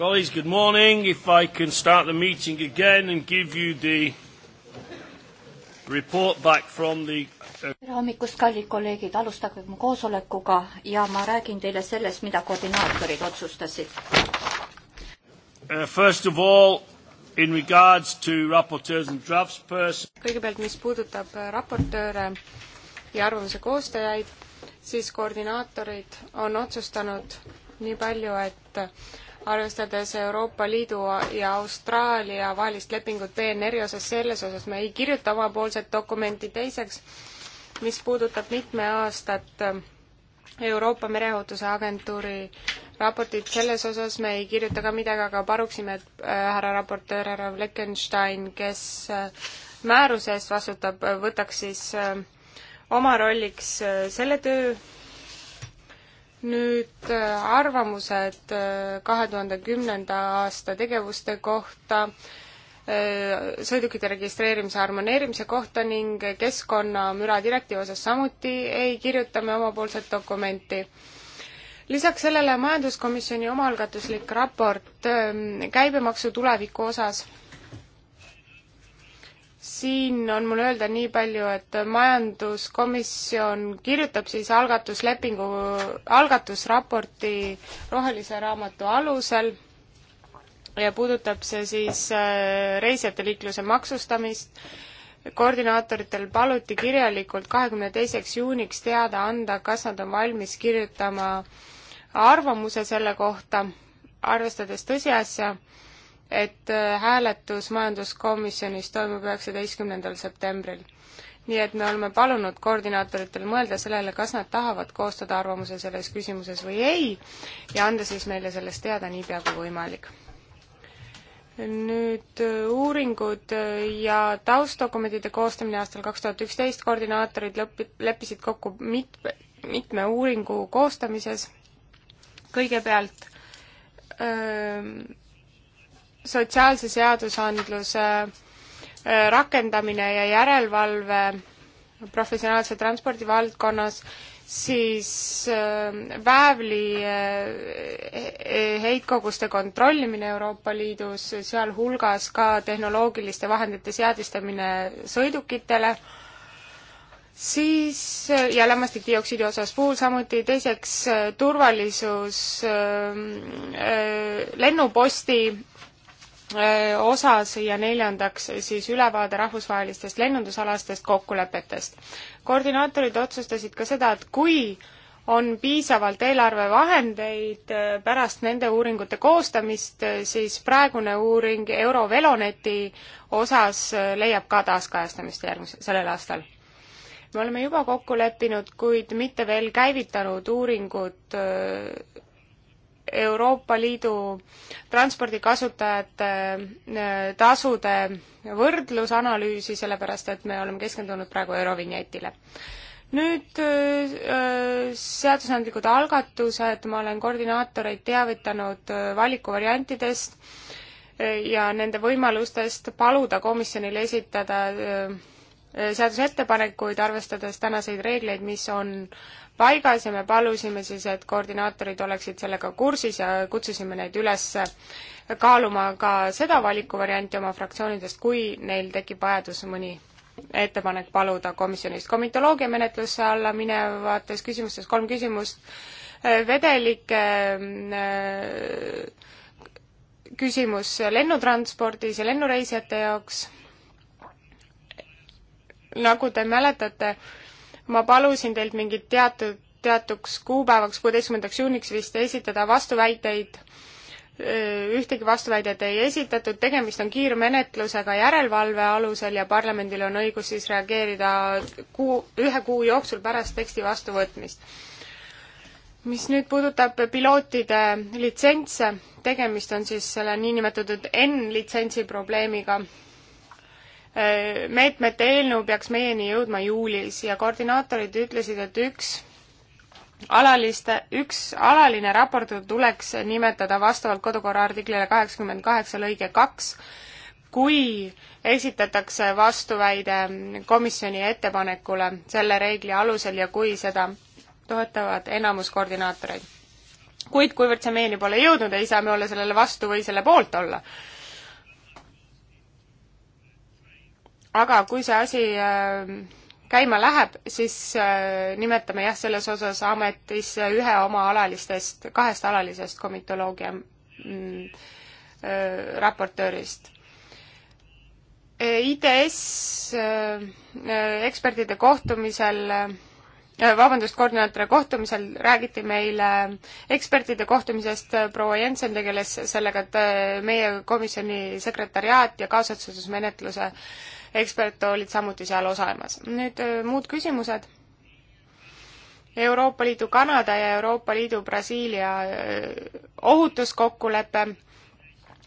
Colleagues, good morning. If I can start the meeting again and give you the report back from the uh, tere hommikust, kallid kolleegid, alustage mu koosolekuga ja ma räägin teile sellest, mida koordinaatorid otsustasid uh,. First of all, in regards to raporteurs and draftsperson. kõigepealt, mis puudutab uh, raportööre ja arvamuse koostajaid, siis koordinaatorid on otsustanud nii palju, et uh, arvestades Euroopa Liidu ja Austraalia vahelist lepingut PNR-i osas, selles osas me ei kirjuta omapoolset dokumenti, teiseks mis puudutab mitme aastat äh, Euroopa Mereohutuse Agentuuri raportit, selles osas me ei kirjuta ka midagi, aga paluksime, et äh, härra raportöör, härra Fleckenstein, kes äh, määruse eest vastutab, võtaks siis oma rolliks selle töö nüüd äh, arvamused äh, kahe tuhande kümnenda aasta tegevuste kohta, äh, sõidukite registreerimise harmoneerimise kohta ning keskkonnamüra direktiivi osas samuti ei kirjuta me omapoolset dokumenti. lisaks sellele majanduskomisjoni omaalgatuslik raport ähm, käibemaksu tuleviku osas siin on mul öelda nii palju, et majanduskomisjon kirjutab siis algatuslepingu, algatusraporti rohelise raamatu alusel ja puudutab see siis äh, reisijate liikluse maksustamist. koordinaatoritel paluti kirjalikult kahekümne teiseks juuniks teada anda, kas nad on valmis kirjutama arvamuse selle kohta, arvestades tõsiasja, et äh, hääletus majanduskomisjonis toimub üheksateistkümnendal septembril. nii et me oleme palunud koordinaatoritel mõelda sellele, kas nad tahavad koostada arvamuse selles küsimuses või ei ja anda siis meile sellest teada niipea kui võimalik. nüüd äh, uuringud äh, ja taustdokumentide koostamine aastal kaks tuhat üksteist, koordinaatorid lõpi-, leppisid kokku mit-, mitme uuringu koostamises, kõigepealt öö, ähm, sotsiaalse seadusandluse äh, rakendamine ja järelevalve professionaalse transpordi valdkonnas, siis äh, väävli äh, e-, e-, heitkoguste kontrollimine Euroopa Liidus, sealhulgas ka tehnoloogiliste vahendite seadistamine sõidukitele, siis ja lämmastikdioksiidi osas puhul samuti, teiseks turvalisus lennuposti Äh, osas ja neljandaks siis ülevaade rahvusvahelistest lennundusalastest kokkulepetest. koordinaatorid otsustasid ka seda, et kui on piisavalt eelarvevahendeid äh, pärast nende uuringute koostamist, äh, siis praegune uuring Euroveloneti osas leiab ka taaskajastamist järgmise, sellel aastal. me oleme juba kokku leppinud, kuid mitte veel käivitanud uuringut Euroopa Liidu transpordikasutajate äh, tasude võrdlusanalüüsi, sellepärast et me oleme keskendunud praegu Eurovinjetile. nüüd äh, äh, seadusandlikud algatused, ma olen koordinaatoreid teavitanud valikuvariantidest ja nende võimalustest paluda komisjonile esitada seadusettepanekuid, arvestades tänaseid reegleid, mis on paigas ja me palusime siis, et koordinaatorid oleksid sellega kursis ja kutsusime neid üles kaaluma ka seda valikuvarianti oma fraktsioonidest, kui neil tekib vajadus mõni ettepanek paluda komisjonist. komitoloogia menetluse alla minevates küsimustes kolm küsimust, vedelike äh, küsimus lennutranspordis ja lennureisijate jaoks, nagu te mäletate, ma palusin teilt mingit teatud, teatuks kuupäevaks, kuueteistkümnendaks juuniks vist esitada vastuväiteid, ühtegi vastuväidet ei esitatud, tegemist on kiirmenetlusega järelevalve alusel ja parlamendil on õigus siis reageerida kuu, ühe kuu jooksul pärast teksti vastuvõtmist mis nüüd puudutab pilootide litsentse, tegemist on siis selle niinimetatud N-litsentsi probleemiga meetmete eelnõu peaks meieni jõudma juulis ja koordinaatorid ütlesid, et üks alaliste, üks alaline raport tuleks nimetada vastavalt kodukorra artiklile kaheksakümmend kaheksa lõige kaks, kui esitatakse vastuväide komisjoni ettepanekule selle reegli alusel ja kui seda toetavad enamus koordinaatoreid. kuid kuivõrd see meieni pole jõudnud, ei saa me olla sellele vastu või selle poolt olla aga kui see asi äh, käima läheb, siis äh, nimetame jah, selles osas ametis ühe oma alalistest, kahest alalisest komitoloogia mm, äh, raportöörist. E ITS ekspertide kohtumisel vabandust, koordinaatori kohtumisel räägiti meile ekspertide kohtumisest, proua Jensen tegeles sellega, et meie komisjoni sekretariaat ja kaasotsustusmenetluse äh, ekspert olid samuti seal osalemas. nüüd äh, muud küsimused. Euroopa Liidu Kanada ja Euroopa Liidu Brasiilia äh, ohutuskokkulepe,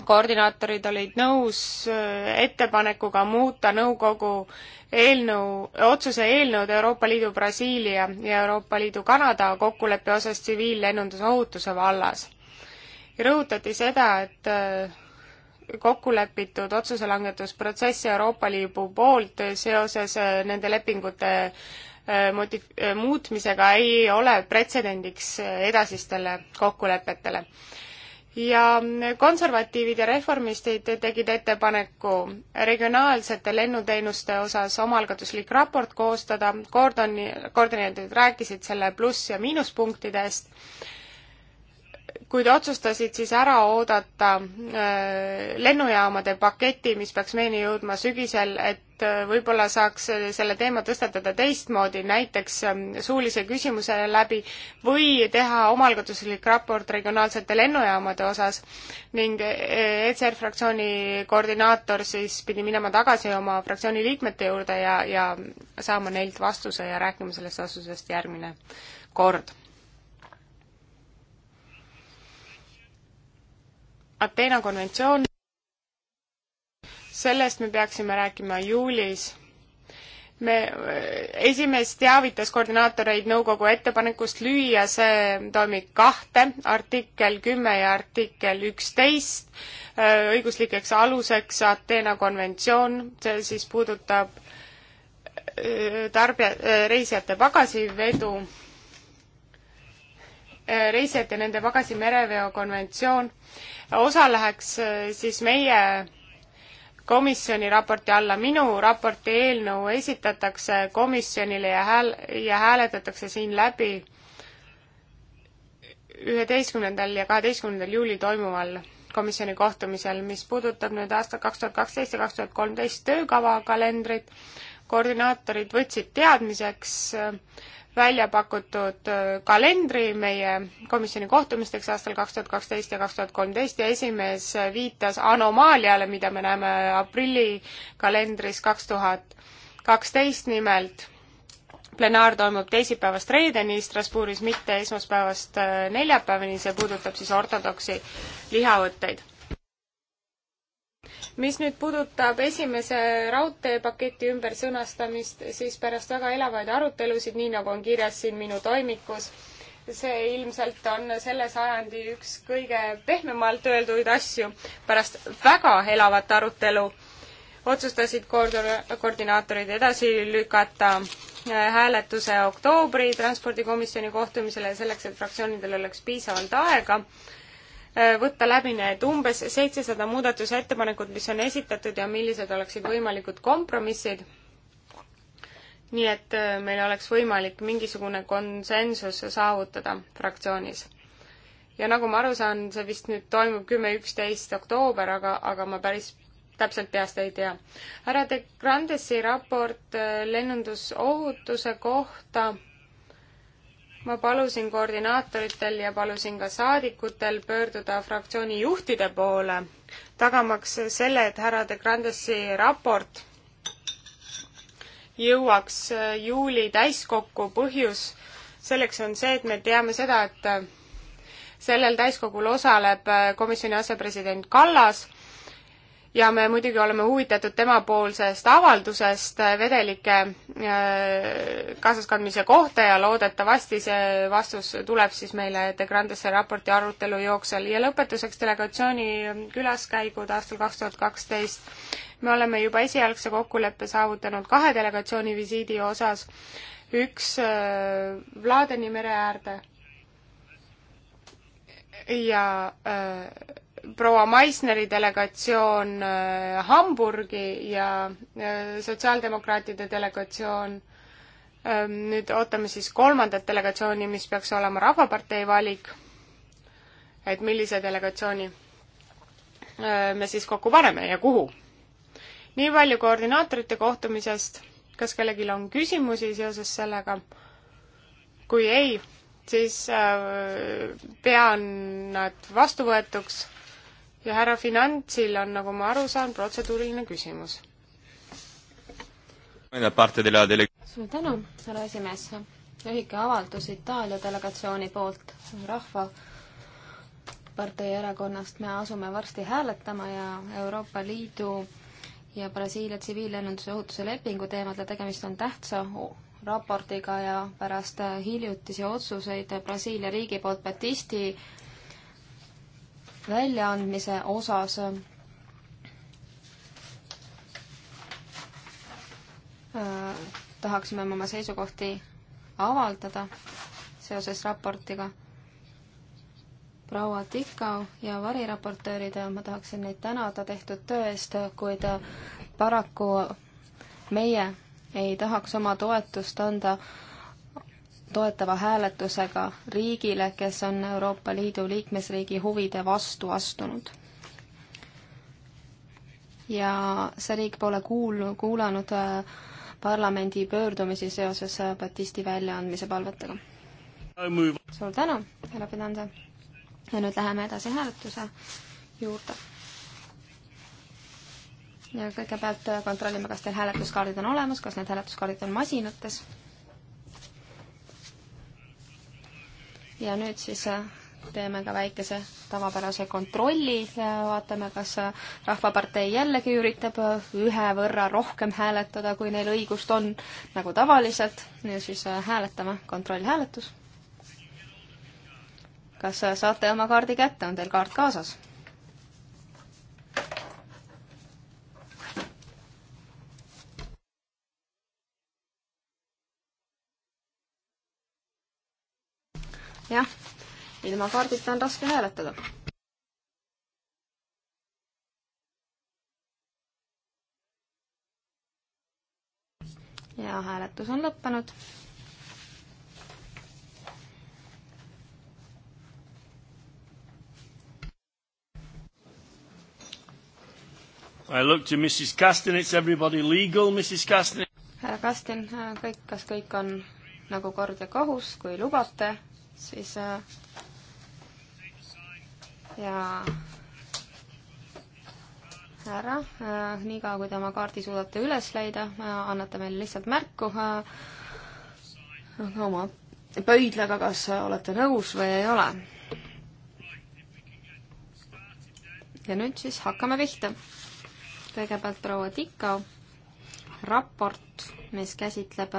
koordinaatorid olid nõus äh, ettepanekuga muuta nõukogu eelnõu, otsuse eelnõud Euroopa Liidu Brasiilia ja Euroopa Liidu Kanada kokkuleppe osas tsiviillennundusohutuse vallas. rõhutati seda, et kokku lepitud otsuse langetusprotsess Euroopa Liidu poolt seoses äh, nende lepingute äh, motiv-, äh, muutmisega ei ole pretsedendiks edasistele kokkulepetele. ja konservatiivid ja reformistid tegid ettepaneku regionaalsete lennuteenuste osas omaalgatuslik raport koostada, koordon-, koordineerid rääkisid selle pluss- ja miinuspunktidest kuid otsustasid siis ära oodata äh, lennujaamade paketi, mis peaks meieni jõudma sügisel, et äh, võib-olla saaks äh, selle teema tõstatada teistmoodi, näiteks ähm, suulise küsimuse läbi või teha omalgatuslik raport regionaalsete lennujaamade osas ning ECR fraktsiooni koordinaator siis pidi minema tagasi oma fraktsiooni liikmete juurde ja, ja saama neilt vastuse ja rääkima sellest vastusest järgmine kord Ateena konventsioon, sellest me peaksime rääkima juulis me, äh, esimees teavitas koordinaatoreid nõukogu ettepanekust lüüa see toimik kahte, artikkel kümme ja artikkel üksteist, äh, õiguslikeks aluseks Ateena konventsioon, see siis puudutab äh, tarbija, reisijate pagasivedu Äh, reisijate nende pagasi mereveo konventsioon. osa läheks äh, siis meie komisjoni raporti alla. minu raporti eelnõu esitatakse komisjonile ja hääl-, ja hääletatakse siin läbi üheteistkümnendal ja kaheteistkümnendal juulil toimuval komisjoni kohtumisel, mis puudutab nüüd aastat kaks tuhat kaksteist ja kaks tuhat kolmteist töökava kalendrit. koordinaatorid võtsid teadmiseks välja pakutud äh, kalendri meie komisjoni kohtumisteks aastal kaks tuhat kaksteist ja kaks tuhat kolmteist ja esimees äh, viitas anomaaliale, mida me näeme aprilli kalendris kaks tuhat kaksteist nimelt. plenaar toimub teisipäevast reedeni Strasbourgis, mitte esmaspäevast äh, neljapäevani, see puudutab siis ortodoksi lihavõtteid mis nüüd puudutab esimese raudteepaketi ümbersõnastamist, siis pärast väga elavaid arutelusid, nii nagu on kirjas siin minu toimikus, see ilmselt on selle sajandi üks kõige pehmemalt öelduid asju. pärast väga elavat arutelu otsustasid koordinaatorid edasi lükata äh, hääletuse oktoobri transpordikomisjoni kohtumisele selleks, et fraktsioonidel oleks piisavalt aega Äh, võtta läbi need umbes seitsesada muudatusettepanekut, mis on esitatud ja millised oleksid võimalikud kompromissid. nii et äh, meil oleks võimalik mingisugune konsensus saavutada fraktsioonis. ja nagu ma aru saan, see vist nüüd toimub kümme, üksteist oktoober, aga, aga ma päris täpselt peast ei tea. härra De Grandesi raport äh, lennundusohutuse kohta ma palusin koordinaatoritel ja palusin ka saadikutel pöörduda fraktsiooni juhtide poole, tagamaks selle, et härra De Grandesi raport jõuaks äh, juuli täiskokku. põhjus selleks on see, et me teame seda, et äh, sellel täiskogul osaleb äh, komisjoni asepresident Kallas ja me muidugi oleme huvitatud temapoolsest avaldusest äh, vedelike äh, kaasaskandmise kohta ja loodetavasti see vastus tuleb siis meile De Grandesse raporti arutelu jooksul. ja lõpetuseks delegatsiooni külaskäigud aastal kaks tuhat kaksteist. me oleme juba esialgse kokkuleppe saavutanud kahe delegatsiooni visiidi osas, üks äh, Vladeni mere äärde ja öö, proua Meissneri delegatsioon äh, Hamburgi ja äh, sotsiaaldemokraatide delegatsioon ähm, nüüd ootame siis kolmandat delegatsiooni, mis peaks olema Rahvapartei valik, et millise delegatsiooni äh, me siis kokku paneme ja kuhu. nii palju koordinaatorite kohtumisest, kas kellelgi on küsimusi seoses sellega? kui ei, siis pean nad vastuvõetuks ja härra Finantsil on, nagu ma aru saan, protseduuriline küsimus. suur tänu, härra esimees. lühike avaldus Itaalia delegatsiooni poolt rahva partei erakonnast me asume varsti hääletama ja Euroopa Liidu ja Brasiilia tsiviillennunduse ohutuse lepingu teemadel tegemist on tähtsa raportiga ja pärast hiljutisi otsuseid Brasiilia riigi poolt Batisti väljaandmise osas tahaksime oma seisukohti avaldada seoses raportiga. proua Tikau ja variraportöörid, ma tahaksin neid tänada tehtud töö eest, kuid paraku meie ei tahaks oma toetust anda äh, toetava hääletusega riigile, kes on Euroopa Liidu liikmesriigi huvide vastu astunud. ja see riik pole kuul-, kuulanud äh, parlamendi pöördumisi seoses äh, Batisti väljaandmise palvetega. suur tänu, härra Pedanda! ja nüüd läheme edasi hääletuse juurde. ja kõigepealt äh, kontrollime, kas teil hääletuskaardid on olemas, kas need hääletuskaardid on masinates ja nüüd siis äh, teeme ka väikese tavapärase kontrolli, vaatame, kas äh, Rahvapartei jällegi üritab äh, ühe võrra rohkem hääletada, kui neil õigust on, nagu tavaliselt, ja siis hääletame, kontrollhääletus. kas saate oma kaardi kätte, on teil kaart kaasas? jah, ilma kaardita on raske hääletada. ja hääletus on lõppenud. I look to Mrs Castin, it's everybody legal, Mrs Castin. härra Castin, äh, kõik, kas kõik on nagu kord ja kohus, kui lubate, siis äh, ja härra, äh, niikaua kui te oma kaardi suudate üles leida, äh, annate meile lihtsalt märku oma pöidlaga, kas olete nõus või ei ole. ja nüüd siis hakkame pihta. kõigepealt proua Tikau, raport mis käsitleb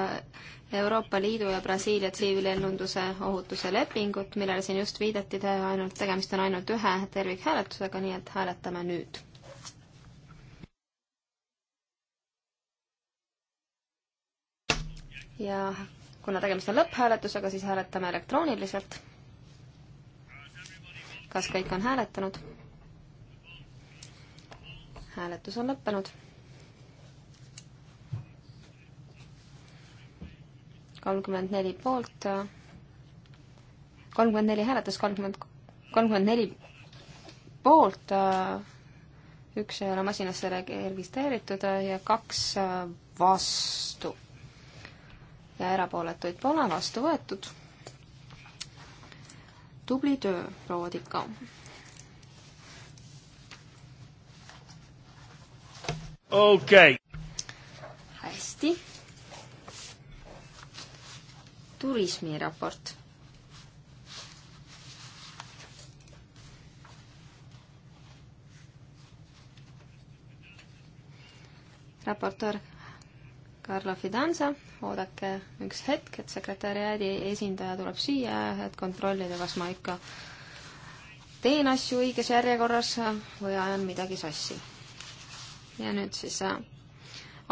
Euroopa Liidu ja Brasiilia tsiviillennunduse ohutuse lepingut, millele siin just viidati, ainult, tegemist on ainult ühe tervikhääletusega, nii et hääletame nüüd. ja kuna tegemist on lõpphääletusega, siis hääletame elektrooniliselt. kas kõik on hääletanud? hääletus on lõppenud kolmkümmend neli poolt, kolmkümmend neli hääletas, kolmkümmend, kolmkümmend neli poolt, üks ei ole masinasse registreeritud ja kaks vastu. ja erapooletuid pole, vastu võetud. tubli töö, proua Tikau. okei okay.. hästi turismiraport. raportöör Carlo Fidanza, oodake üks hetk, et sekretäriaadi esindaja tuleb siia, et kontrollida, kas ma ikka teen asju õiges järjekorras või ajan midagi sassi. ja nüüd siis äh,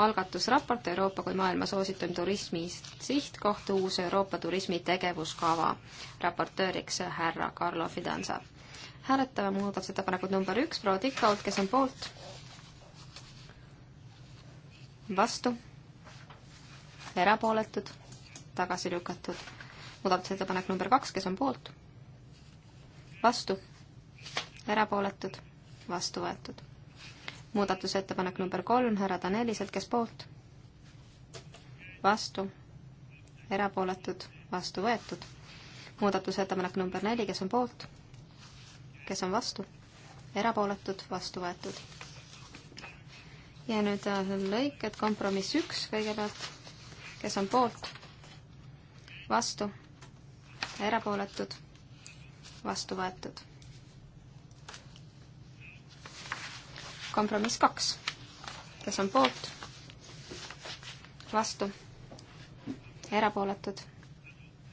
algatusraport Euroopa kui maailma soosituim turismi sihtkoht, uus Euroopa turismi tegevuskava. raportööriks härra Carlo Fidanza. hääletame muudatusettepanekut number üks, proua Tikaut, kes on poolt? vastu? erapooletud? tagasi lükatud? muudatusettepanek number kaks, kes on poolt? vastu? erapooletud? vastu võetud muudatusettepanek number kolm härra Daneliselt, kes poolt? vastu, erapooletud, vastu võetud. muudatusettepanek number neli, kes on poolt? kes on vastu? erapooletud, vastu võetud. ja nüüd äh, lõiked, kompromiss üks kõigepealt, kes on poolt? vastu, erapooletud, vastu võetud kompromiss kaks. kes on poolt? vastu? erapooletud?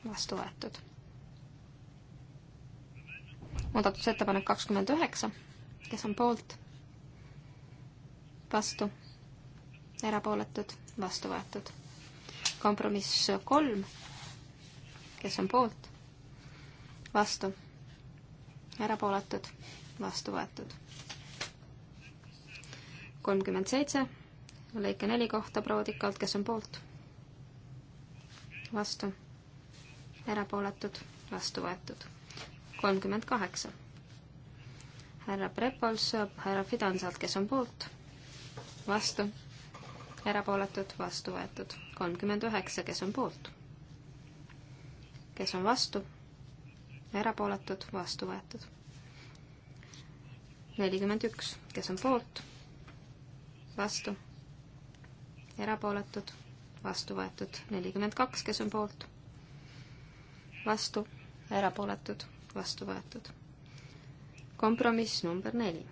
vastu võetud. muudatusettepanek kakskümmend üheksa, kes on poolt? vastu? erapooletud? vastu võetud. kompromiss kolm, kes on poolt? vastu? erapooletud? vastu võetud kolmkümmend seitse, lõike neli kohta Proodikalt, kes on poolt? vastu. erapooletud, vastu võetud. kolmkümmend kaheksa. härra Prepols, härra Fidansalt, kes on poolt? vastu. erapooletud, vastu võetud. kolmkümmend üheksa, kes on poolt? kes on vastu? erapooletud, vastu võetud. nelikümmend üks, kes on poolt? vastu, erapooletud, vastu võetud nelikümmend kaks, kes on poolt, vastu, erapooletud, vastu võetud. kompromiss number neli,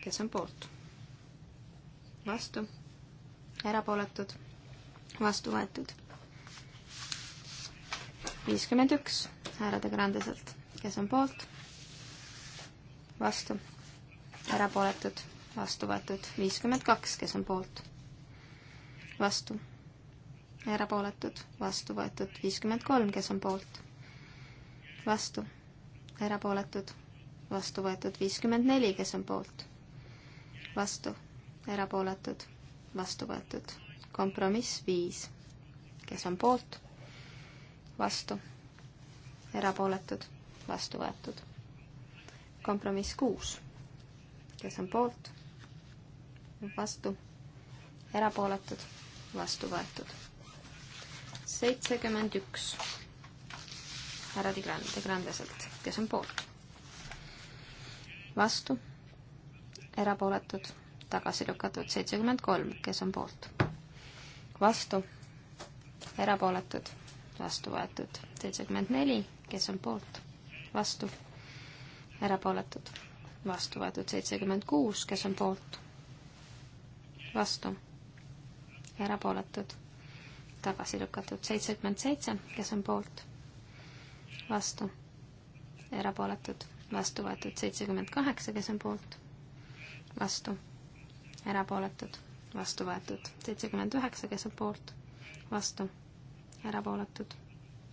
kes on poolt, vastu, erapooletud, vastu võetud. viiskümmend üks härra de Grandeselt, kes on poolt, vastu, erapooletud vastu võetud viiskümmend kaks, kes on poolt, vastu, erapooletud, vastu võetud viiskümmend kolm, kes on poolt, vastu, erapooletud, vastu võetud viiskümmend neli, kes on poolt, vastu, erapooletud, vastu võetud, kompromiss viis, kes on poolt, vastu, erapooletud, vastu võetud kompromiss kuus, kes on poolt, vastu, erapooletud, vastu võetud. seitsekümmend üks härra Tigran-, Tigrandeselt, kes on poolt. vastu, erapooletud, tagasi lükatud, seitsekümmend kolm, kes on poolt. vastu, erapooletud, vastu võetud, seitsekümmend neli, kes on poolt, vastu, erapooletud, vastu võetud, seitsekümmend kuus, kes on poolt vastu, erapooletud, tagasi lükatud. seitsekümmend seitse, kes on poolt, vastu, erapooletud, vastu võetud. seitsekümmend kaheksa, kes on poolt, vastu, erapooletud, vastu võetud. seitsekümmend üheksa, kes on poolt, vastu, erapooletud,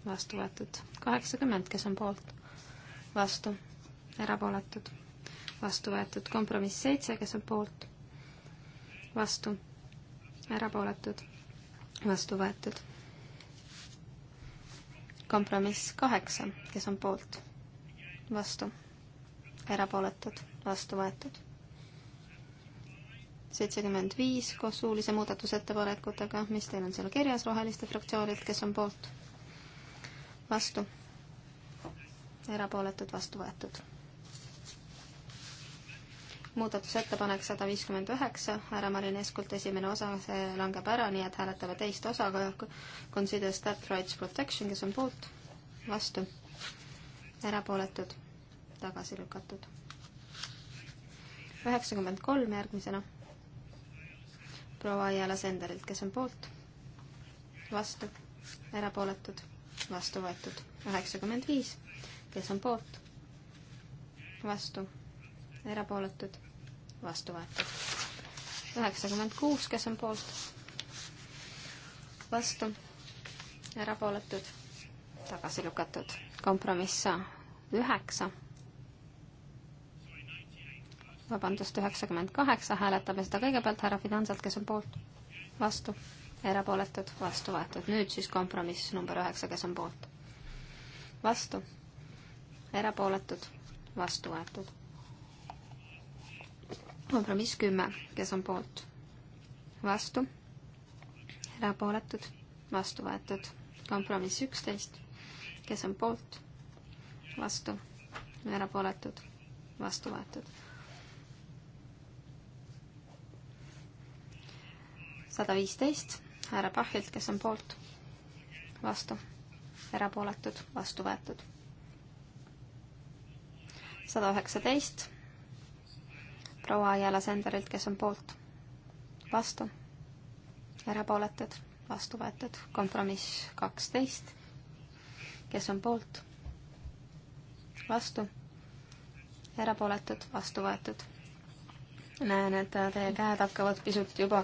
vastu võetud. kaheksakümmend, kes on poolt, vastu, erapooletud, vastu võetud. kompromiss seitse, kes on poolt vastu, erapooletud, vastu võetud. kompromiss kaheksa, kes on poolt, vastu, erapooletud, vastu võetud. seitsekümmend viis koos suulise muudatusettepanekutega, mis teil on seal kirjas roheliste fraktsioonilt, kes on poolt, vastu, erapooletud, vastu võetud muudatusettepanek sada viiskümmend üheksa, härra Marineskult esimene osa, see langeb ära, nii et hääletame teist osa, consider stat rights protection, kes on poolt, vastu, erapooletud, tagasi lükatud. üheksakümmend kolm järgmisena proua Aiala Senderilt, kes on poolt, vastu, erapooletud, vastu võetud. üheksakümmend viis, kes on poolt, vastu erapooletud, vastu võetud üheksakümmend kuus, kes on poolt, vastu, erapooletud, tagasi lükatud, kompromiss üheksa, vabandust, üheksakümmend kaheksa, hääletame seda kõigepealt härra Finansalt, kes on poolt, vastu, erapooletud, vastu võetud, nüüd siis kompromiss number üheksa, kes on poolt, vastu, erapooletud, vastu võetud kompromiss kümme, kes on poolt? vastu. erapooletud, vastu võetud. kompromiss üksteist, kes on poolt? vastu. erapooletud, vastu võetud. sada viisteist härra Pahilt, kes on poolt, vastu, erapooletud, vastu võetud. sada üheksateist proua Ajala Senderilt, kes on poolt, vastu, erapooletud, vastu võetud, kompromiss kaksteist, kes on poolt, vastu, erapooletud, vastu võetud. näen, et teie käed hakkavad pisut juba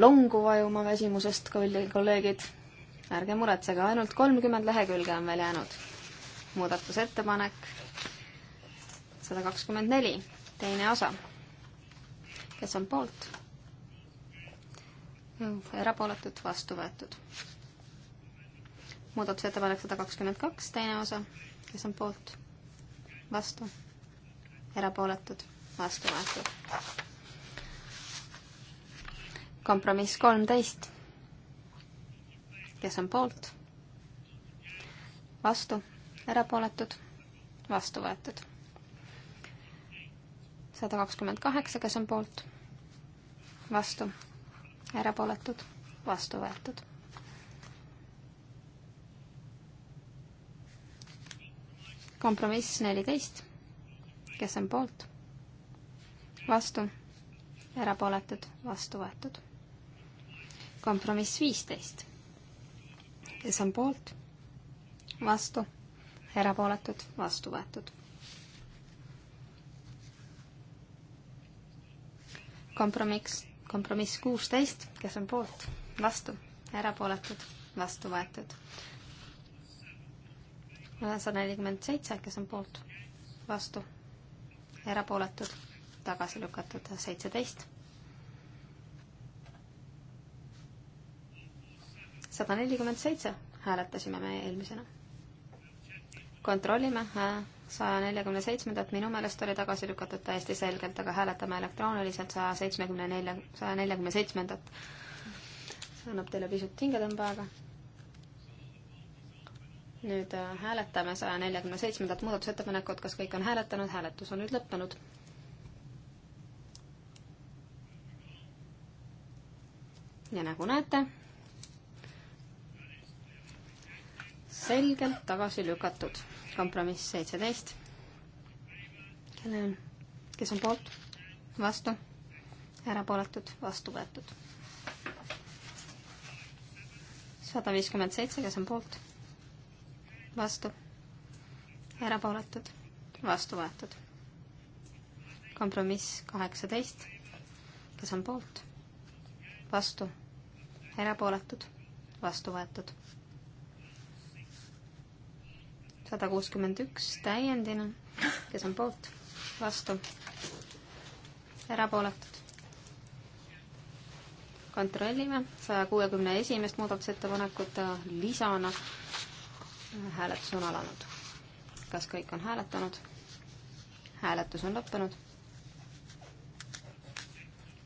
longu vajuma väsimusest, kolleegid. ärge muretsege, ainult kolmkümmend lehekülge on veel jäänud. muudatusettepanek sada kakskümmend neli teine osa. kes on poolt? erapooletud, vastu võetud. muudatusettepanek sada kakskümmend kaks, teine osa, kes on poolt? vastu, erapooletud, vastu võetud. kompromiss kolmteist, kes on poolt? vastu, erapooletud, vastu võetud sada kakskümmend kaheksa, kes on poolt, vastu, erapooletud, vastu võetud. kompromiss neliteist, kes on poolt, vastu, erapooletud, vastu võetud. kompromiss viisteist, kes on poolt, vastu, erapooletud, vastu võetud kompromiss, kompromiss kuusteist, kes on poolt, vastu, erapooletud, vastu võetud. sada nelikümmend seitse, kes on poolt, vastu, erapooletud, tagasi lükatud, seitseteist sada nelikümmend seitse hääletasime me eelmisena. kontrollime hää,, saja neljakümne seitsmendat minu meelest oli tagasi lükatud täiesti selgelt, aga hääletame elektrooniliselt saja seitsmekümne nelja, saja neljakümne seitsmendat. see annab teile pisut hingetõmbeaega. nüüd äh, hääletame saja neljakümne seitsmendat muudatusettepanekut, kas kõik on hääletanud, hääletus on nüüd lõppenud. ja nagu näete, selgelt tagasi lükatud kompromiss seitseteist. kellel on, kes on poolt, vastu, erapooletud, vastu võetud. sada viiskümmend seitse, kes on poolt, vastu, erapooletud, vastu võetud. kompromiss kaheksateist, kes on poolt, vastu, erapooletud, vastu võetud sada kuuskümmend üks täiendina, kes on poolt, vastu, erapooletud. kontrollime saja kuuekümne esimest muudatusettepanekut lisana. hääletus on alanud. kas kõik on hääletanud? hääletus on lõppenud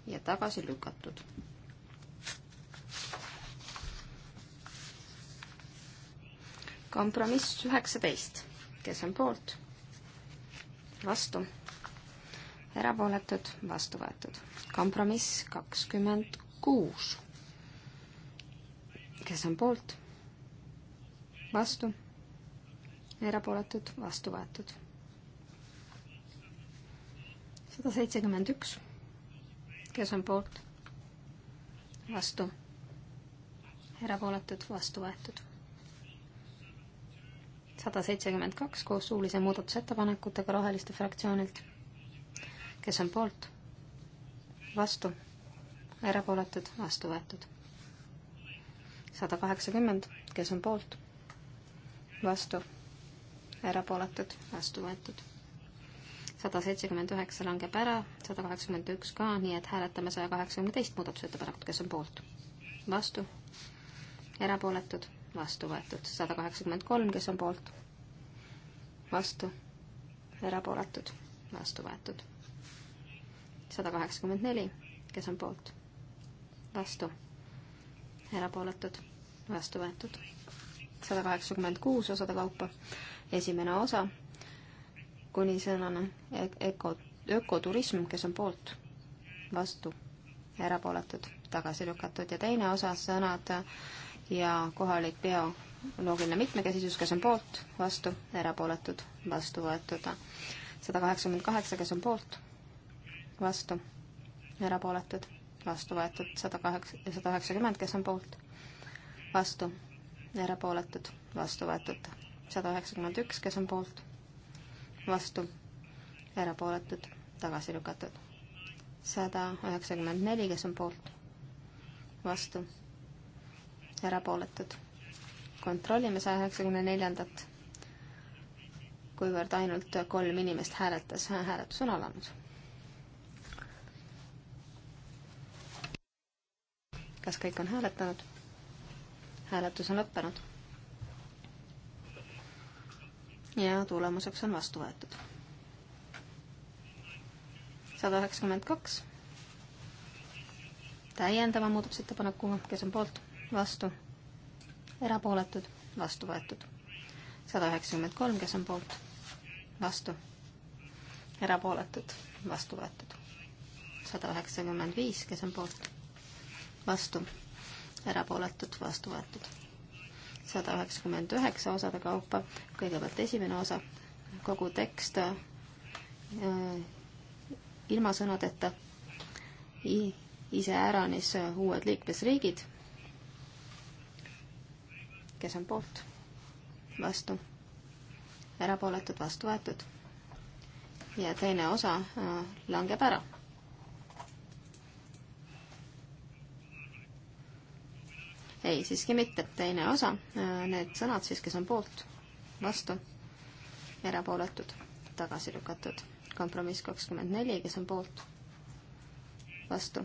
ja tagasi lükatud kompromiss üheksateist, kes on poolt, vastu, erapooletud, vastu võetud. kompromiss kakskümmend kuus, kes on poolt, vastu, erapooletud, vastu võetud. sada seitsekümmend üks, kes on poolt, vastu, erapooletud, vastu võetud sada seitsekümmend kaks koos suulise muudatusettepanekutega Roheliste fraktsioonilt. kes on poolt? vastu? erapooletud? vastu võetud? sada kaheksakümmend, kes on poolt? vastu? erapooletud? vastu võetud? sada seitsekümmend üheksa langeb ära, sada kaheksakümmend üks ka, nii et hääletame saja kaheksakümne teist muudatusettepanekut, kes on poolt? vastu? erapooletud? vastu võetud sada kaheksakümmend kolm, kes on poolt, vastu, erapooletud, vastu võetud sada kaheksakümmend neli, kes on poolt, vastu, erapooletud, vastu võetud sada kaheksakümmend kuus osade kaupa, esimene osa kuni sõnana öko, ökoturism, kes on poolt, vastu, erapooletud, tagasi lükatud ja teine osa sõnad ja kohalik bioloogiline mitmekesisus, kes on poolt, vastu, erapooletud, vastu võetud. sada kaheksakümmend kaheksa, kes on poolt, vastu, erapooletud, vastu võetud. sada kaheksa, sada üheksakümmend, kes on poolt, vastu, erapooletud, vastu võetud. sada üheksakümmend üks, kes on poolt, vastu, erapooletud, tagasi lükatud. sada üheksakümmend neli, kes on poolt, vastu erapooletud. kontrollime saja üheksakümne neljandat, kuivõrd ainult kolm inimest hääletas, hääletus on alanud. kas kõik on hääletanud? hääletus on lõppenud. ja tulemuseks on vastu võetud. sada üheksakümmend kaks täiendava muudatusettepanekuga, kes on poolt vastu, erapooletud, vastu võetud. sada üheksakümmend kolm, kes on poolt, vastu, erapooletud, vastu võetud. sada üheksakümmend viis, kes on poolt, vastu, erapooletud, vastu võetud. sada üheksakümmend üheksa osade kaupa, kõigepealt esimene osa, kogu tekst äh, ilma sõnadeta iseäranis uued liikmesriigid kes on poolt, vastu, erapooletud, vastu võetud. ja teine osa äh, langeb ära. ei, siiski mitte, teine osa, äh, need sõnad siis, kes on poolt, vastu, erapooletud, tagasi lükatud. kompromiss kakskümmend neli, kes on poolt, vastu,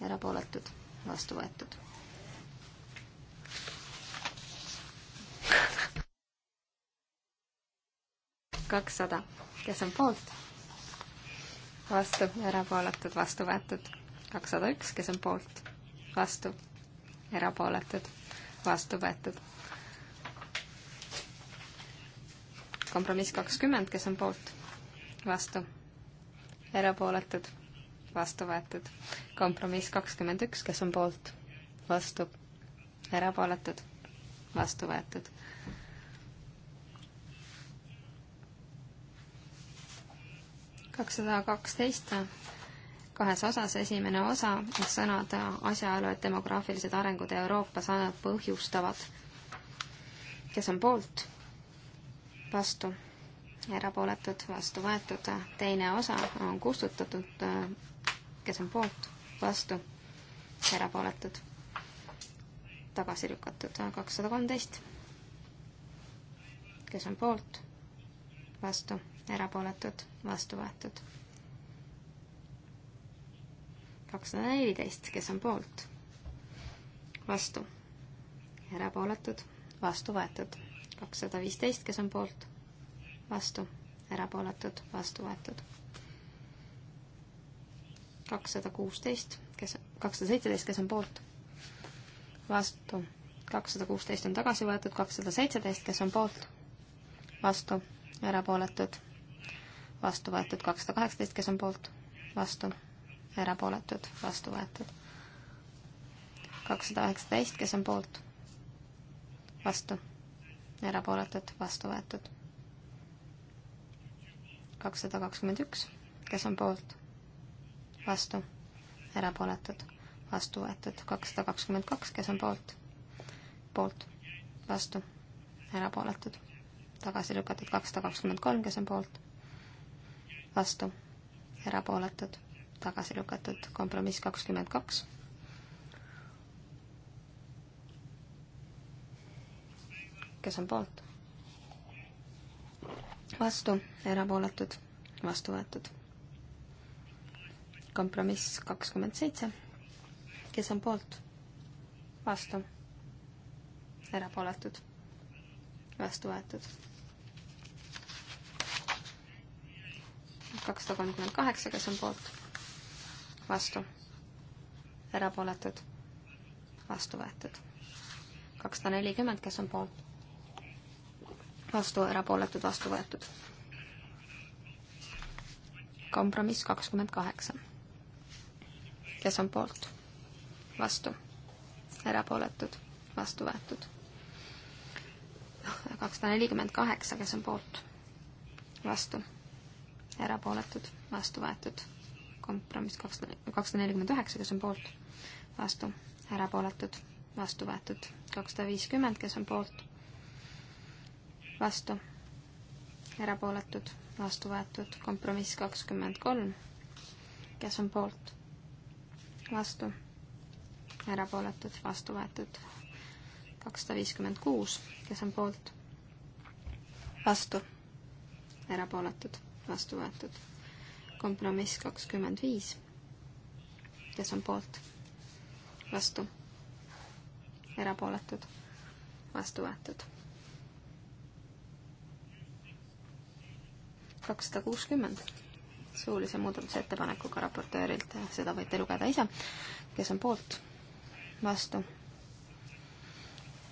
erapooletud, vastu võetud kakssada, kes on poolt, vastu, erapooletud, vastu võetud. kakssada üks, kes on poolt, vastu, erapooletud, vastu võetud. kompromiss kakskümmend, kes on poolt, vastu, erapooletud, vastu võetud. kompromiss kakskümmend üks, kes on poolt, vastu, erapooletud, vastu võetud kakssada kaksteist kahes osas, esimene osa, sõnad asjaolu, et demograafilised arengud Euroopas põhjustavad. kes on poolt? vastu? erapooletud, vastu võetud, teine osa on kustutatud, kes on poolt, vastu, erapooletud, tagasi lükatud, kakssada kolmteist, kes on poolt, vastu erapooletud, vastu võetud. kakssada neliteist, kes on poolt? vastu, erapooletud, vastu võetud. kakssada viisteist, kes on poolt? vastu, erapooletud, vastu võetud. kakssada kuusteist, kes, kakssada seitseteist, kes on poolt? vastu, kakssada kuusteist on tagasi võetud, kakssada seitseteist, kes on poolt? vastu, erapooletud vastu võetud kakssada kaheksateist, kes on poolt, vastu, erapooletud, vastu võetud. kakssada üheksateist, kes on poolt, vastu, erapooletud, vastu võetud. kakssada kakskümmend üks, kes on poolt, vastu, erapooletud, vastu võetud. kakssada kakskümmend kaks, kes on poolt, poolt, vastu, erapooletud, tagasi lükatud kakssada kakskümmend kolm, kes on poolt vastu, erapooletud, tagasi lükatud, kompromiss kakskümmend kaks. kes on poolt? vastu, erapooletud, vastu võetud. kompromiss kakskümmend seitse. kes on poolt? vastu, erapooletud, vastu võetud kakssada kolmkümmend kaheksa, kes on poolt, vastu, erapooletud, vastu võetud. kakssada nelikümmend, kes on poolt, vastu, erapooletud, vastu võetud. kompromiss kakskümmend kaheksa. kes on poolt, vastu, erapooletud, vastu võetud noh, kakssada nelikümmend kaheksa, kes on poolt, vastu, erapooletud, vastu võetud. kompromiss kakssada, kakssada nelikümmend üheksa, kes on poolt, vastu, erapooletud, vastu võetud. kakssada viiskümmend, kes on poolt, vastu, erapooletud, vastu võetud. kompromiss kakskümmend kolm, kes on poolt, vastu, erapooletud, vastu võetud. kakssada viiskümmend kuus, kes on poolt, vastu, erapooletud vastu võetud. kompromiss kakskümmend viis, kes on poolt, vastu, erapooletud, vastu võetud. kakssada kuuskümmend suulise muudatusettepanekuga raportöörilt, seda võite lugeda ise, kes on poolt, vastu,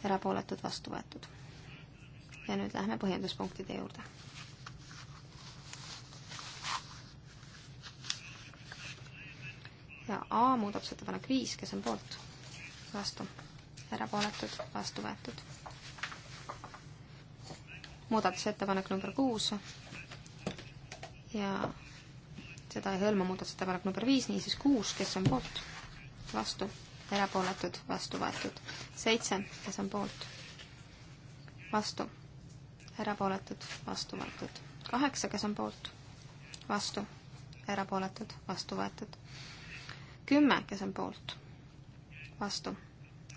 erapooletud, vastu võetud. ja nüüd lähme põhjenduspunktide juurde ja A muudatusettepanek viis, kes on poolt, vastu, erapooletud, vastu võetud. muudatusettepanek number kuus ja seda ei hõlma muudatusettepanek number viis, niisiis kuus, kes on poolt, vastu, erapooletud, vastu võetud. seitse, kes on poolt, vastu, erapooletud, vastu võetud. kaheksa, kes on poolt, vastu, erapooletud, vastu võetud kümme, kes on poolt, vastu,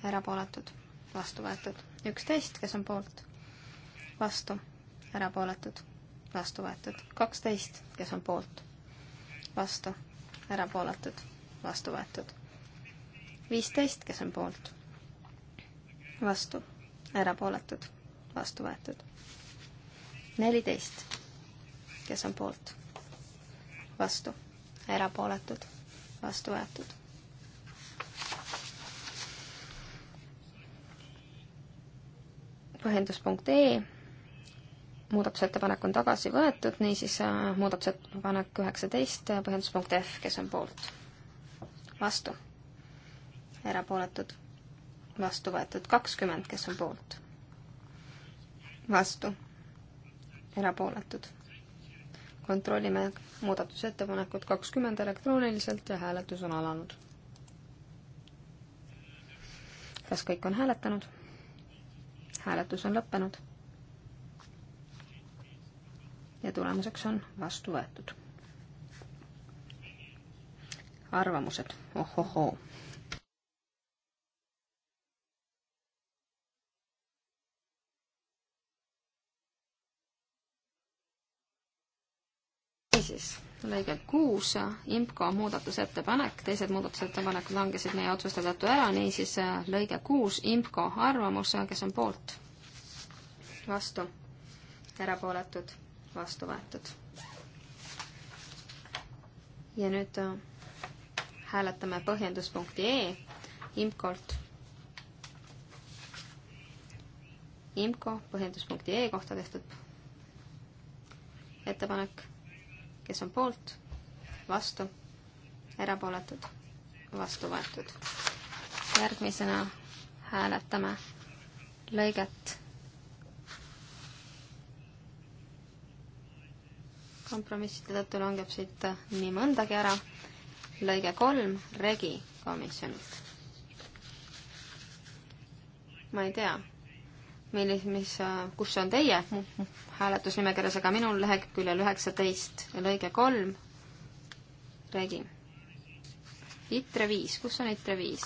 erapooletud, vastu võetud. üksteist, kes on poolt, vastu, erapooletud, vastu võetud. kaksteist, kes on poolt, vastu, erapooletud, vastu võetud. viisteist, kes on poolt, vastu, erapooletud, vastu võetud. neliteist, kes on poolt, vastu, erapooletud vastu võetud. põhjenduspunkt E, muudatusettepanek on tagasi võetud, niisiis äh, muudatusettepanek üheksateist, põhjenduspunkt F, kes on poolt? vastu. erapooletud, vastu võetud kakskümmend, kes on poolt? vastu. erapooletud kontrollime muudatusettepanekut kakskümmend elektrooniliselt ja hääletus on alanud. kas kõik on hääletanud? hääletus on lõppenud. ja tulemuseks on vastu võetud. arvamused, ohohoo. niisiis, lõige kuus, IMCO muudatusettepanek, teised muudatusettepanekud langesid meie otsuste tõttu ära, niisiis äh, lõige kuus, IMCO arvamus, äh, kes on poolt? vastu, erapooletud, vastu võetud. ja nüüd äh, hääletame põhjenduspunkti E IMCO-lt. IMCO põhjenduspunkti E kohta tehtud ettepanek kes on poolt, vastu, erapooletud, vastu võetud. järgmisena hääletame lõiget kompromisside tõttu langeb siit nii mõndagi ära. lõige kolm, regi komisjonilt. ma ei tea, millis, mis, kus on teie hääletusnimekirjas, aga minul leheküljel üheksateist ja lõige kolm räägi. ITRE viis, kus on ITRE viis?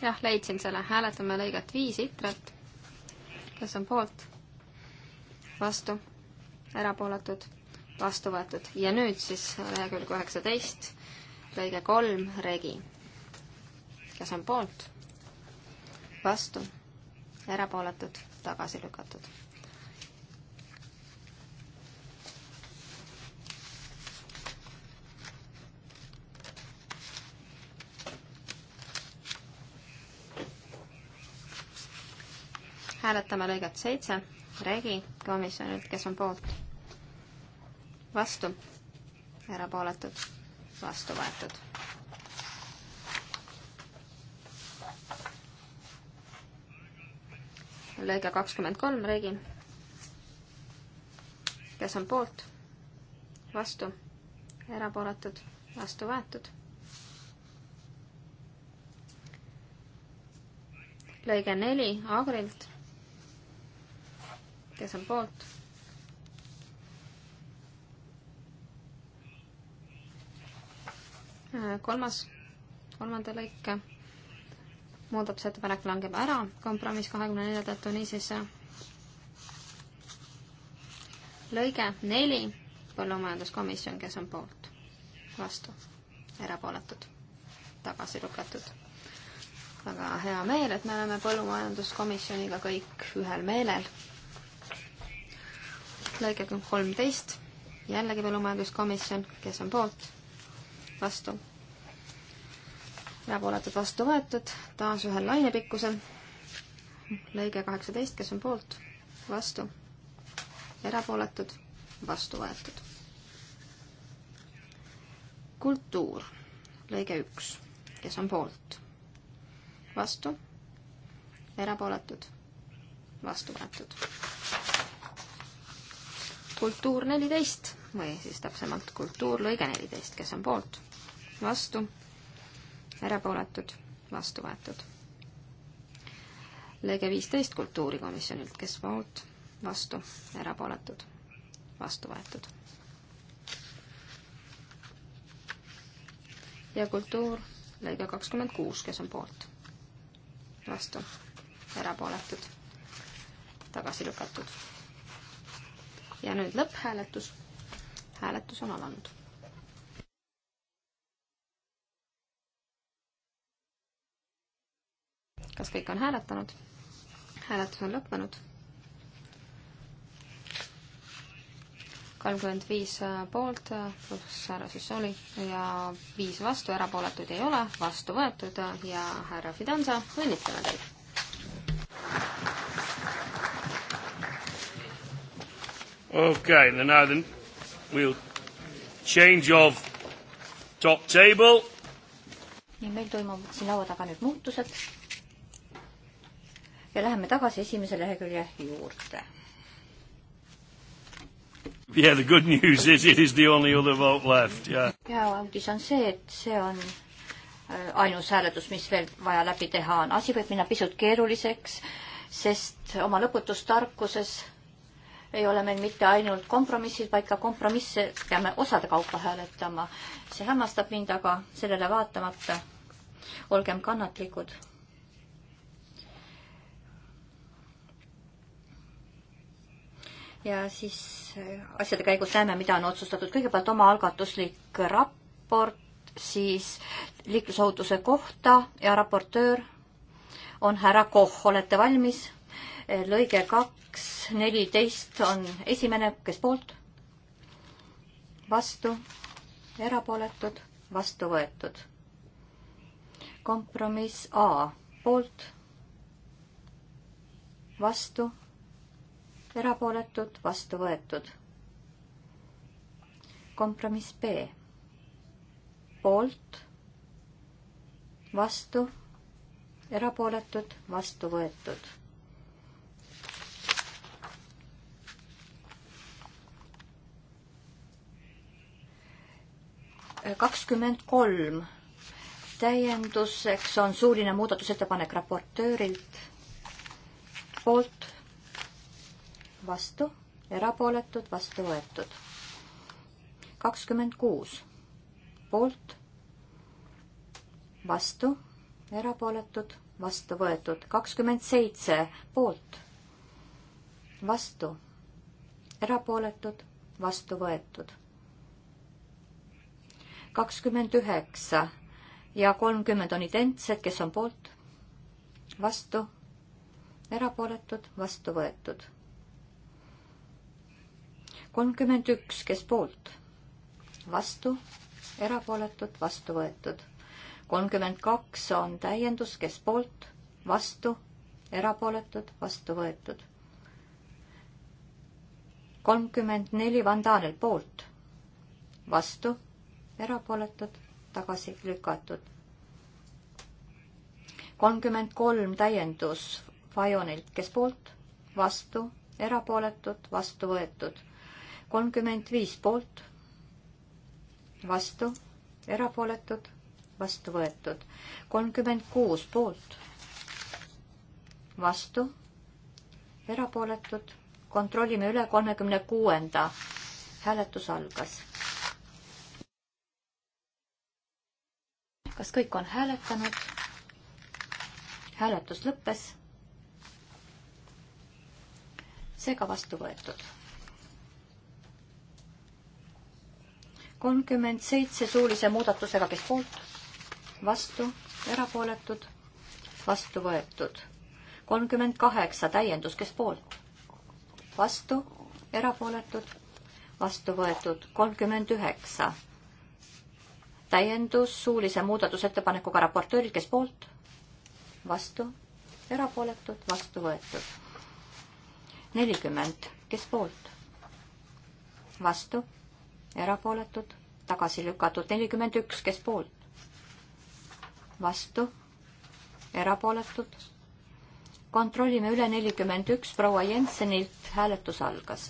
jah, leidsin selle, hääletame lõiget viis ITRE-t. kes on poolt? vastu? erapooletud? vastu võetud ja nüüd siis lehekülg üheksateist lõige kolm, regi. kes on poolt? vastu? erapooletud? tagasi lükatud? hääletame lõiget seitse, regi komisjonilt, kes on poolt? vastu? erapooletud? vastu võetud. lõige kakskümmend kolm, Regin. kes on poolt? vastu? erapooletud? vastu võetud? lõige neli Agrilt. kes on poolt? Äh, kolmas, kolmanda lõike muudatusettepanek langeb ära, kompromiss kahekümne neljandatu, niisiis äh, lõige neli, põllumajanduskomisjon, kes on poolt, vastu, erapooletud, tagasi lükatud. väga hea meel, et me oleme põllumajanduskomisjoniga kõik ühel meelel. lõige kolmteist, jällegi põllumajanduskomisjon, kes on poolt vastu. erapooletud vastu võetud, taas ühel lainepikkusel. lõige kaheksateist, kes on poolt, vastu, erapooletud, vastu võetud. kultuur, lõige üks, kes on poolt, vastu, erapooletud, vastu võetud. kultuur neliteist või siis täpsemalt kultuurlõige neliteist, kes on poolt vastu, erapooletud, vastu võetud. lõige viisteist kultuurikomisjonilt, kes poolt, vastu, erapooletud, vastu võetud. ja kultuur, lõige kakskümmend kuus, kes on poolt, vastu, erapooletud, tagasi lükatud. ja nüüd lõpphääletus. hääletus on alanud kas kõik on hääletanud? hääletus on lõppenud. kolmkümmend viis äh, poolt, äh, pluss härra Sussoli ja viis vastu, erapooletuid ei ole, vastu võetud ja härra Fidanza, õnnitleme teid! Okay, then now then we'll change of top table. ja meil toimub siin laua taga nüüd muutused ja läheme tagasi esimese lehekülje juurde. Yeah, the good news is it is the only other vote left, yeah. ja uudis on see, et see on äh, ainus hääletus, mis veel vaja läbi teha on. asi võib minna pisut keeruliseks, sest oma lõputus tarkuses ei ole meil mitte ainult kompromissid, vaid ka kompromisse peame osade kaupa hääletama. see hämmastab mind, aga sellele vaatamata olgem kannatlikud ja siis äh, asjade käigus näeme, mida on otsustatud. kõigepealt omaalgatuslik raport, siis liiklusohutuse kohta ja raportöör on härra Koch, olete valmis? Äh, lõige kaks, neliteist on esimene, kes poolt? vastu, erapooletud, vastu võetud. kompromiss A, poolt, vastu erapooletud, vastu võetud. kompromiss B, poolt, vastu, erapooletud, vastu võetud. kakskümmend kolm täienduseks on suuline muudatusettepanek raportöörilt poolt vastu, erapooletud, vastu võetud. kakskümmend kuus poolt, vastu, erapooletud, vastu võetud. kakskümmend seitse poolt, vastu, erapooletud, vastu võetud. kakskümmend üheksa ja kolmkümmend on identsed, kes on poolt, vastu, erapooletud, vastu võetud kolmkümmend üks, kes poolt? vastu, erapooletud, vastu võetud. kolmkümmend kaks on täiendus, kes poolt? vastu, erapooletud, vastu võetud. kolmkümmend neli Van Danel poolt, vastu, erapooletud, tagasi lükatud. kolmkümmend kolm täiendus Fajonilt, kes poolt, vastu, erapooletud, vastu võetud kolmkümmend viis poolt, vastu, erapooletud, vastu võetud. kolmkümmend kuus poolt, vastu, erapooletud. kontrollime üle, kolmekümne kuuenda hääletus algas. kas kõik on hääletanud? hääletus lõppes. seega vastu võetud kolmkümmend seitse suulise muudatusega, kes poolt, vastu, erapooletud, vastu võetud. kolmkümmend kaheksa täiendus, kes poolt, vastu, erapooletud, vastu võetud. kolmkümmend üheksa täiendus suulise muudatusettepanekuga raportööril, kes poolt, vastu, erapooletud, vastu võetud. nelikümmend, kes poolt, vastu erapooletud, tagasi lükatud nelikümmend üks, kes poolt, vastu, erapooletud. kontrollime üle nelikümmend üks, proua Jensenilt hääletus algas.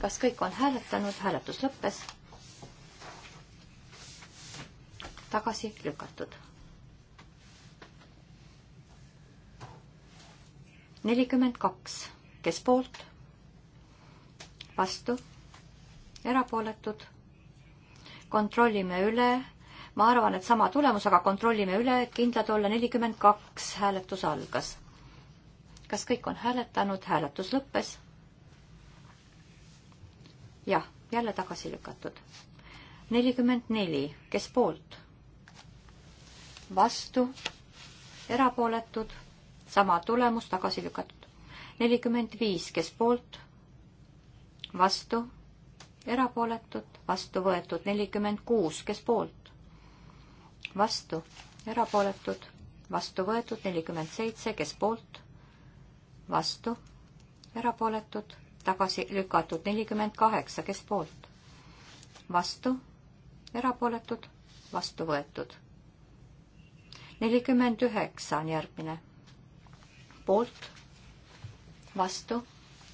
kas kõik on hääletanud, hääletus lõppes? tagasi lükatud. nelikümmend kaks, kes poolt vastu, erapooletud. kontrollime üle, ma arvan, et sama tulemus, aga kontrollime üle, et kindlad olla, nelikümmend kaks hääletus algas. kas kõik on hääletanud, hääletus lõppes? jah, jälle tagasi lükatud. nelikümmend neli, kes poolt? vastu, erapooletud, sama tulemus, tagasi lükatud. nelikümmend viis, kes poolt? vastu, erapooletud, vastu võetud nelikümmend kuus, kes poolt? vastu, erapooletud, vastu võetud nelikümmend seitse, kes poolt? vastu, erapooletud, tagasi lükatud nelikümmend kaheksa, kes poolt? vastu, erapooletud, vastu võetud. nelikümmend üheksa on järgmine. poolt, vastu,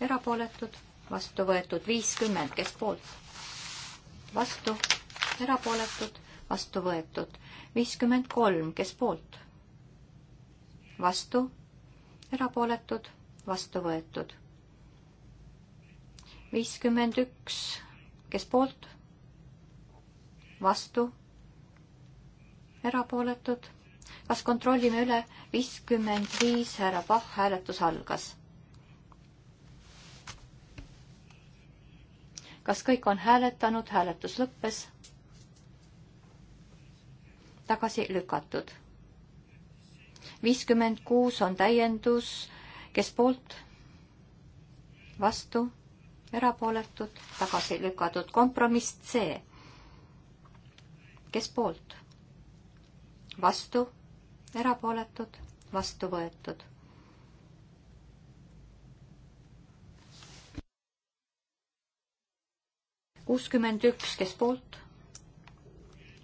erapooletud, vastu võetud viiskümmend, kes poolt? vastu, erapooletud, vastu võetud viiskümmend kolm, kes poolt? vastu, erapooletud, vastu võetud viiskümmend üks, kes poolt? vastu, erapooletud. kas kontrollime üle? viiskümmend viis, härra Pahv, hääletus algas kas kõik on hääletanud, hääletus lõppes? tagasi lükatud. viiskümmend kuus on täiendus, kes poolt? vastu, erapooletud, tagasi lükatud, kompromiss C. kes poolt? vastu, erapooletud, vastu võetud kuuskümmend üks, kes poolt,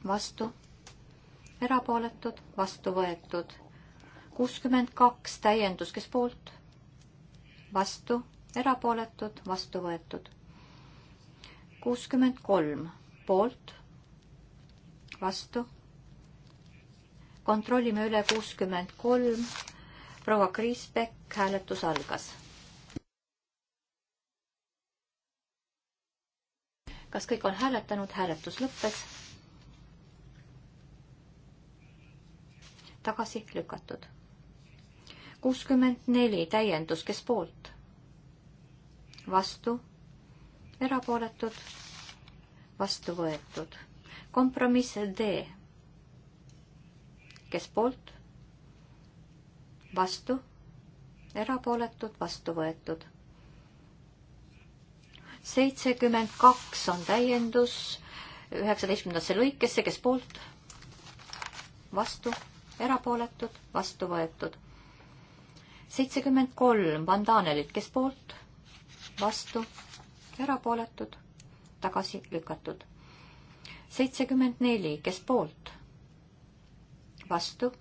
vastu, erapooletud, vastu võetud. kuuskümmend kaks, täiendus, kes poolt, vastu, erapooletud, vastu võetud. kuuskümmend kolm, poolt, vastu. kontrollime üle kuuskümmend kolm. proua Kriisbeck, hääletus algas kas kõik on hääletanud, hääletus lõppes. tagasi lükatud. kuuskümmend neli täiendus, kes poolt? vastu, erapooletud, vastu võetud. kompromiss D, kes poolt? vastu, erapooletud, vastu võetud seitsekümmend kaks on täiendus üheksateistkümnendasse lõikesse, kes poolt, vastu, erapooletud, vastu võetud. seitsekümmend kolm Vandanelit, kes poolt, vastu, erapooletud, tagasi lükatud. seitsekümmend neli, kes poolt, vastu,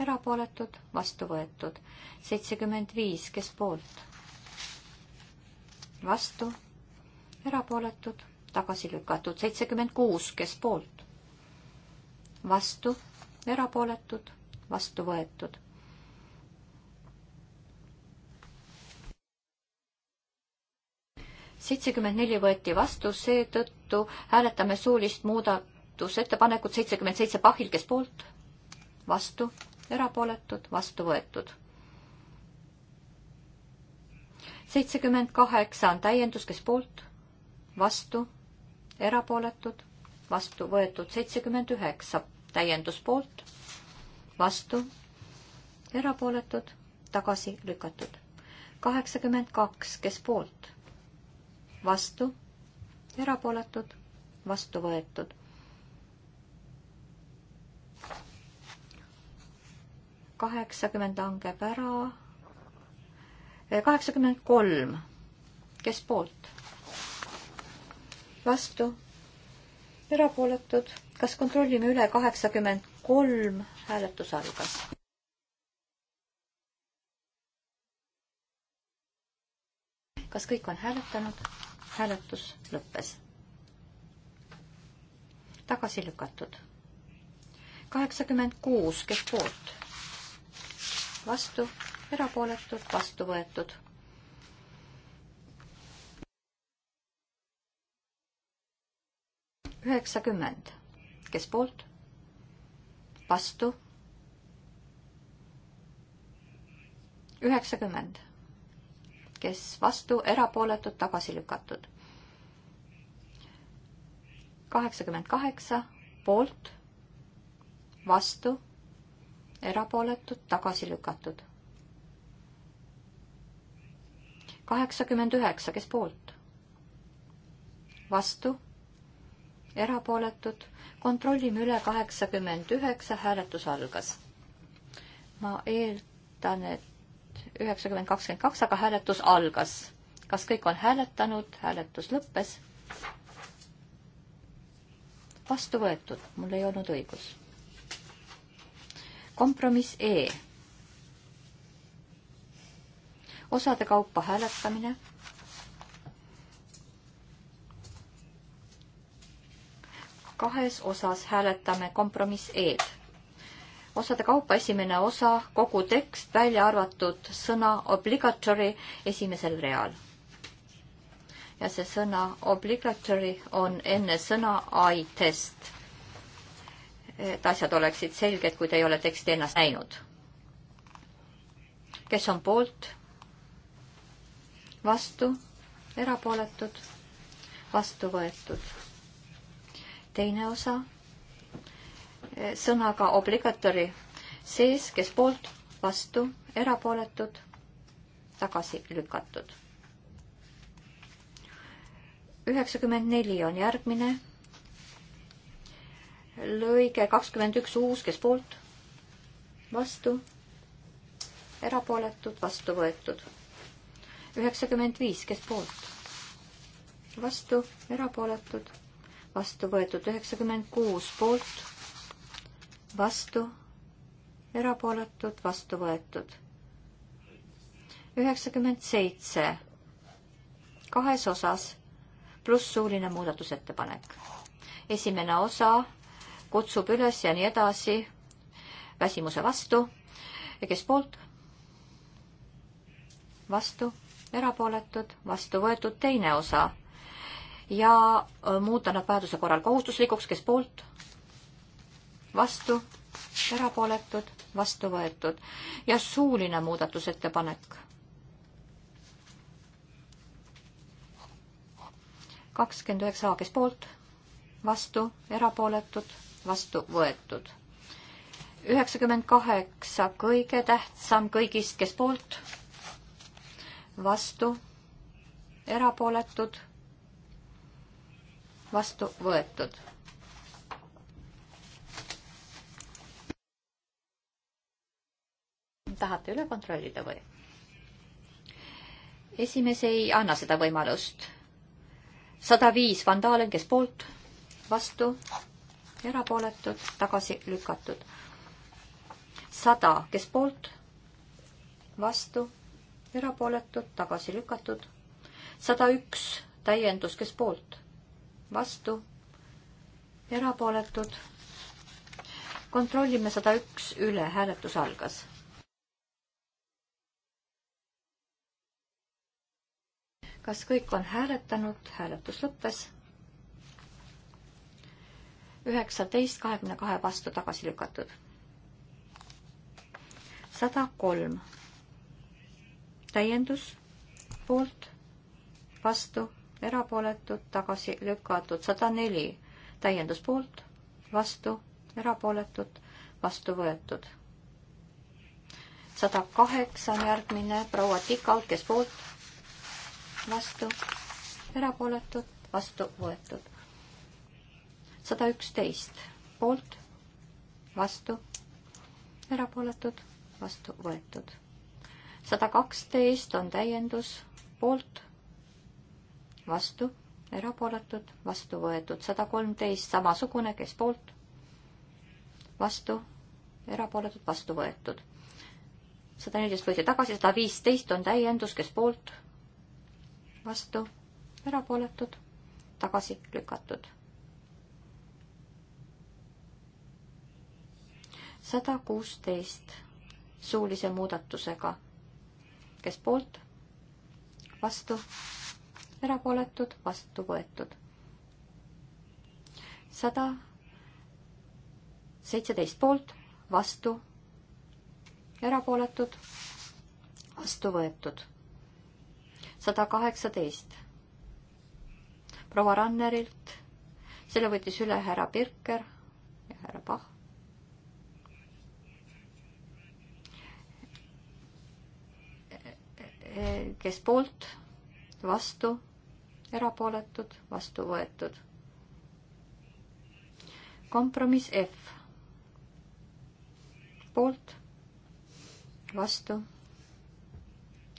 erapooletud, vastu võetud. seitsekümmend viis, kes poolt vastu, erapooletud, tagasi lükatud. seitsekümmend kuus, kes poolt, vastu, erapooletud, vastu võetud seitsekümmend neli võeti vastu, seetõttu hääletame suulist muudatusettepanekut seitsekümmend seitse Pahil, kes poolt, vastu, erapooletud, vastu võetud. seitsekümmend kaheksa on täiendus, kes poolt, vastu, erapooletud, vastu võetud seitsekümmend üheksa, täiendus poolt, vastu, erapooletud, tagasi lükatud. kaheksakümmend kaks, kes poolt, vastu, erapooletud, vastu võetud. kaheksakümmend langeb ära kaheksakümmend kolm, kes poolt? vastu? erapooletud, kas kontrollime üle kaheksakümmend kolm, hääletus algas. kas kõik on hääletanud? hääletus lõppes. tagasi lükatud. kaheksakümmend kuus, kes poolt? vastu? erapooletud, vastu võetud. üheksakümmend, kes poolt, vastu, üheksakümmend, kes vastu, erapooletud, tagasi lükatud kaheksakümmend kaheksa, poolt, vastu, erapooletud, tagasi lükatud kaheksakümmend üheksa, kes poolt? vastu? erapooletud? kontrollime üle, kaheksakümmend üheksa, hääletus algas. ma eeldan, et üheksakümmend kakskümmend kaks, aga hääletus algas. kas kõik on hääletanud, hääletus lõppes? vastu võetud, mul ei olnud õigus. kompromiss E osade kaupa hääletamine. kahes osas hääletame kompromiss E-d. osade kaupa esimene osa, kogu tekst, välja arvatud sõna obligatory esimesel real. ja see sõna obligatory on enne sõna I test et asjad oleksid selged, kui te ei ole teksti ennast näinud. kes on poolt? vastu, erapooletud, vastu võetud. teine osa eh, sõnaga obligatory sees, kes poolt, vastu, erapooletud, tagasi lükatud. üheksakümmend neli on järgmine. lõige kakskümmend üks uus, kes poolt, vastu, erapooletud, vastu võetud üheksakümmend viis, kes poolt? vastu, erapooletud, vastu võetud üheksakümmend kuus poolt, vastu, erapooletud, vastu võetud. üheksakümmend seitse kahes osas pluss suuline muudatusettepanek. esimene osa kutsub üles ja nii edasi väsimuse vastu ja kes poolt? vastu erapooletud, vastu võetud teine osa ja muuta nad vajaduse korral kohustuslikuks, kes poolt, vastu, erapooletud, vastu võetud ja suuline muudatusettepanek. kakskümmend üheksa A, kes poolt, vastu, erapooletud, vastu võetud üheksakümmend kaheksa, kõige tähtsam kõigist, kes poolt, vastu, erapooletud, vastu võetud. tahate üle kontrollida või? esimees ei anna seda võimalust. sada viis vandaalen, kes poolt, vastu, erapooletud, tagasi lükatud. sada, kes poolt, vastu erapooletud, tagasi lükatud. sada üks täiendus, kes poolt? vastu, erapooletud. kontrollime sada üks üle, hääletus algas. kas kõik on hääletanud, hääletus lõppes. üheksateist kahekümne kahe vastu tagasi lükatud. sada kolm täiendus poolt, vastu, erapooletud, tagasi lükatud, sada neli täiendus poolt, vastu, erapooletud, vastu võetud. sada kaheksa on järgmine proua Tikalt, kes poolt, vastu, erapooletud, vastu võetud. sada üksteist poolt, vastu, erapooletud, vastu võetud sada kaksteist on täiendus poolt, vastu, erapooletud, vastu võetud, sada kolmteist samasugune, kes poolt, vastu, erapooletud, vastu võetud. sada neliteist võeti tagasi, sada viisteist on täiendus, kes poolt, vastu, erapooletud, tagasi lükatud. sada kuusteist suulise muudatusega kes poolt, vastu, erapooletud, vastu võetud. sada seitseteist poolt, vastu, erapooletud, vastu võetud. sada kaheksateist proua Rannerilt, selle võttis üle härra Birker ja härra Pahv kes poolt, vastu, erapooletud, vastu võetud. kompromiss F. poolt, vastu,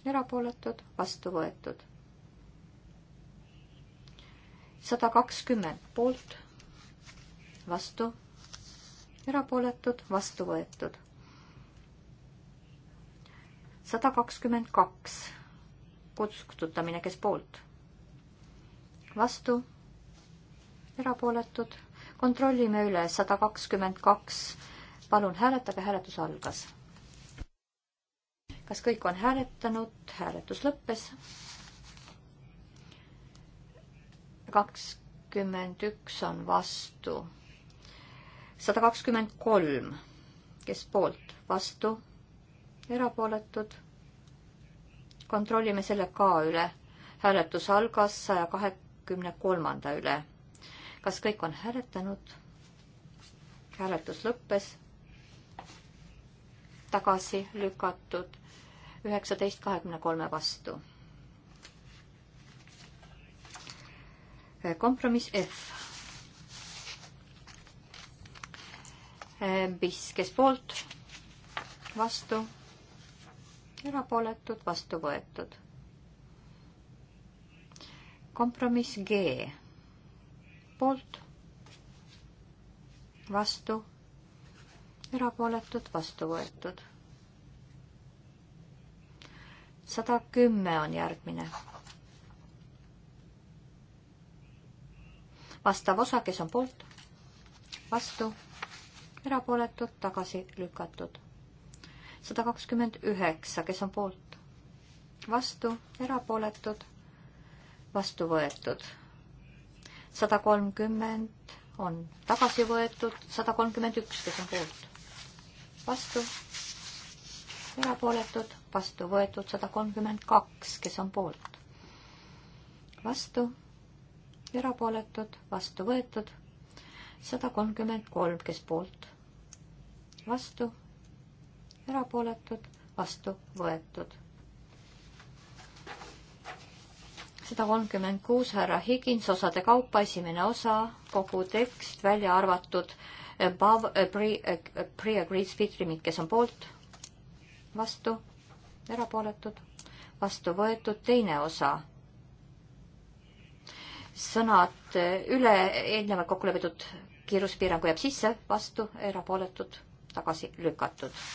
erapooletud, vastu võetud. sada kakskümmend poolt, vastu, erapooletud, vastu võetud sada kakskümmend kaks kustutamine, kes poolt? vastu? erapooletud? kontrollime üle, sada kakskümmend kaks. palun hääletage, hääletus algas. kas kõik on hääletanud? hääletus lõppes. kakskümmend üks on vastu. sada kakskümmend kolm, kes poolt? vastu? erapooletud. kontrollime selle ka üle. hääletus algas saja kahekümne kolmanda üle. kas kõik on hääletanud? hääletus lõppes. tagasi lükatud üheksateist kahekümne kolme vastu. kompromiss F. mis, kes poolt, vastu erapooletud, vastu võetud. kompromiss G poolt, vastu, erapooletud, vastu võetud. sada kümme on järgmine. vastav osa, kes on poolt, vastu, erapooletud, tagasi lükatud sada kakskümmend üheksa, kes on poolt? vastu, erapooletud, vastu võetud. sada kolmkümmend on tagasi võetud, sada kolmkümmend üks, kes on poolt? vastu, erapooletud, vastu võetud, sada kolmkümmend kaks, kes on poolt? vastu, erapooletud, vastu võetud, sada kolmkümmend kolm, kes poolt? vastu erapooletud, vastu võetud. sada kolmkümmend kuus härra Higins osade kaupa, esimene osa, kogu tekst välja arvatud eh, above eh, pre-, eh, pre-agreed speed limit, kes on poolt, vastu, erapooletud, vastu võetud, teine osa sõnad üle eelnevalt kokku lepitud kiiruspiirangu jääb sisse, vastu erapooletud, tagasi lükatud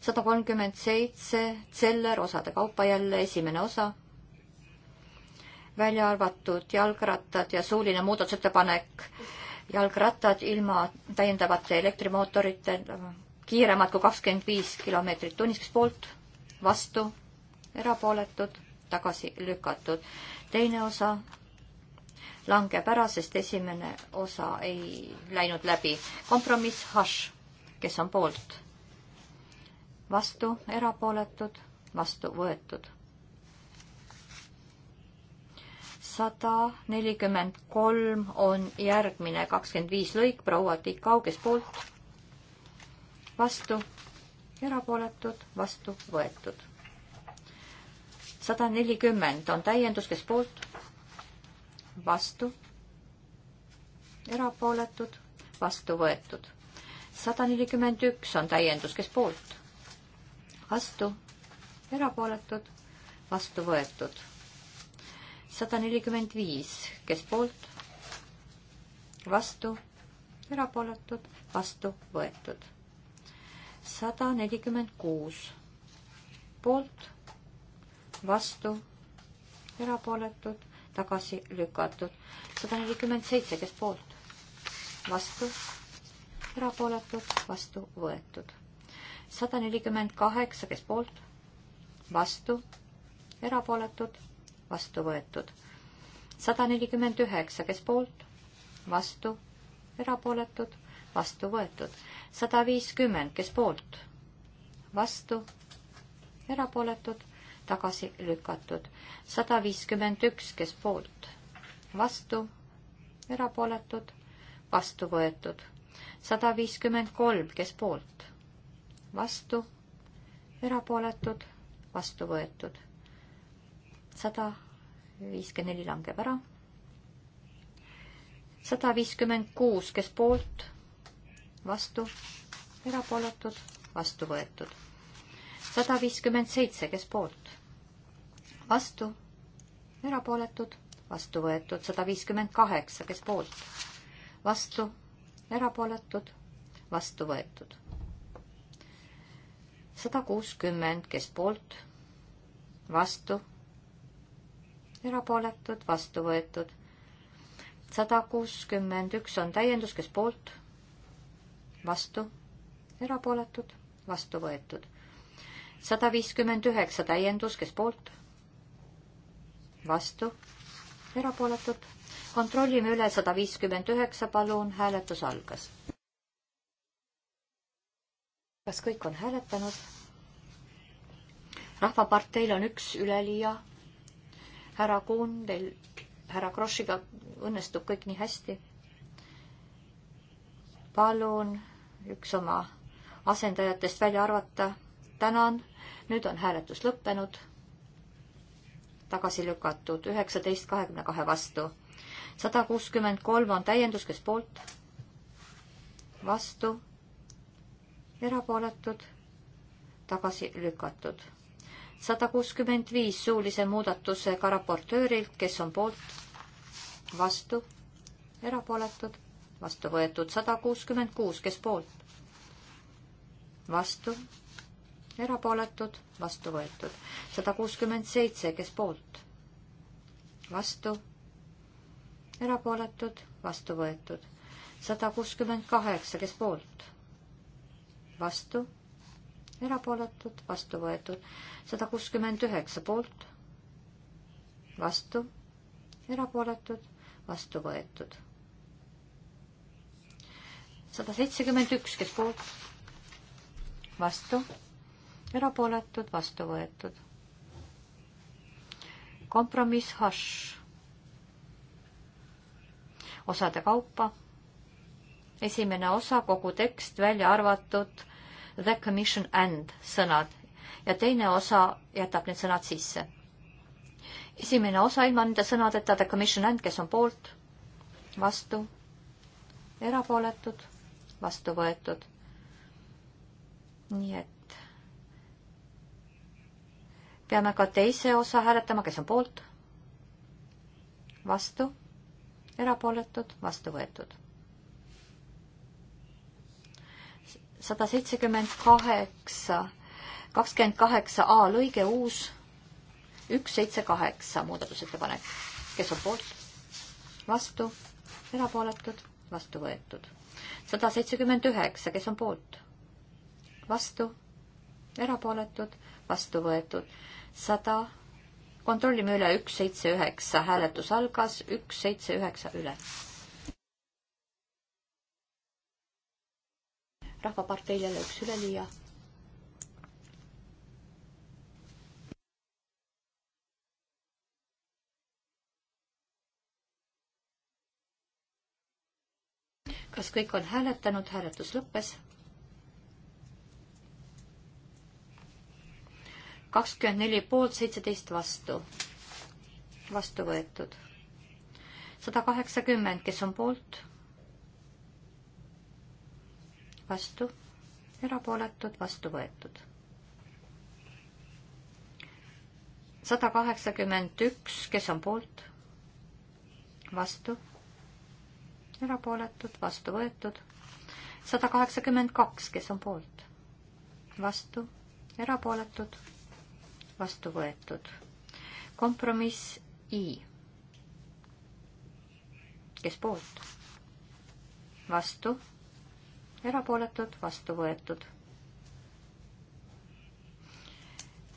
sada kolmkümmend seitse Zeller osade kaupa jälle esimene osa, välja arvatud jalgrattad ja suuline muudatusettepanek, jalgrattad ilma täiendavate elektrimootorite, kiiremad kui kakskümmend viis kilomeetrit tunnis, kes poolt, vastu, erapooletud, tagasi lükatud. teine osa langeb ära, sest esimene osa ei läinud läbi. kompromiss, hašš, kes on poolt vastu erapooletud, vastu võetud. sada nelikümmend kolm on järgmine kakskümmend viis lõik proua Tikau, kes poolt, vastu erapooletud, vastu võetud. sada nelikümmend on täiendus, kes poolt, vastu erapooletud, vastu võetud. sada nelikümmend üks on täiendus, kes poolt, vastu, erapooletud, vastu võetud. sada nelikümmend viis, kes poolt, vastu, erapooletud, vastu võetud. sada nelikümmend kuus, poolt, vastu, erapooletud, tagasi lükatud. sada nelikümmend seitse, kes poolt, vastu, erapooletud, vastu võetud sada nelikümmend kaheksa, kes poolt, vastu, erapooletud, vastu võetud. sada nelikümmend üheksa, kes poolt, vastu, erapooletud, vastu võetud. sada viiskümmend, kes poolt, vastu, erapooletud, tagasi lükatud. sada viiskümmend üks, kes poolt, vastu, erapooletud, vastu võetud. sada viiskümmend kolm, kes poolt vastu, erapooletud, vastu võetud. sada viiskümmend neli langeb ära. sada viiskümmend kuus, kes poolt, vastu, erapooletud, vastu võetud. sada viiskümmend seitse, kes poolt, vastu, erapooletud, vastu võetud. sada viiskümmend kaheksa, kes poolt, vastu, erapooletud, vastu võetud sada kuuskümmend, kes poolt, vastu, erapooletud, vastu võetud. sada kuuskümmend üks on täiendus, kes poolt, vastu, erapooletud, vastu võetud. sada viiskümmend üheksa täiendus, kes poolt, vastu, erapooletud. kontrollime üle sada viiskümmend üheksa, palun, hääletus algas kas kõik on hääletanud? rahvaparteil on üks üleliia. härra Kuhn, teil härra Krossiga õnnestub kõik nii hästi. palun üks oma asendajatest välja arvata. tänan, nüüd on hääletus lõppenud. tagasi lükatud üheksateist kahekümne kahe vastu. sada kuuskümmend kolm on täiendus, kes poolt? vastu erapooletud, tagasi lükatud. sada kuuskümmend viis suulise muudatusega raportöörilt, kes on poolt, vastu, erapooletud, vastu võetud sada kuuskümmend kuus, kes poolt, vastu, erapooletud, vastu võetud sada kuuskümmend seitse, kes poolt, vastu, erapooletud, vastu võetud sada kuuskümmend kaheksa, kes poolt vastu, erapooletud, vastu võetud. sada kuuskümmend üheksa poolt, vastu, erapooletud, vastu võetud. sada seitsekümmend üks, kes poolt, vastu, erapooletud, vastu võetud. kompromiss hašš. osade kaupa esimene osa, kogu tekst välja arvatud the commission and sõnad ja teine osa jätab need sõnad sisse. esimene osa ilma nende sõnadeta the commission and, kes on poolt, vastu, erapooletud, vastu võetud. nii et peame ka teise osa hääletama, kes on poolt, vastu, erapooletud, vastu võetud sada seitsekümmend kaheksa, kakskümmend kaheksa A lõige uus, üks seitse kaheksa muudatusettepanek. kes on poolt? vastu, erapooletud, vastu võetud. sada seitsekümmend üheksa, kes on poolt? vastu, erapooletud, vastu võetud. sada, kontrollime üle, üks seitse üheksa, hääletus algas, üks seitse üheksa üle Rahvaparteil jälle üks üleliia. kas kõik on hääletanud, hääletus lõppes. kakskümmend neli poolt, seitseteist vastu, vastu võetud. sada kaheksakümmend, kes on poolt vastu, erapooletud, vastu võetud. sada kaheksakümmend üks, kes on poolt, vastu, erapooletud, vastu võetud. sada kaheksakümmend kaks, kes on poolt, vastu, erapooletud, vastu võetud. kompromiss I. kes poolt? vastu erapooletud, vastu võetud.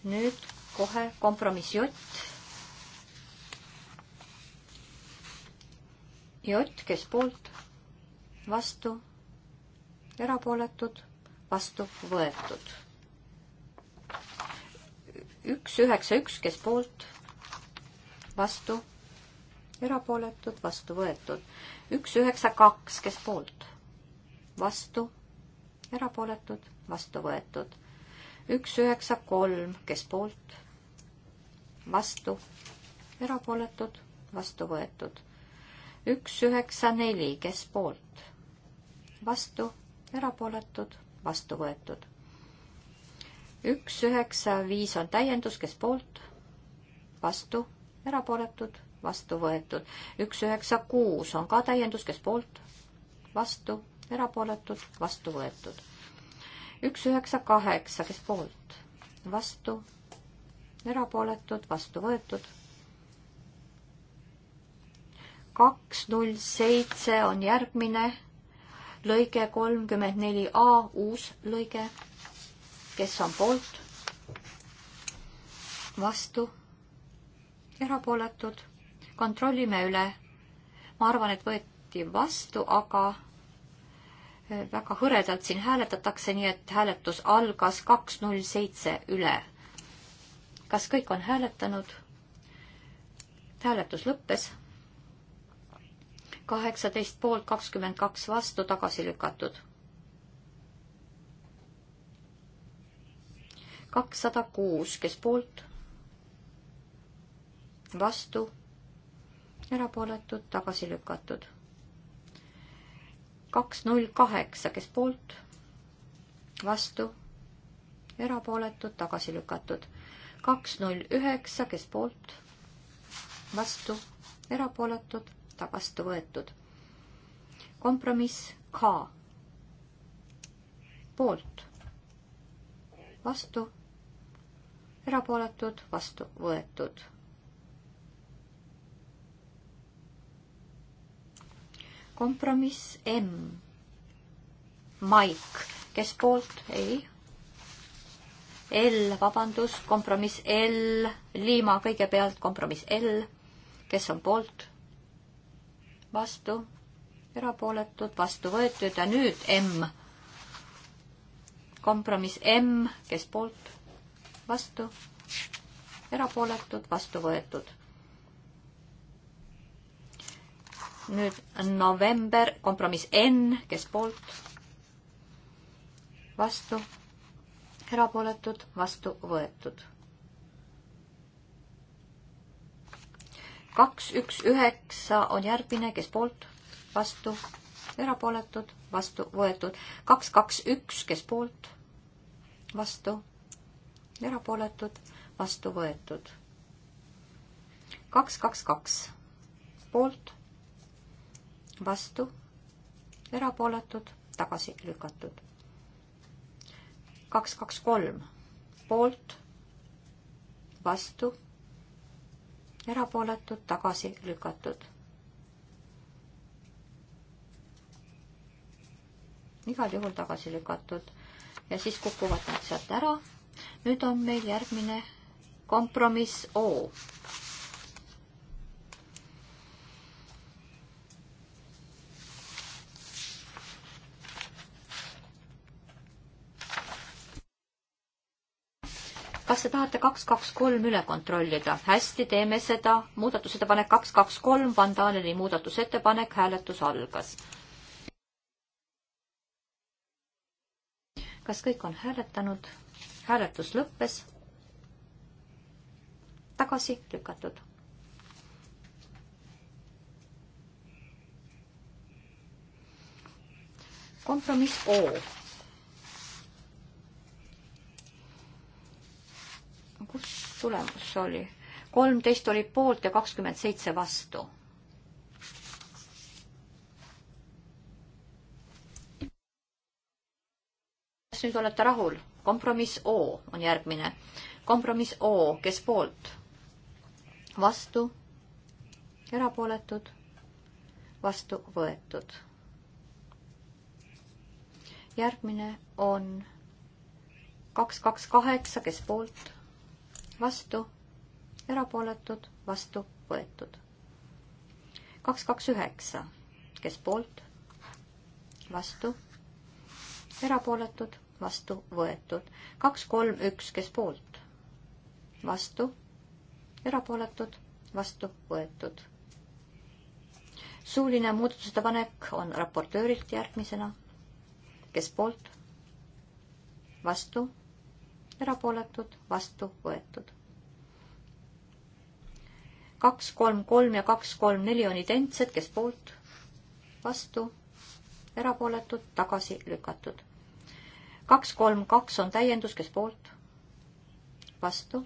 nüüd kohe kompromiss J. J, kes poolt, vastu, erapooletud, vastu võetud. üks, üheksa, üks, kes poolt, vastu, erapooletud, vastu võetud. üks, üheksa, kaks, kes poolt vastu, erapooletud, vastu võetud. üks, üheksa, kolm, kes poolt, vastu, erapooletud, vastu võetud. üks, üheksa, neli, kes poolt, vastu, erapooletud, vastu võetud. üks, üheksa, viis on täiendus, kes poolt, vastu, erapooletud, vastu võetud. üks, üheksa, kuus on ka täiendus, kes poolt, vastu, erapooletud, vastu võetud. üks üheksa kaheksa, kes poolt, vastu, erapooletud, vastu võetud. kaks null seitse on järgmine lõige kolmkümmend neli A, uus lõige, kes on poolt, vastu, erapooletud, kontrollime üle. ma arvan, et võeti vastu, aga väga hõredalt siin hääletatakse, nii et hääletus algas kaks null seitse üle. kas kõik on hääletanud? hääletus lõppes. kaheksateist poolt, kakskümmend kaks vastu, tagasi lükatud. kakssada kuus, kes poolt? vastu, erapooletud, tagasi lükatud kaks null kaheksa, kes poolt, vastu, erapooletud, tagasi lükatud. kaks null üheksa, kes poolt, vastu, erapooletud, vastu võetud. kompromiss K, poolt, vastu, erapooletud, vastu võetud kompromiss M. Maik, kes poolt? ei. L, vabandust, kompromiss L, Liima kõigepealt, kompromiss L, kes on poolt? vastu, erapooletud, vastu võetud ja nüüd M. kompromiss M, kes poolt? vastu, erapooletud, vastu võetud nüüd november, kompromiss N, kes poolt, vastu, erapooletud, vastu võetud. kaks, üks, üheksa on järgmine, kes poolt, vastu, erapooletud, vastu võetud. kaks, kaks, üks, kes poolt, vastu, erapooletud, vastu võetud. kaks, kaks, kaks, poolt vastu, erapooletud, tagasi lükatud. kaks, kaks, kolm poolt, vastu, erapooletud, tagasi lükatud. igal juhul tagasi lükatud ja siis kukuvad nad sealt ära. nüüd on meil järgmine kompromiss O kas te tahate kaks, kaks, kolm üle kontrollida? hästi, teeme seda. muudatusettepanek kaks, kaks, kolm, Van Daneli muudatusettepanek, hääletus algas. kas kõik on hääletanud? hääletus lõppes. tagasi lükatud. kompromiss O kus tulemus oli? kolmteist oli poolt ja kakskümmend seitse vastu kas nüüd olete rahul? kompromiss O on järgmine. kompromiss O, kes poolt? vastu, erapooletud, vastu võetud. järgmine on kaks, kaks, kaheksa, kes poolt, vastu, erapooletud, vastu võetud. kaks, kaks, üheksa, kes poolt, vastu, erapooletud, vastu võetud. kaks, kolm, üks, kes poolt, vastu, erapooletud, vastu võetud. suuline muudatusettepanek on raportöörilt järgmisena, kes poolt, vastu erapooletud, vastu võetud. kaks, kolm, kolm ja kaks, kolm, neli on identsed, kes poolt, vastu, erapooletud, tagasi lükatud. kaks, kolm, kaks on täiendus, kes poolt, vastu,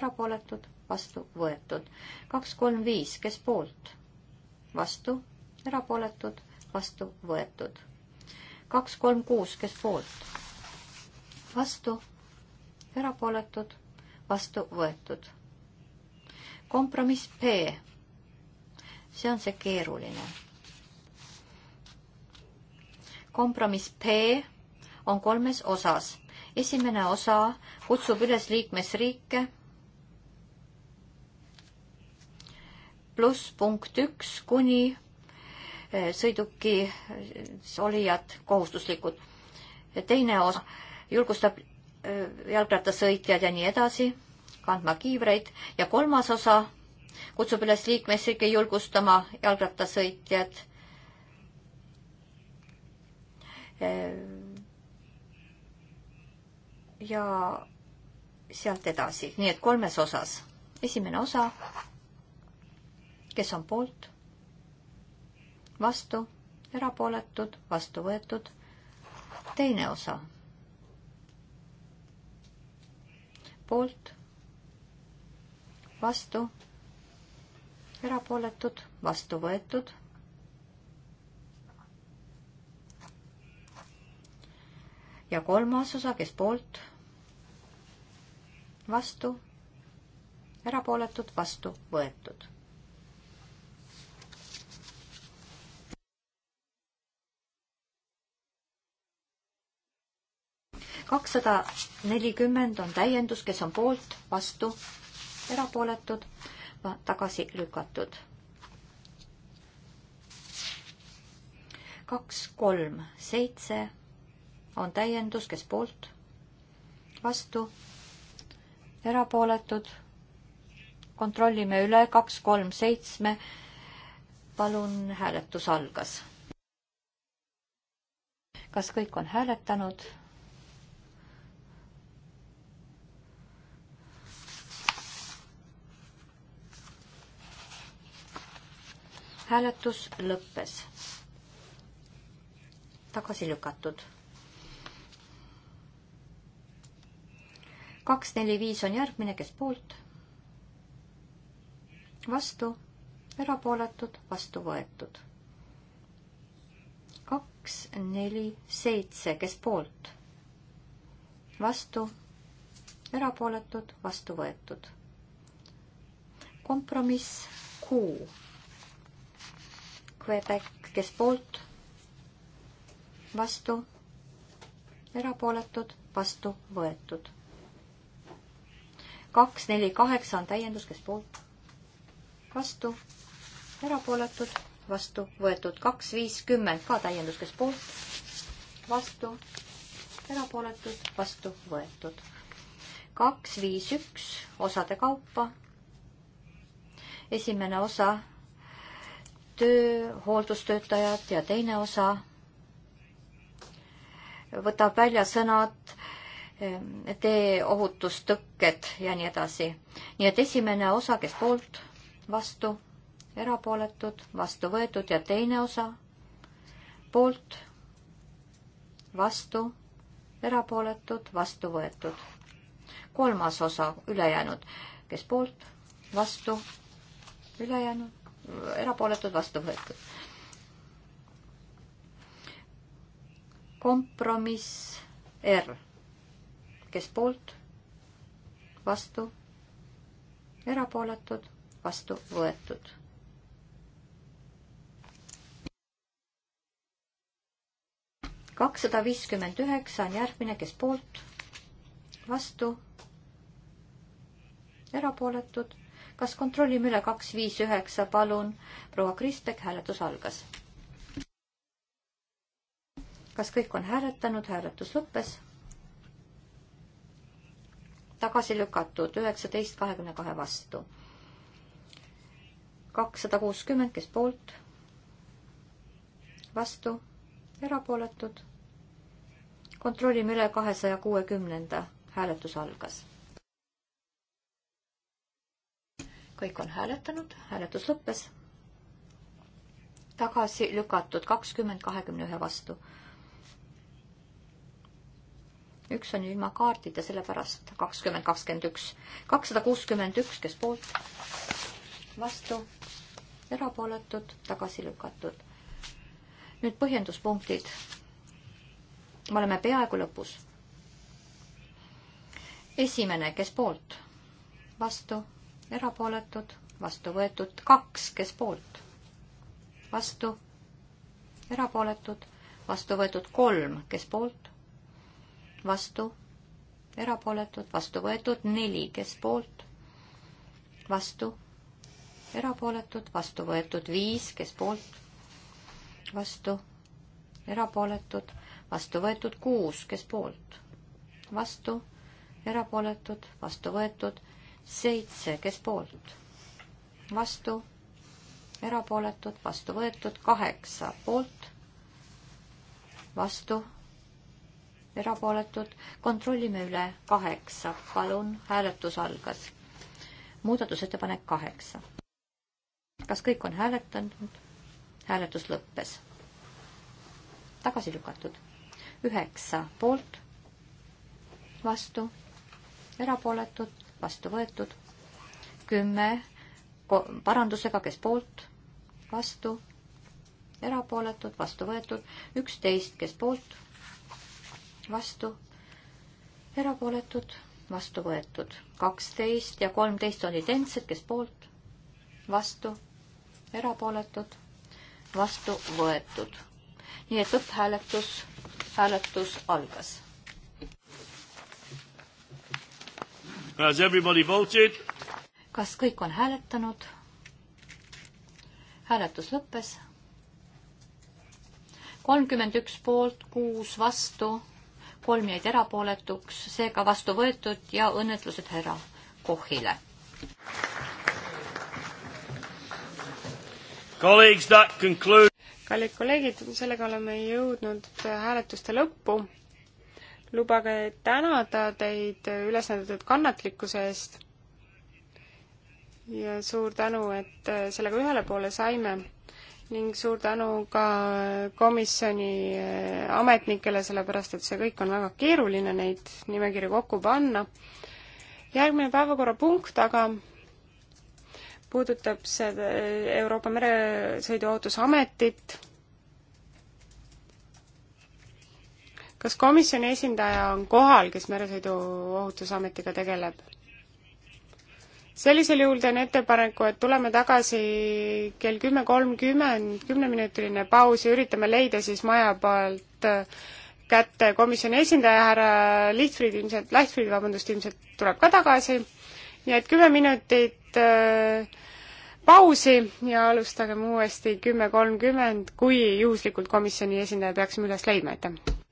erapooletud, vastu võetud. kaks, kolm, viis, kes poolt, vastu, erapooletud, vastu võetud. kaks, kolm, kuus, kes poolt, vastu erapooletud, vastu võetud. kompromiss B. see on see keeruline. kompromiss B on kolmes osas. esimene osa kutsub üles liikmesriike pluss punkt üks kuni eh, sõidukis olijad kohustuslikud. teine osa julgustab Äh, jalgrattasõitjad ja nii edasi kandma kiivreid ja kolmas osa kutsub üles liikmesriike julgustama jalgrattasõitjad äh, ja sealt edasi, nii et kolmes osas. esimene osa, kes on poolt, vastu, erapooletud, vastu võetud. teine osa poolt, vastu, erapooletud, vastu võetud. ja kolmas osa, kes poolt, vastu, erapooletud, vastu võetud kakssada nelikümmend on täiendus, kes on poolt, vastu, erapooletud, tagasi lükatud. kaks, kolm, seitse on täiendus, kes poolt, vastu, erapooletud. kontrollime üle, kaks, kolm, seitsme. palun, hääletus algas. kas kõik on hääletanud? hääletus lõppes. tagasi lükatud. kaks, neli, viis on järgmine, kes poolt? vastu, erapooletud, vastu võetud. kaks, neli, seitse, kes poolt? vastu, erapooletud, vastu võetud. kompromiss kuu Quebec, kes poolt, vastu, erapooletud, vastu võetud. kaks, neli, kaheksa on täiendus, kes poolt, vastu, erapooletud, vastu võetud. kaks, viis, kümme ka täiendus, kes poolt, vastu, erapooletud, vastu võetud. kaks, viis, üks osade kaupa. esimene osa töö, hooldustöötajad ja teine osa võtab välja sõnad eh, teeohutustõkked ja nii edasi. nii et esimene osa, kes poolt, vastu, erapooletud, vastu võetud ja teine osa poolt, vastu, erapooletud, vastu võetud. kolmas osa ülejäänud, kes poolt, vastu, ülejäänud, erapooletud, vastu võetud. kompromiss R, kes poolt, vastu, erapooletud, vastu võetud kakssada viiskümmend üheksa on järgmine, kes poolt, vastu, erapooletud, kas kontrollime üle kaks, viis, üheksa, palun. proua Krisbek, hääletus algas. kas kõik on hääletanud, hääletus lõppes? tagasi lükatud üheksateist kahekümne kahe vastu. kakssada kuuskümmend, kes poolt? vastu, erapooletud. kontrollime üle kahesaja kuuekümnenda, hääletus algas kõik on hääletanud, hääletus lõppes. tagasi lükatud kakskümmend kahekümne ühe vastu. üks on ilma kaardita, sellepärast kakskümmend kakskümmend üks, kakssada kuuskümmend üks, kes poolt, vastu, erapooletud, tagasi lükatud. nüüd põhjenduspunktid. me oleme peaaegu lõpus. esimene, kes poolt, vastu erapooletud, vastu võetud kaks, kes poolt, vastu, erapooletud, vastu võetud kolm, kes poolt, vastu, erapooletud, vastu võetud neli, kes poolt, vastu, erapooletud, vastu võetud viis, kes poolt, vastu, erapooletud, vastu võetud kuus, kes poolt, vastu, erapooletud, vastu võetud seitse, kes poolt? vastu, erapooletud, vastu võetud, kaheksa poolt, vastu, erapooletud, kontrollime üle, kaheksa, palun, hääletus algas. muudatusettepanek kaheksa. kas kõik on hääletanud? hääletus lõppes. tagasi lükatud. üheksa poolt, vastu, erapooletud vastu võetud. kümme parandusega, kes poolt, vastu, erapooletud, vastu võetud. üksteist, kes poolt, vastu, erapooletud, vastu võetud. kaksteist ja kolmteist on identsed, kes poolt, vastu, erapooletud, vastu võetud. nii et lõpphääletus, hääletus algas Has everybody voted? kas kõik on hääletanud? hääletus lõppes. kolmkümmend üks poolt, kuus vastu, kolm jäid erapooletuks, seega vastu võetud ja õnnetlused härra Kohile. kallid kolleegid, sellega oleme jõudnud hääletuste lõppu lubage tänada teid üles näidatud kannatlikkuse eest ja suur tänu, et äh, sellega ühele poole saime ning suur tänu ka komisjoni äh, ametnikele, sellepärast et see kõik on väga keeruline, neid nimekirju kokku panna. järgmine päevakorrapunkt aga puudutab seda äh, Euroopa Meresõiduohutusametit kas komisjoni esindaja on kohal, kes meresõiduohutusametiga tegeleb? sellisel juhul teen ettepaneku, et tuleme tagasi kell kümme kolmkümmend, kümneminutiline paus ja üritame leida siis maja pealt äh, kätte komisjoni esindaja, härra Lihtfried ilmselt, Lähtfried, vabandust, ilmselt tuleb ka tagasi. nii et kümme minutit äh, pausi ja alustagem uuesti kümme kolmkümmend, kui juhuslikult komisjoni esindaja peaksime üles leidma, aitäh!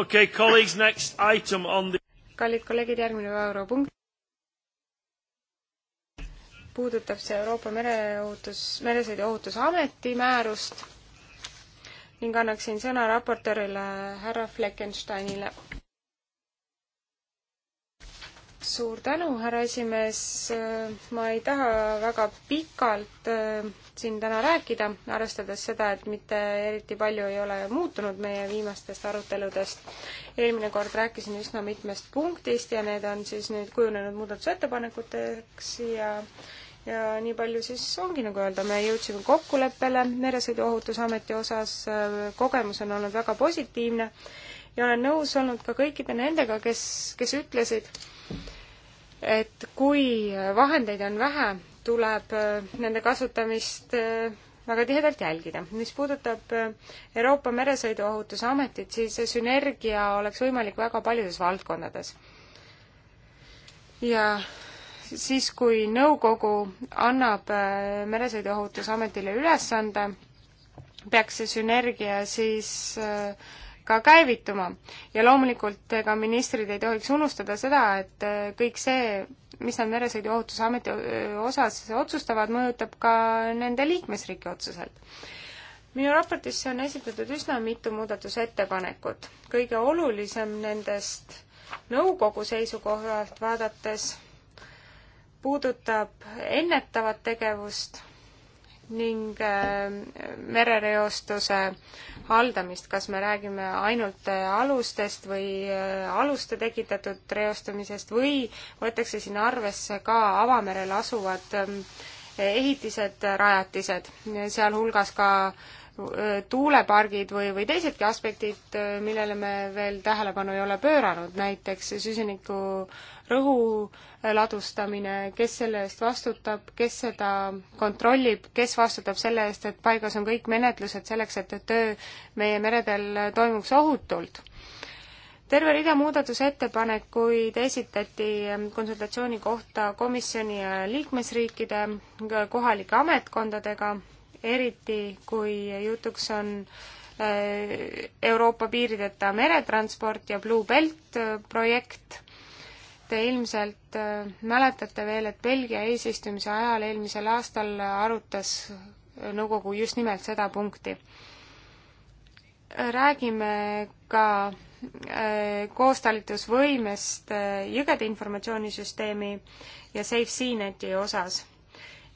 okay, colleagues, next item on the... kallid kolleegid, järgmine päevakorrapunkt puudutab see Euroopa mereohutus, meresõiduohutusameti määrust ning annaksin sõna raportöörile härra Fleckensteinile suur tänu, härra esimees. ma ei taha väga pikalt äh, siin täna rääkida, arvestades seda, et mitte eriti palju ei ole muutunud meie viimastest aruteludest. eelmine kord rääkisin üsna mitmest punktist ja need on siis nüüd kujunenud muudatusettepanekuteks ja ja nii palju siis ongi nagu öelda, me jõudsime kokkuleppele Meresõiduohutusameti osas, äh, kogemus on olnud väga positiivne ja olen nõus olnud ka kõikide nendega, kes, kes ütlesid, et kui vahendeid on vähe, tuleb äh, nende kasutamist äh, väga tihedalt jälgida. mis puudutab äh, Euroopa Meresõiduohutuse Ametit, siis sünergia oleks võimalik väga paljudes valdkondades. ja siis, kui nõukogu annab Meresõiduohutusametile ülesande, peaks see sünergia siis äh, ka käivituma. ja loomulikult ka ministrid ei tohiks unustada seda, et äh, kõik see, mis nad Meresõiduohutusameti äh, osas otsustavad, mõjutab ka nende liikmesriiki otseselt. minu raportisse on esitatud üsna mitu muudatusettepanekut. kõige olulisem nendest nõukogu seisukohalt vaadates puudutab ennetavat tegevust ning äh, merereostuse haldamist, kas me räägime ainult äh, alustest või äh, aluste tekitatud reostumisest või võetakse sinna arvesse ka avamerel asuvad ähm, ehitised, rajatised, sealhulgas ka tuulepargid või, või teisedki aspektid, millele me veel tähelepanu ei ole pööranud, näiteks süsiniku rõhu ladustamine, kes selle eest vastutab, kes seda kontrollib, kes vastutab selle eest, et paigas on kõik menetlused selleks, et, et töö meie meredel toimuks ohutult. terve rida muudatusettepanekuid esitati konsultatsiooni kohta komisjoni ja liikmesriikide kohalike ametkondadega eriti kui jutuks on äh, Euroopa piirideta meretransport ja Blue Belt äh, projekt. Te ilmselt äh, mäletate veel, et Belgia eesistumise ajal eelmisel aastal arutas nõukogu just nimelt seda punkti. räägime ka koostalitusvõimest jõgede informatsioonisüsteemi ja SafeCNeti osas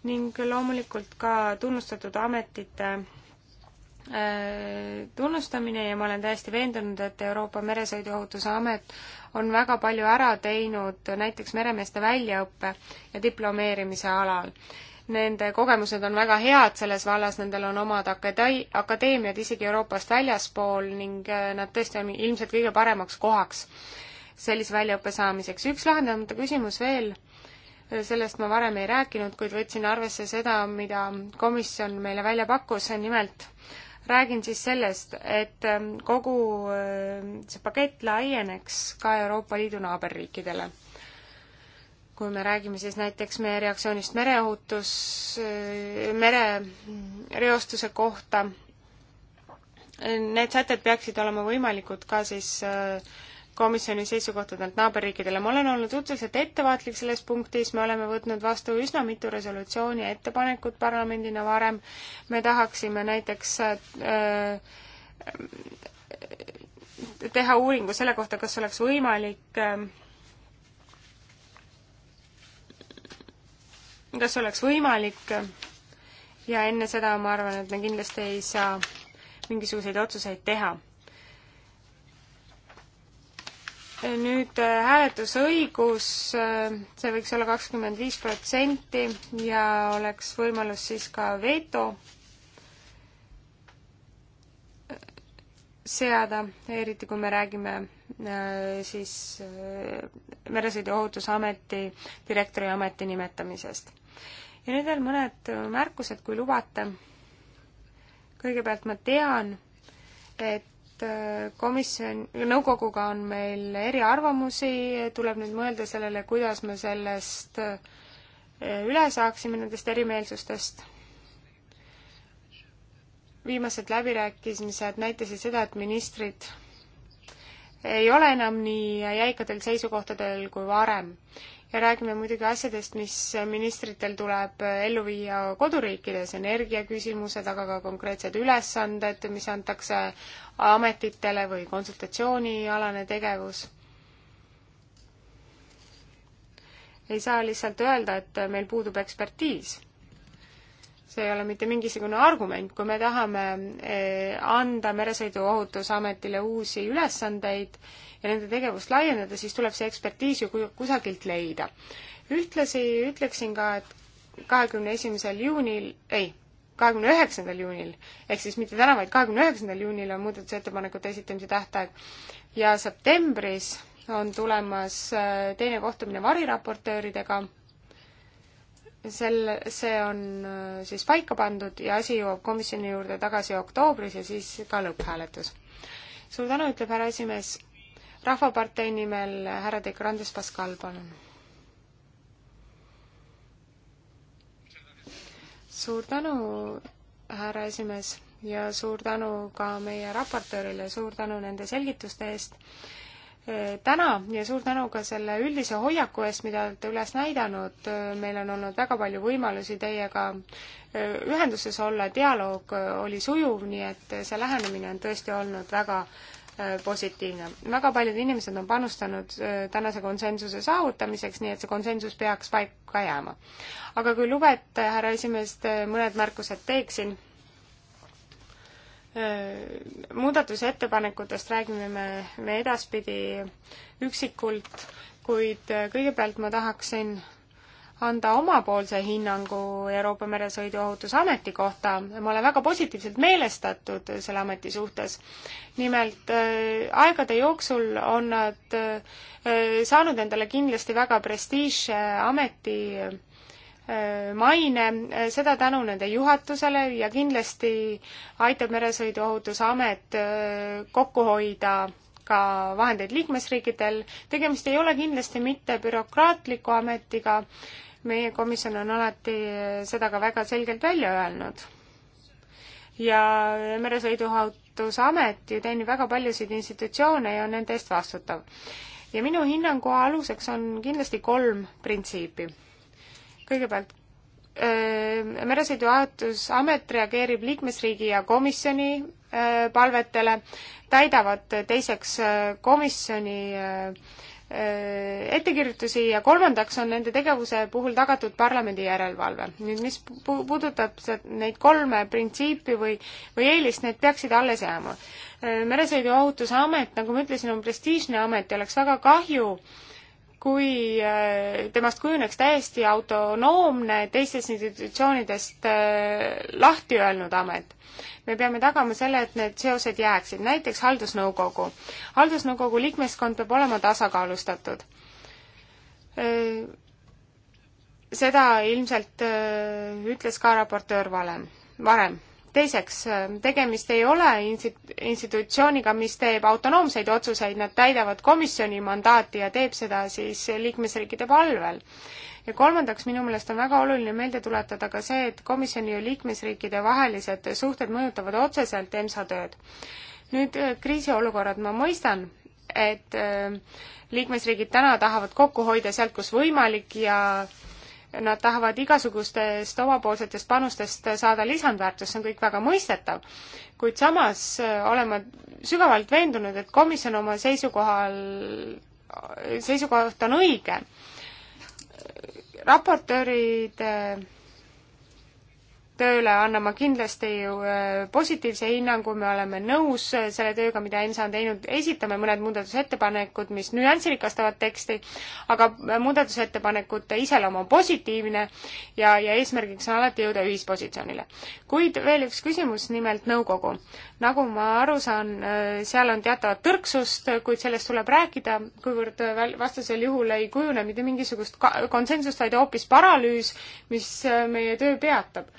ning loomulikult ka tunnustatud ametite äh, tunnustamine ja ma olen täiesti veendunud, et Euroopa Meresõiduohutuse Amet on väga palju ära teinud näiteks meremeeste väljaõppe ja diplomeerimise alal. Nende kogemused on väga head selles vallas, nendel on omad akade-, akadeemiad isegi Euroopast väljaspool ning äh, nad tõesti on ilmselt kõige paremaks kohaks sellise väljaõppe saamiseks. üks lahendamata küsimus veel sellest ma varem ei rääkinud, kuid võtsin arvesse seda, mida komisjon meile välja pakkus, nimelt räägin siis sellest, et ähm, kogu ähm, see pakett laieneks ka Euroopa Liidu naaberriikidele. kui me räägime siis näiteks meie reaktsioonist mereohutus, äh, merereostuse kohta, need sätted peaksid olema võimalikud ka siis äh, komisjoni seisukohtadelt naaberriikidele. ma olen olnud suhteliselt ettevaatlik selles punktis, me oleme võtnud vastu üsna mitu resolutsiooni ja ettepanekut parlamendina varem. me tahaksime näiteks äh, teha uuringu selle kohta, kas oleks võimalik äh, kas oleks võimalik ja enne seda ma arvan, et me kindlasti ei saa mingisuguseid otsuseid teha nüüd äh, hääletusõigus, äh, see võiks olla kakskümmend viis protsenti ja oleks võimalus siis ka veto äh, seada, eriti kui me räägime siis Meresõiduohutusameti direktori ameti nimetamisest. ja nüüd veel mõned märkused, kui lubate. kõigepealt ma tean, et komisjon, nõukoguga on meil eriarvamusi, tuleb nüüd mõelda sellele, kuidas me sellest eh, üle saaksime, nendest erimeelsustest. viimased läbirääkimised näitasid seda, et ministrid ei ole enam nii jäikadel seisukohtadel kui varem. ja räägime muidugi asjadest, mis ministritel tuleb ellu viia koduriikides, energiaküsimused, aga ka konkreetsed ülesanded, mis antakse ametitele või konsultatsioonialane tegevus. ei saa lihtsalt öelda, et meil puudub ekspertiis. see ei ole mitte mingisugune argument, kui me tahame eh, anda Meresõiduohutusametile uusi ülesandeid ja nende tegevust laiendada, siis tuleb see ekspertiis ju kusagilt leida. ühtlasi ütleksin ka, et kahekümne esimesel juunil, ei, kahekümne üheksandal juunil, ehk siis mitte täna, vaid kahekümne üheksandal juunil on muudatusettepanekute esitamise tähtaeg ja septembris on tulemas äh, teine kohtumine variraportööridega, sel, see on äh, siis paika pandud ja asi jõuab komisjoni juurde tagasi oktoobris ja siis ka lõpphääletus. suur tänu, ütleb härra esimees, Rahvapartei nimel härra De Grandes Pascal, palun suur tänu, härra esimees, ja suur tänu ka meie raportöörile, suur tänu nende selgituste eest e, täna ja suur tänu ka selle üldise hoiaku eest, mida olete üles näidanud. E, meil on olnud väga palju võimalusi teiega e, ühenduses olla, dialoog oli sujuv, nii et see lähenemine on tõesti olnud väga Äh, positiivne. väga paljud inimesed on panustanud äh, tänase konsensuse saavutamiseks, nii et see konsensus peaks paika jääma. aga kui lubate, härra esimees, mõned märkused teeksin. Äh, muudatusettepanekutest räägime me, me edaspidi üksikult, kuid kõigepealt ma tahaksin anda omapoolse hinnangu Euroopa Meresõiduohutusameti kohta. ma olen väga positiivselt meelestatud selle ameti suhtes. nimelt äh, aegade jooksul on nad äh, saanud endale kindlasti väga prestiižse ameti äh, maine, äh, seda tänu nende juhatusele ja kindlasti aitab Meresõiduohutusamet äh, kokku hoida ka vahendeid liikmesriikidel. tegemist ei ole kindlasti mitte bürokraatliku ametiga, meie komisjon on alati seda ka väga selgelt välja öelnud. ja Meresõiduohutusamet ju teenib väga paljusid institutsioone ja on nende eest vastutav. ja minu hinnangu aluseks on kindlasti kolm printsiipi. kõigepealt, Meresõiduohutusamet reageerib liikmesriigi ja komisjoni öö, palvetele, täidavad teiseks komisjoni öö, ettekirjutusi ja kolmandaks on nende tegevuse puhul tagatud parlamendi järelevalve. nüüd mis puudutab neid kolme printsiipi või, või eelist, need peaksid alles jääma. meresõiduohutuse amet, nagu ma ütlesin, on prestiižne amet ja oleks väga kahju, kui äh, temast kujuneks täiesti autonoomne teistest institutsioonidest äh, lahti öelnud amet me peame tagama selle, et need seosed jääksid, näiteks haldusnõukogu. haldusnõukogu liikmeskond peab olema tasakaalustatud. seda ilmselt ütles ka raportöör valem, varem. teiseks, tegemist ei ole instit-, institutsiooniga, mis teeb autonoomseid otsuseid, nad täidavad komisjoni mandaati ja teeb seda siis liikmesriikide palvel ja kolmandaks, minu meelest on väga oluline meelde tuletada ka see, et komisjoni ja liikmesriikide vahelised suhted mõjutavad otseselt EMSA tööd. nüüd äh, kriisiolukorrad, ma mõistan, et äh, liikmesriigid täna tahavad kokku hoida sealt, kus võimalik ja nad tahavad igasugustest omapoolsetest panustest saada lisandväärtust, see on kõik väga mõistetav. kuid samas äh, olen ma sügavalt veendunud, et komisjon oma seisukohal, seisukoht on õige raportööride tööle anname kindlasti ju äh, positiivse hinnangu, me oleme nõus äh, selle tööga, mida EMSA on teinud, esitame mõned muudatusettepanekud, mis nüansirikastavad teksti, aga äh, muudatusettepanekute iseloom on positiivne ja, ja eesmärgiks on alati jõuda ühispositsioonile. kuid veel üks küsimus, nimelt nõukogu nagu ma aru saan, äh, seal on teatavat tõrksust, äh, kuid sellest tuleb rääkida, kuivõrd äh, vastasel juhul ei kujune mitte mingisugust konsensust, vaid hoopis paralüüs, mis meie töö peatab.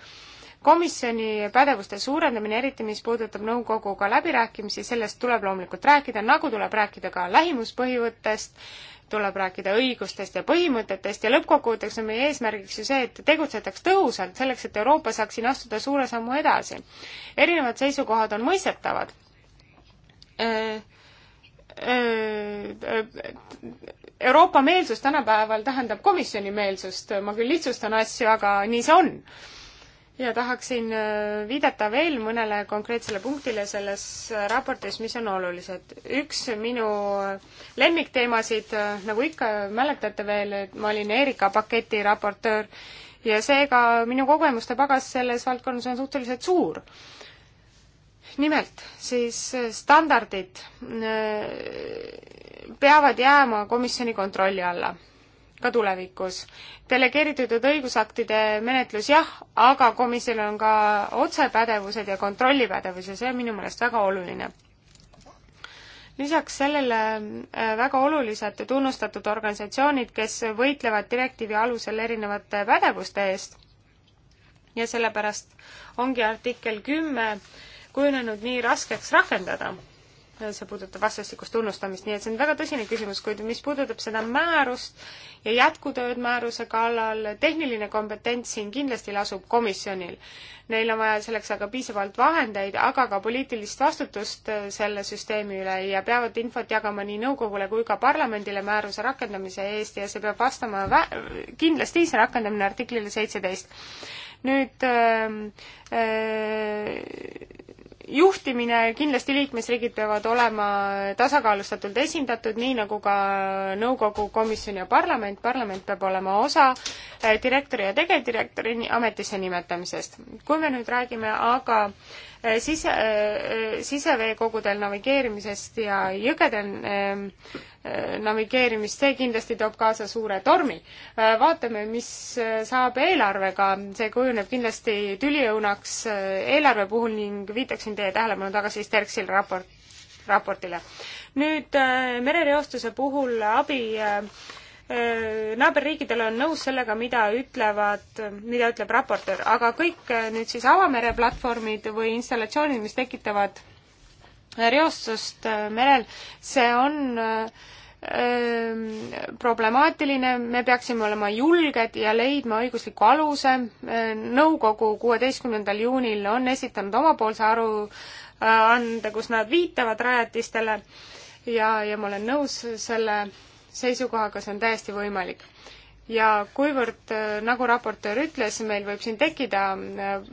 komisjoni pädevuste suurendamine, eriti mis puudutab nõukoguga läbirääkimisi, sellest tuleb loomulikult rääkida, nagu tuleb rääkida ka lähimuspõhimõttest, tuleb rääkida õigustest ja põhimõtetest ja lõppkokkuvõtteks on meie eesmärgiks ju see, et tegutsetaks tõhusalt, selleks et Euroopa saaks siin astuda suure sammu edasi. erinevad seisukohad on mõistetavad Euroopa meelsus tänapäeval tähendab komisjoni meelsust, ma küll lihtsustan asju, aga nii see on ja tahaksin äh, viidata veel mõnele konkreetsele punktile selles äh, raportis, mis on olulised. üks minu äh, lemmikteemasid, nagu ikka mäletate veel, et ma olin Erika paketi raportöör ja seega minu kogemuste pagas selles valdkonnas on suhteliselt suur. nimelt siis standardid peavad jääma komisjoni kontrolli alla ka tulevikus. delegeeritud õigusaktide menetlus jah, aga komisjonil on ka otsepädevused ja kontrollipädevus ja see on minu meelest väga oluline. lisaks sellele äh, väga olulised tunnustatud organisatsioonid, kes võitlevad direktiivi alusel erinevate pädevuste eest ja sellepärast ongi artikkel kümme kujunenud nii raskeks rakendada see puudutab vastastikust tunnustamist, nii et see on väga tõsine küsimus, kuid mis puudutab seda määrust ja jätkutööd määruse kallal, tehniline kompetents siin kindlasti lasub komisjonil. Neil on vaja selleks aga piisavalt vahendeid, aga ka poliitilist vastutust äh, selle süsteemi üle ja peavad infot jagama nii nõukogule kui ka parlamendile määruse rakendamise eest ja see peab vastama vä-, kindlasti see rakendamine artiklile seitseteist. nüüd öö, ähm, öö, äh, juhtimine, kindlasti liikmesriigid peavad olema tasakaalustatult esindatud, nii nagu ka nõukogu, komisjon ja parlament. parlament peab olema osa äh, direktori ja tegevdirektori ametisse nimetamisest. kui me nüüd räägime aga äh, sise, äh, siseveekogudel navigeerimisest ja jõgedel ähm, äh, navigeerimist, see kindlasti toob kaasa suure tormi. Äh, vaatame, mis saab eelarvega, see kujuneb kindlasti tüliõunaks eelarve puhul ning viitaksin teie tähelepanu tagasi Sterksil raport, raportile. nüüd merereostuse puhul abi äh, Äh, naaberriikidel on nõus sellega, mida ütlevad, mida ütleb raportöör, aga kõik äh, nüüd siis avamere platvormid või installatsioonid, mis tekitavad reostust äh, merel, see on problemaatiline, me peaksime olema julged ja leidma õigusliku aluse. nõukogu kuueteistkümnendal juunil on esitanud omapoolse aruande, kus nad viitavad rajatistele ja, ja ma olen nõus selle seisukohaga, see on täiesti võimalik. ja kuivõrd, äh, nagu raportöör ütles, meil võib siin tekkida äh,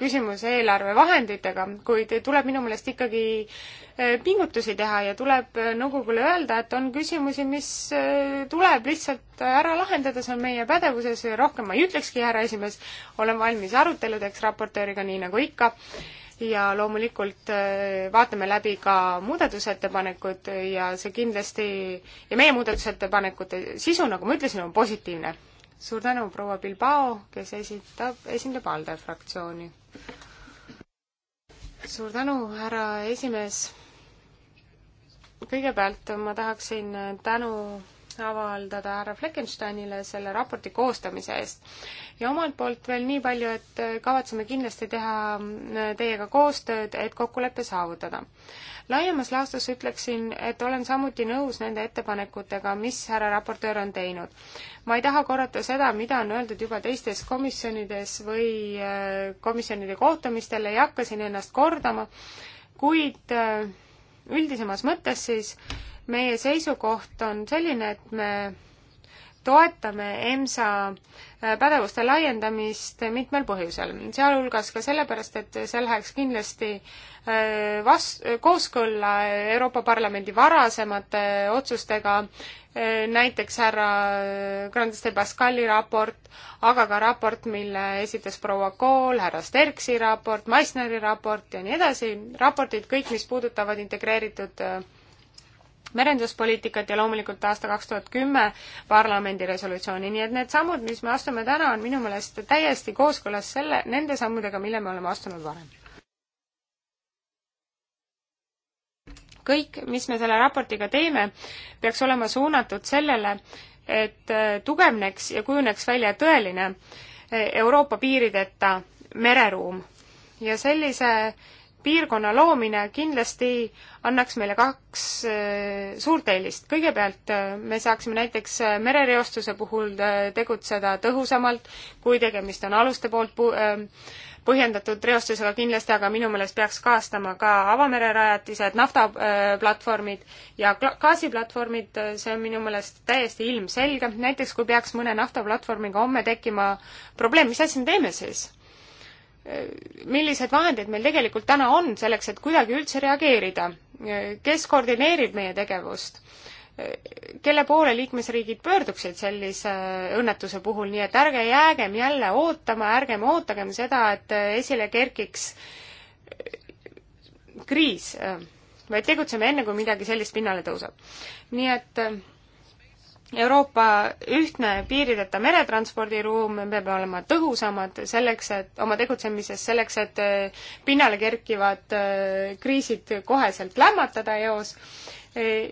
küsimus eelarvevahenditega, kuid tuleb minu meelest ikkagi äh, pingutusi teha ja tuleb nõukogule öelda, et on küsimusi, mis tuleb lihtsalt ära lahendada, see on meie pädevuses, rohkem ma ei ütlekski, härra esimees, olen valmis aruteludeks raportööriga, nii nagu ikka ja loomulikult äh, vaatame läbi ka muudatusettepanekud ja see kindlasti, ja meie muudatusettepanekute sisu, nagu ma ütlesin, on positiivne. suur tänu, proua Bilbao, kes esitab, esindab ALDE fraktsiooni. suur tänu, härra esimees. kõigepealt ma tahaksin tänu avaldada härra Fleckensteinile selle raporti koostamise eest. ja omalt poolt veel nii palju, et kavatseme kindlasti teha äh, teiega koostööd, et kokkulepe saavutada. laiemas laastus ütleksin, et olen samuti nõus nende ettepanekutega, mis härra raportöör on teinud. ma ei taha korrata seda, mida on öeldud juba teistes komisjonides või äh, komisjonide kohtumistel, ei hakka siin ennast kordama, kuid äh, üldisemas mõttes siis meie seisukoht on selline, et me toetame EMSA äh, pädevuste laiendamist mitmel põhjusel, sealhulgas ka sellepärast, et see läheks kindlasti äh, vas-, kooskõlla Euroopa Parlamendi varasemate otsustega, äh, näiteks härra Grandes de Pascali raport, aga ka raport, mille esitas proua Kool, härra Sterksi raport, Meissneri raport ja nii edasi, raportid kõik, mis puudutavad integreeritud merenduspoliitikat ja loomulikult aasta kaks tuhat kümme parlamendi resolutsiooni, nii et need sammud, mis me astume täna, on minu meelest täiesti kooskõlas selle, nende sammudega, mille me oleme astunud varem. kõik, mis me selle raportiga teeme, peaks olema suunatud sellele, et äh, tugevneks ja kujuneks välja tõeline äh, Euroopa piirideta mereruum ja sellise äh, piirkonna loomine kindlasti annaks meile kaks äh, suurt eelist. kõigepealt äh, me saaksime näiteks äh, merereostuse puhul tegutseda tõhusamalt, kui tegemist on aluste poolt põhjendatud reostusega kindlasti, aga minu meelest peaks kaastama ka avamererajatised, naftaplatvormid ja gaasiplatvormid, see on minu meelest täiesti ilmselge. näiteks kui peaks mõne naftaplatvormiga homme tekkima probleem, mis asja me teeme siis? millised vahendid meil tegelikult täna on selleks, et kuidagi üldse reageerida, kes koordineerib meie tegevust, kelle poole liikmesriigid pöörduksid sellise õnnetuse puhul, nii et ärge jäägem jälle ootama, ärgem ootagem seda, et esile kerkiks kriis, vaid tegutseme enne, kui midagi sellist pinnale tõuseb. nii et Euroopa ühtne piirideta meretranspordiruum, me peame olema tõhusamad selleks, et oma tegutsemises, selleks, et eh, pinnale kerkivad eh, kriisid koheselt lämmatada eos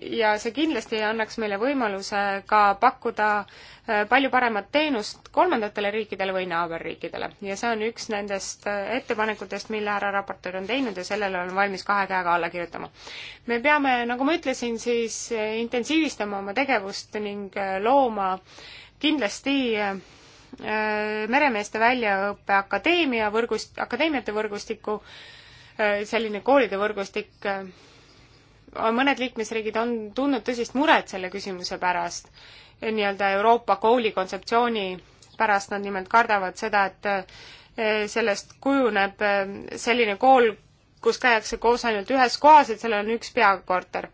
ja see kindlasti annaks meile võimaluse ka pakkuda äh, palju paremat teenust kolmandatele riikidele või naaberriikidele. ja see on üks nendest äh, ettepanekutest, mille härra raportöör on teinud ja sellele olen valmis kahe käega alla kirjutama. me peame, nagu ma ütlesin, siis äh, intensiivistama oma tegevust ning looma kindlasti meremeeste väljaõppeakadeemia võrgust, akadeemiate võrgustiku, selline koolide võrgustik mõned liikmesriigid on tundnud tõsist muret selle küsimuse pärast, nii-öelda Euroopa kooli kontseptsiooni pärast, nad nimelt kardavad seda, et eh, sellest kujuneb eh, selline kool, kus käiakse koos ainult ühes kohas, et sellel on üks peakorter.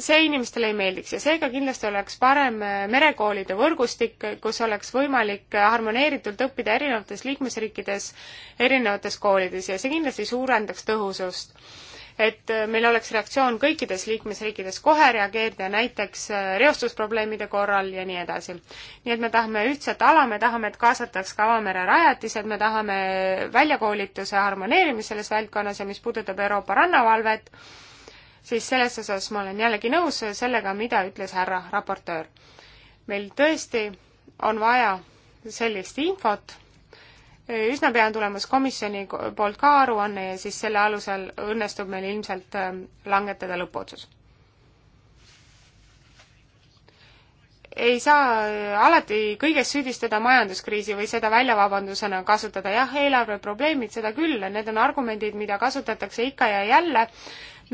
see inimestele ei meeldiks ja seega kindlasti oleks parem eh, merekoolide võrgustik, kus oleks võimalik harmoneeritult õppida erinevates liikmesriikides, erinevates koolides ja see kindlasti suurendaks tõhusust et äh, meil oleks reaktsioon kõikides liikmesriikides kohe reageerida, näiteks äh, reostusprobleemide korral ja nii edasi. nii et me tahame ühtset ala, me tahame, et kaasataks ka avamere rajatised, me tahame väljakoolituse harmoneerimist selles valdkonnas ja mis puudutab Euroopa rannavalvet, siis selles osas ma olen jällegi nõus sellega, mida ütles härra raportöör. meil tõesti on vaja sellist infot üsna pea on tulemas komisjoni poolt ka aruanne ja siis selle alusel õnnestub meil ilmselt ähm, langetada lõpuotsus. ei saa äh, alati kõiges süüdistada majanduskriisi või seda väljavabandusena kasutada, jah, eelarveprobleemid, seda küll, need on argumendid, mida kasutatakse ikka ja jälle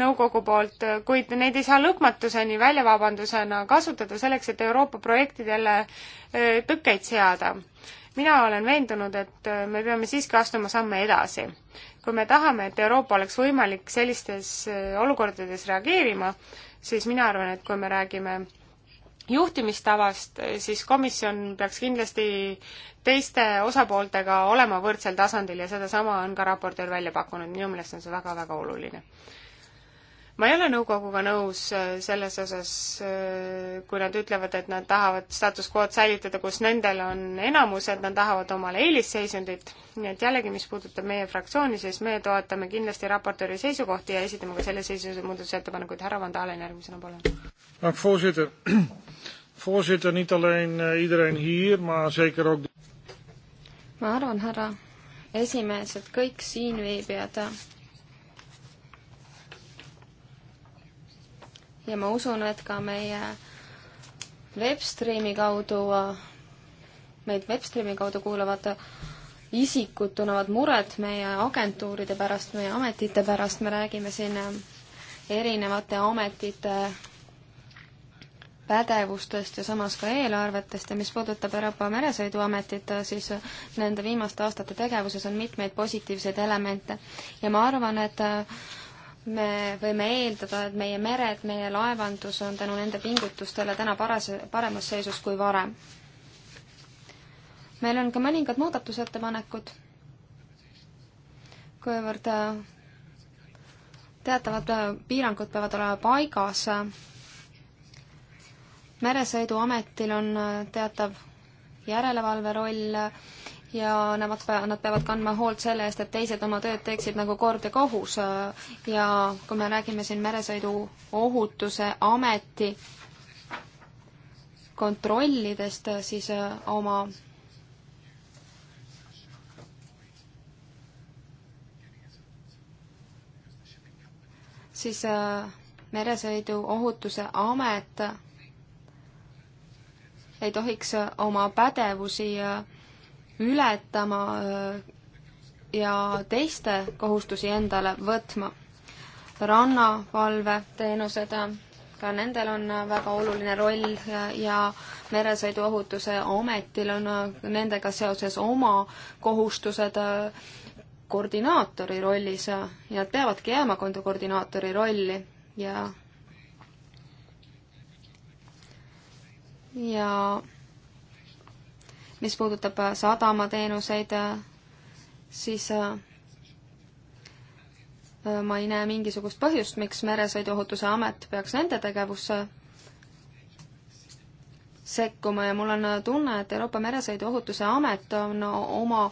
nõukogu poolt, äh, kuid neid ei saa lõpmatuseni väljavabandusena kasutada selleks, et Euroopa projektidele äh, tõkkeid seada mina olen veendunud, et äh, me peame siiski astuma samme edasi. kui me tahame, et Euroopa oleks võimalik sellistes äh, olukordades reageerima, siis mina arvan, et kui me räägime juhtimistavast, äh, siis komisjon peaks kindlasti teiste osapooltega olema võrdsel tasandil ja sedasama on ka raportöör välja pakkunud, minu meelest on see väga-väga oluline ma ei ole nõukoguga nõus äh, selles osas, äh, kui nad ütlevad, et nad tahavad status quo'd säilitada, kus nendel on enamus, et nad tahavad omale eelisseisundit. nii et jällegi, mis puudutab meie fraktsiooni, siis me toetame kindlasti raportööri seisukohti ja esitame ka selle seisuse muudatusettepanekuid. härra Van Dalen järgmisena, palun. Voorzitter, niet alleen eh, iedereen hier, maar zeker ook... ma arvan, härra esimees, et kõik siinviibijad ja ma usun, et ka meie webstreami kaudu, meid webstreami kaudu kuulavad isikud tunnevad muret meie agentuuride pärast, meie ametite pärast, me räägime siin erinevate ametite pädevustest ja samas ka eelarvetest ja mis puudutab Euroopa Meresõiduametit, siis nende viimaste aastate tegevuses on mitmeid positiivseid elemente. ja ma arvan, et me võime eeldada, et meie mered, meie laevandus on tänu nende pingutustele täna paras, paremas seisus kui varem. meil on ka mõningad muudatusettepanekud, kuivõrd äh, teatavad äh, piirangud peavad olema paigas, meresõiduametil on äh, teatav järelevalve roll ja nemad, nad peavad kandma hoolt selle eest, et teised oma tööd teeksid nagu kord ja kohus. ja kui me räägime siin meresõiduohutuse ameti kontrollidest, siis äh, oma siis äh, meresõiduohutuse amet ei tohiks äh, oma pädevusi äh, ületama äh, ja teiste kohustusi endale võtma. rannavalveteenused, äh, ka nendel on äh, väga oluline roll ja, ja meresõiduohutuse ametil on nendega seoses oma kohustused koordinaatori rollis ja nad peavadki jääma koordinaatori rolli ja ja mis puudutab äh, sadamateenuseid, äh, siis äh, ma ei näe mingisugust põhjust, miks Meresõiduohutuse Amet peaks nende tegevusse sekkuma ja mul on tunne, et Euroopa Meresõiduohutuse Amet on oma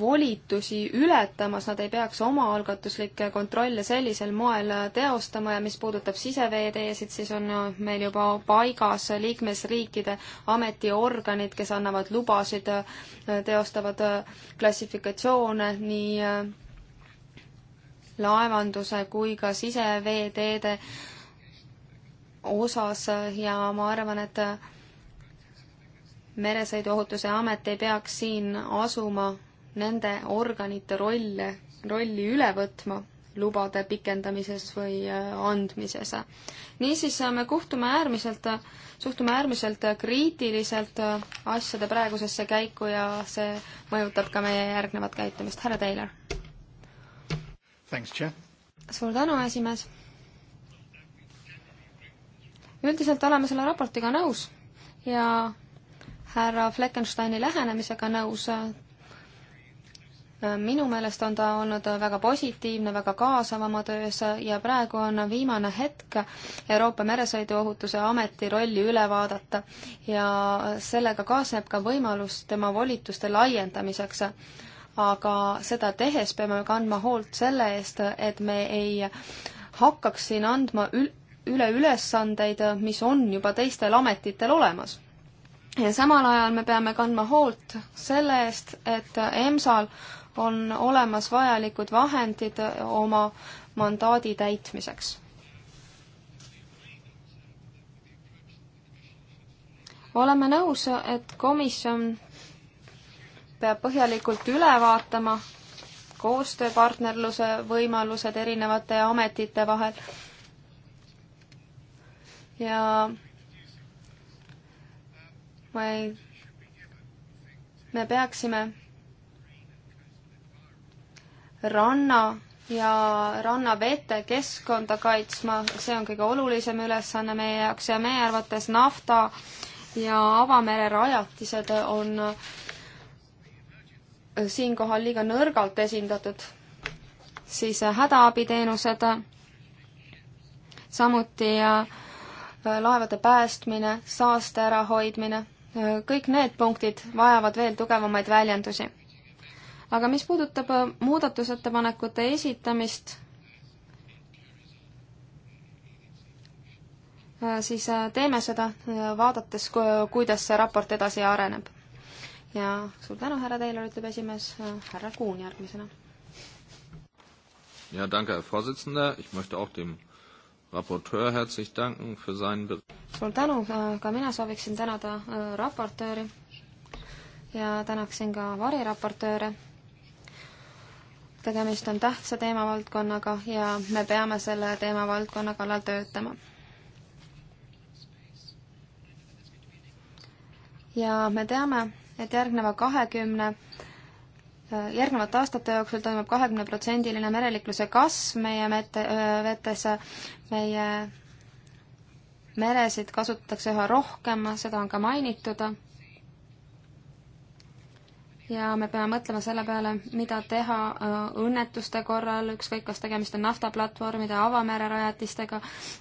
volitusi ületamas, nad ei peaks omaalgatuslikke kontrolle sellisel moel teostama ja mis puudutab siseveeteesid, siis on meil juba paigas liikmesriikide ametiorganid, kes annavad lubasid, teostavad klassifikatsioone nii äh, laevanduse kui ka siseveeteede osas ja ma arvan, et äh, meresõiduohutuse amet ei peaks siin asuma nende organite rolle, rolli üle võtma lubade pikendamises või äh, andmises. niisiis äh, me kohtume äärmiselt, suhtume äärmiselt kriitiliselt äh, asjade praegusesse käiku ja see mõjutab ka meie järgnevat käitumist. härra Taylor. suur tänu, esimees. üldiselt oleme selle raportiga nõus ja härra Fleckensteini lähenemisega nõus minu meelest on ta olnud väga positiivne, väga kaasav oma töös ja praegu on viimane hetk Euroopa Meresõiduohutuse Ameti rolli üle vaadata ja sellega kaasneb ka võimalus tema volituste laiendamiseks. aga seda tehes peame kandma hoolt selle eest, et me ei hakkaks siin andma ül-, üle ülesandeid, mis on juba teistel ametitel olemas ja samal ajal me peame kandma hoolt selle eest, et EMSA-l on olemas vajalikud vahendid oma mandaadi täitmiseks. oleme nõus, et komisjon peab põhjalikult üle vaatama koostööpartnerluse võimalused erinevate ametite vahel ja ma ei, me peaksime ranna ja rannavete keskkonda kaitsma, see on kõige olulisem ülesanne meie jaoks ja meie arvates nafta ja avamere rajatised on siinkohal liiga nõrgalt esindatud. siis hädaabiteenused, samuti äh, laevade päästmine, saaste ärahoidmine, kõik need punktid vajavad veel tugevamaid väljendusi aga mis puudutab äh, muudatusettepanekute esitamist, äh, siis äh, teeme seda, vaadates, kuidas see raport edasi areneb. ja suur tänu, härra Taylor, ütleb esimees, härra Kuun järgmisena. Ja, danke, Herr Vorsitzender. Ich möchte auch dem Raporteur herzlich danken für seinen Bericht. Suur tänu, ka mina sooviksin tänada raportööri ja tänaksin ka variraportööre tegemist on tähtsa teemavaldkonnaga ja me peame selle teemavaldkonna kallal töötama. ja me teame, et järgneva kahekümne, järgnevate aastate jooksul toimub kahekümneprotsendiline mereliikluse kasv meie mete, vetes, meie meresid kasutatakse üha rohkem, seda on ka mainitud ja me peame mõtlema selle peale, mida teha äh, õnnetuste korral, ükskõik kas tegemist on naftaplatvormide, avamererajatistega,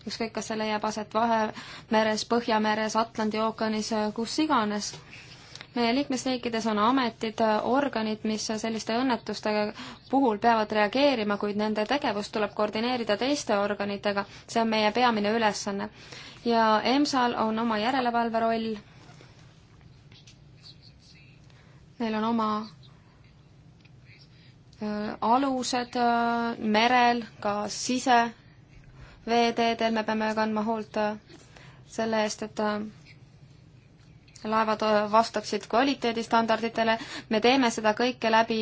ükskõik kas see leiab aset Vahemeres, Põhjameres, Atlandi ookeanis, äh, kus iganes. meie liikmesriikides on ametid, äh, organid, mis selliste õnnetuste puhul peavad reageerima, kuid nende tegevust tuleb koordineerida teiste organitega, see on meie peamine ülesanne. ja EMSA-l on oma järelevalve roll neil on oma alused merel, ka siseveeteedel, me peame kandma hoolt selle eest, et laevad vastaksid kvaliteedistandarditele, me teeme seda kõike läbi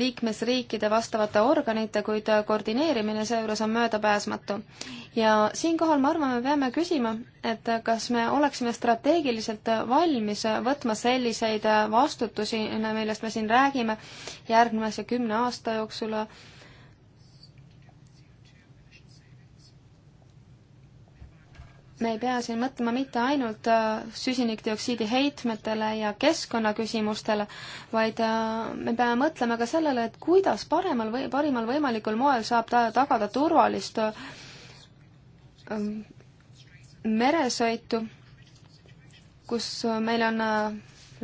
liikmesriikide vastavate organite, kuid koordineerimine seejuures on möödapääsmatu. ja siinkohal ma arvan, me peame küsima, et kas me oleksime strateegiliselt valmis võtma selliseid vastutusi, millest me siin räägime, järgmise kümne aasta jooksul me ei pea siin mõtlema mitte ainult äh, süsinikdioksiidi heitmetele ja keskkonnaküsimustele, vaid äh, me peame mõtlema ka sellele, et kuidas paremal või parimal võimalikul moel saab ta tagada turvalist äh, meresõitu, kus meil on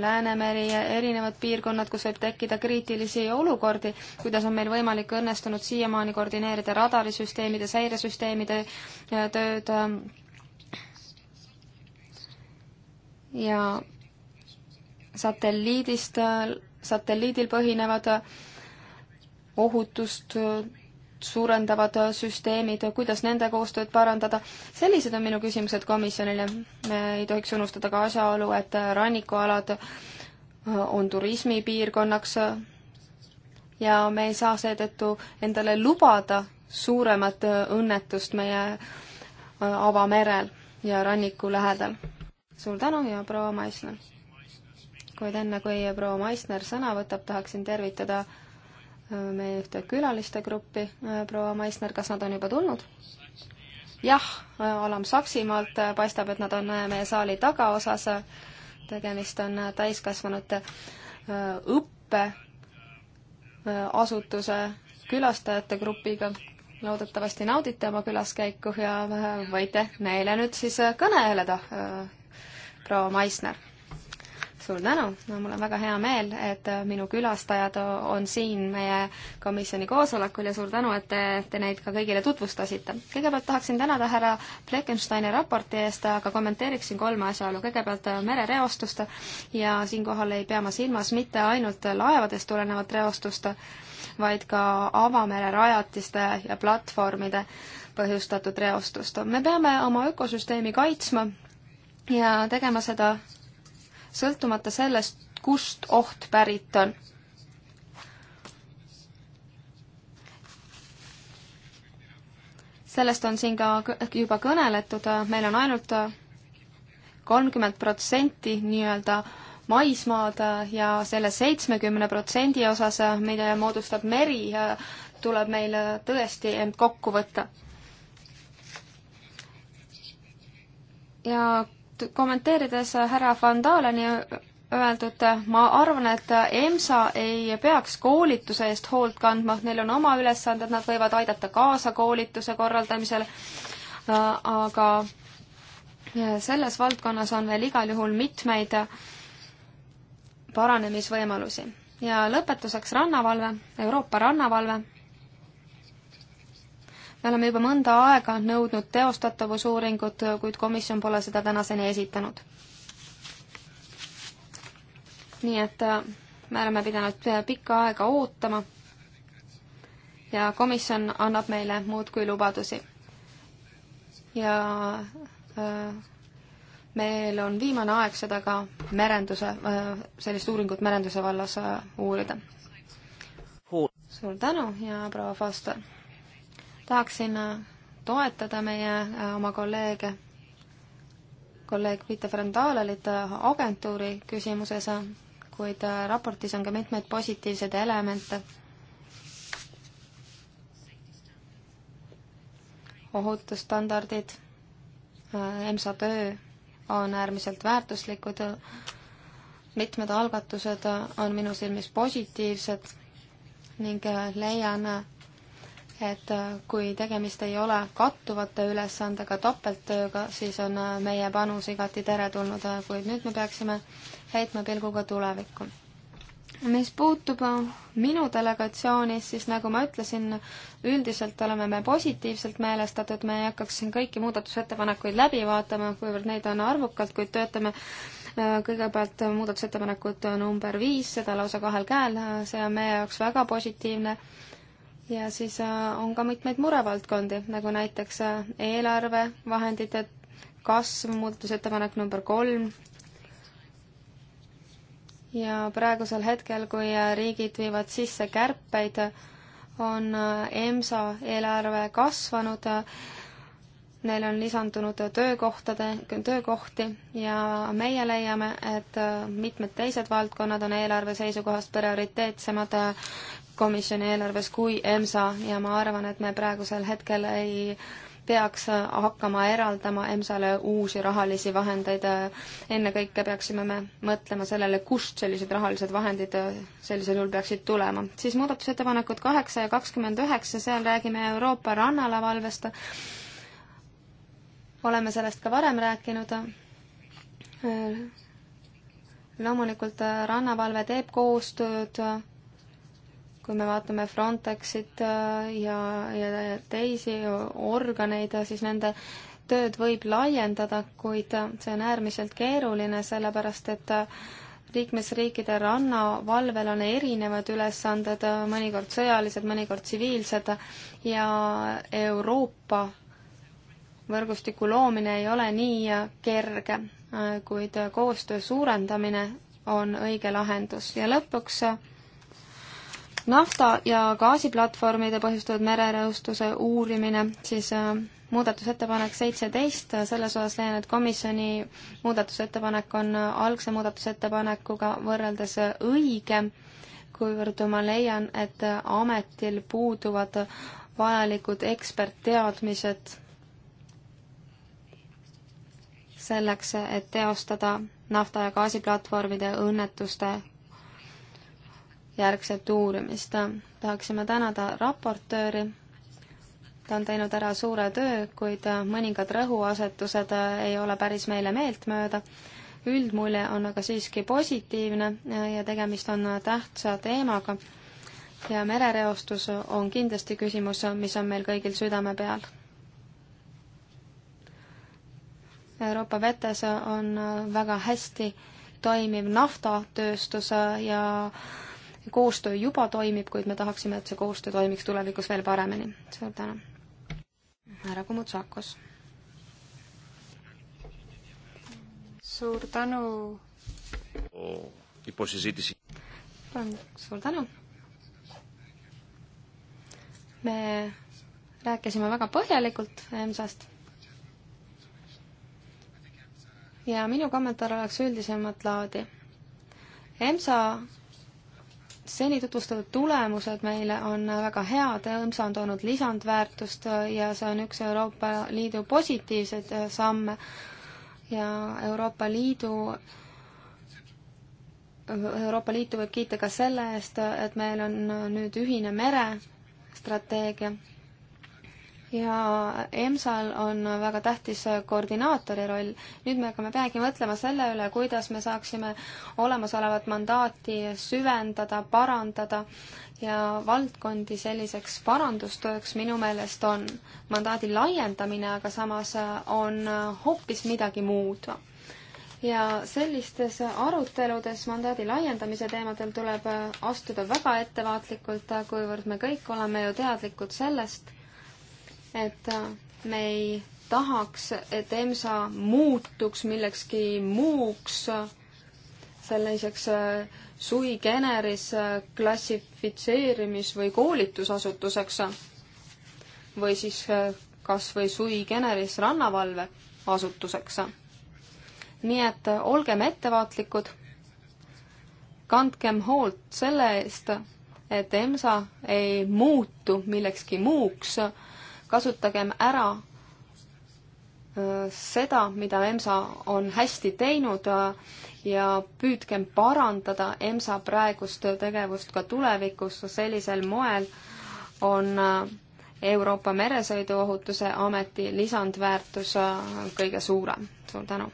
Läänemeri ja erinevad piirkonnad, kus võib tekkida kriitilisi olukordi, kuidas on meil võimalik õnnestunud siiamaani koordineerida radarisüsteemide, seiresüsteemide tööd äh, ja satelliidist, satelliidil põhinevad ohutust suurendavad süsteemid, kuidas nende koostööd parandada, sellised on minu küsimused komisjonile. me ei tohiks unustada ka asjaolu, et rannikualad on turismipiirkonnaks ja me ei saa seetõttu endale lubada suuremat õnnetust meie avamerel ja ranniku lähedal suur tänu ja proua Maisner. kuid enne, kui proua Maisner sõna võtab, tahaksin tervitada äh, meie ühte külaliste gruppi. Äh, proua Maisner, kas nad on juba tulnud? jah, oleme äh, Saksimaalt, paistab, et nad on meie saali tagaosas. tegemist on täiskasvanute õppeasutuse külastajate grupiga. loodetavasti naudite oma külaskäiku ja võite neile nüüd siis kõne eeleda proua Maisner. suur tänu no,, mul on väga hea meel, et äh, minu külastajad äh, on siin meie komisjoni koosolekul ja suur tänu, et te, te neid ka kõigile tutvustasite. kõigepealt tahaksin tänada härra Fleckensteini raporti eest, aga kommenteeriksin kolme asjaolu. kõigepealt äh, merereostust ja siinkohal ei pea ma silmas mitte ainult laevadest tulenevat reostust, vaid ka avamere rajatiste ja platvormide põhjustatud reostust. me peame oma ökosüsteemi kaitsma ja tegema seda sõltumata sellest, kust oht pärit on. sellest on siin ka juba kõneletud, meil on ainult kolmkümmend protsenti nii-öelda maismaad ja selle seitsmekümne protsendi osas, mille moodustab meri, tuleb meil tõesti end kokku võtta. ja nüüd kommenteerides härra Van Daleni öeldud, ma arvan, et EMSA ei peaks koolituse eest hoolt kandma, neil on oma ülesanded, nad võivad aidata kaasa koolituse korraldamisele, aga selles valdkonnas on veel igal juhul mitmeid paranemisvõimalusi. ja lõpetuseks rannavalve, Euroopa rannavalve me oleme juba mõnda aega nõudnud teostatavusuuringut, kuid komisjon pole seda tänaseni esitanud. nii et äh, me oleme pidanud äh, pikka aega ootama ja komisjon annab meile muudkui lubadusi. ja öö, äh, meil on viimane aeg seda ka merenduse, sellist uuringut merenduse vallas uurida. suur tänu ja proua Foster! tahaksin äh, toetada meie äh, oma kolleege, kolleeg Vita Frandalelit äh, agentuuri küsimuses, kuid raportis on ka mitmeid positiivseid elemente. ohutusstandardid, EMSA töö on äärmiselt väärtuslikud, mitmed algatused on minu silmis positiivsed ning leian, et äh, kui tegemist ei ole kattuvate ülesandega topelttööga, siis on äh, meie panus igati teretulnud, äh, kuid nüüd me peaksime heitma pilguga tulevikku. mis puutub minu delegatsiooni, siis nagu ma ütlesin, üldiselt oleme me positiivselt meelestatud, me ei hakkaks siin kõiki muudatusettepanekuid läbi vaatama, kuivõrd neid on arvukalt, kuid töötame kõigepealt muudatusettepanekut number viis, seda lausa kahel käel, see on meie jaoks väga positiivne ja siis äh, on ka mitmeid murevaldkondi, nagu näiteks äh, eelarvevahendite kasv, muudatusettepanek number kolm. ja praegusel hetkel, kui äh, riigid viivad sisse kärpeid, on EMSA eelarve kasvanud, neil on lisandunud töökohtade, töökohti ja meie leiame, et mitmed teised valdkonnad on eelarve seisukohast prioriteetsemad komisjoni eelarves kui EMSA ja ma arvan, et me praegusel hetkel ei peaks hakkama eraldama EMSA-le uusi rahalisi vahendeid. ennekõike peaksime me mõtlema sellele, kust sellised rahalised vahendid sellisel juhul peaksid tulema. siis muudatusettepanekud kaheksa ja kakskümmend üheksa, seal räägime Euroopa rannalavalvest. oleme sellest ka varem rääkinud loomulikult rannavalve teeb koostööd kui me vaatame Frontexit äh, ja, ja teisi organeid, siis nende tööd võib laiendada, kuid äh, see on äärmiselt keeruline, sellepärast et äh, liikmesriikide rannavalvel on erinevad ülesanded, mõnikord sõjalised, mõnikord tsiviilsed ja Euroopa võrgustiku loomine ei ole nii kerge, kuid koostöö suurendamine on õige lahendus ja lõpuks nafta- ja gaasiplatvormide põhjustatud mererõhustuse uurimine, siis äh, muudatusettepanek seitseteist, äh, selles osas leian, et komisjoni muudatusettepanek on äh, algse muudatusettepanekuga võrreldes õige, kuivõrd ma leian, et ametil puuduvad vajalikud ekspertteadmised selleks, et teostada nafta- ja gaasiplatvormide õnnetuste järgset uurimist. tahaksime tänada raportööri, ta on teinud ära suure töö, kuid mõningad rõhuasetused ei ole päris meile meeltmööda. üldmulje on aga siiski positiivne ja tegemist on tähtsa teemaga ja merereostus on kindlasti küsimus, mis on meil kõigil südame peal. Euroopa vetes on väga hästi toimiv naftatööstus ja koostöö juba toimib, kuid me tahaksime, et see koostöö toimiks tulevikus veel paremini. suur tänu. härra Kumutsakos. suur tänu. suur tänu. me rääkisime väga põhjalikult EMSA-st ja minu kommentaar oleks üldisemat laadi. EMSA seni tutvustatud tulemused meile on väga head, EMSA on toonud lisandväärtust ja see on üks Euroopa Liidu positiivseid samme ja Euroopa Liidu Euroopa Liitu võib kiita ka selle eest, et meil on nüüd ühine merestrateegia ja EMSA-l on väga tähtis koordinaatori roll. nüüd me hakkame peagi mõtlema selle üle, kuidas me saaksime olemasolevat mandaati süvendada, parandada ja valdkondi selliseks parandustööks minu meelest on. mandaadi laiendamine aga samas on hoopis midagi muud ja sellistes aruteludes mandaadi laiendamise teemadel tuleb astuda väga ettevaatlikult, kuivõrd me kõik oleme ju teadlikud sellest, et äh, me ei tahaks, et EMSA muutuks millekski muuks, äh, selliseks äh, sui generis klassifitseerimis- või koolitusasutuseks või siis kas või sui generis rannavalveasutuseks. nii et olgem ettevaatlikud, kandkem hoolt selle eest, et EMSA ei muutu millekski muuks kasutagem ära seda, mida EMSA on hästi teinud ja püüdkem parandada EMSA praegust tegevust ka tulevikus sellisel moel on Euroopa Meresõiduohutuse Ameti lisandväärtus kõige suurem. suur tänu!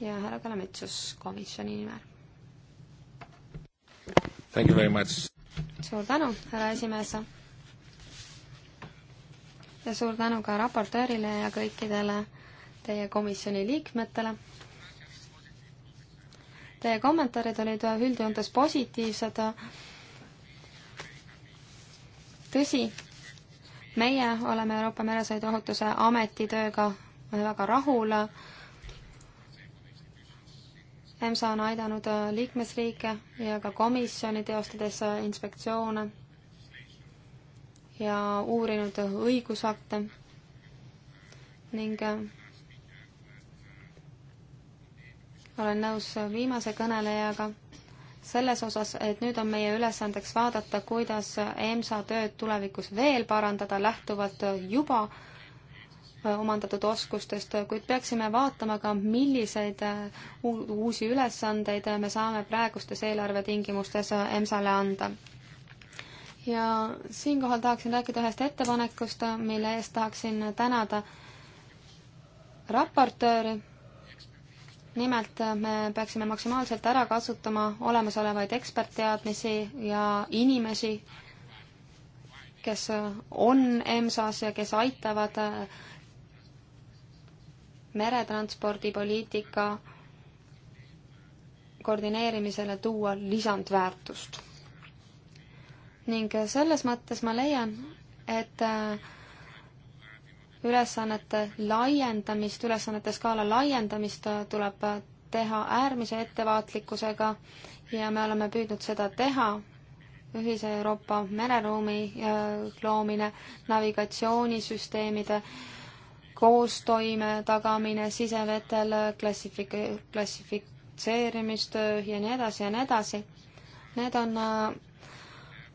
ja härra Kalametsus komisjoni nimel. suur tänu, härra esimees! ja suur tänu ka raportöörile ja kõikidele teie komisjoni liikmetele. Teie kommentaarid olid üldjoontes positiivsed. tõsi, meie oleme Euroopa Meresõiduohutuse Ameti tööga väga rahul EMSA on aidanud liikmesriike ja ka komisjoni teostades inspektsioone ja uurinud õigusakte ning äh, olen nõus viimase kõnelejaga selles osas, et nüüd on meie ülesandeks vaadata, kuidas EMSA tööd tulevikus veel parandada lähtuvalt juba äh, omandatud oskustest, kuid peaksime vaatama ka, milliseid äh, uusi ülesandeid me saame praegustes eelarvetingimustes EMSA-le anda ja siinkohal tahaksin rääkida ühest ettepanekust, mille eest tahaksin tänada raportööri. nimelt me peaksime maksimaalselt ära kasutama olemasolevaid ekspertteadmisi ja inimesi, kes on EMSA-s ja kes aitavad meretranspordipoliitika koordineerimisele tuua lisandväärtust ning selles mõttes ma leian, et äh, ülesannete laiendamist, ülesannete skaala laiendamist tuleb teha äärmise ettevaatlikkusega ja me oleme püüdnud seda teha, ühise Euroopa mereruumi äh, loomine, navigatsioonisüsteemide koostoime tagamine sisevetel, klassifik-, klassifitseerimistöö ja nii edasi ja nii edasi. Need on äh,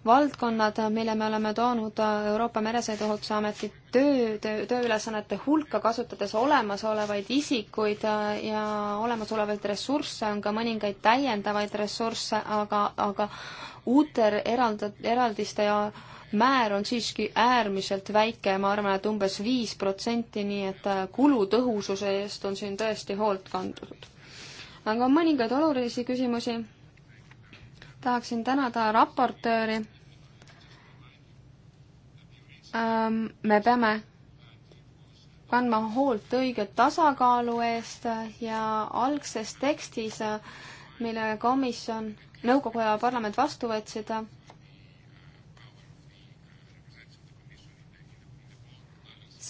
valdkonnad, mille me oleme toonud Euroopa Meresõiduohutuse Ameti töö, töö, tööülesannete hulka, kasutades olemasolevaid isikuid äh, ja olemasolevaid ressursse, on ka mõningaid täiendavaid ressursse, aga, aga uute erald-, eraldiste ja määr on siiski äärmiselt väike, ma arvan, et umbes viis protsenti, nii et äh, kulutõhususe eest on siin tõesti hoolt kantud. aga on mõningaid olulisi küsimusi tahaksin tänada raportööri Ähm, me peame kandma hoolt õige tasakaalu eest ja algses tekstis, mille komisjon, nõukogu ja parlament vastu võtsid,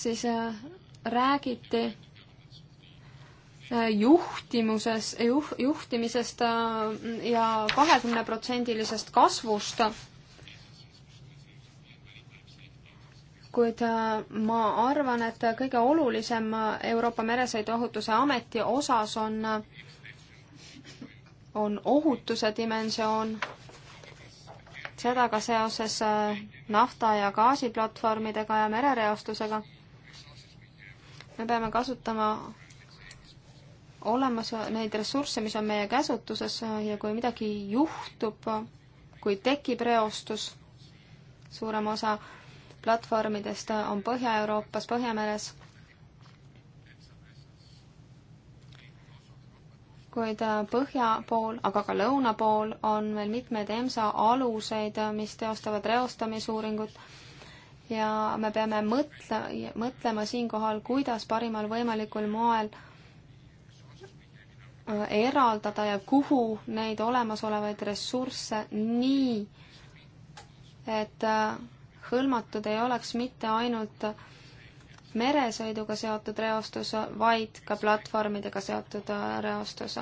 siis äh, räägiti äh, juhtimuses, juh-, juhtimisest äh, ja kahekümneprotsendilisest kasvust kuid äh, ma arvan, et kõige olulisem äh, Euroopa Meresõiduohutuse Ameti osas on, äh, on ohutuse dimensioon, seda ka seoses nafta- ja gaasiplatvormidega ja merereostusega. me peame kasutama olemas neid ressursse, mis on meie käsutuses ja kui midagi juhtub, kui tekib reostus, suurem osa platvormidest on Põhja-Euroopas, Põhjameres. kuid äh, põhja pool, aga ka lõuna pool on veel mitmeid EMSA aluseid, mis teostavad reostamisuuringut ja me peame mõtle, mõtlema siinkohal, kuidas parimal võimalikul moel äh, eraldada ja kuhu neid olemasolevaid ressursse nii, et äh, hõlmatud ei oleks mitte ainult meresõiduga seotud reostus, vaid ka platvormidega seotud äh, reostus.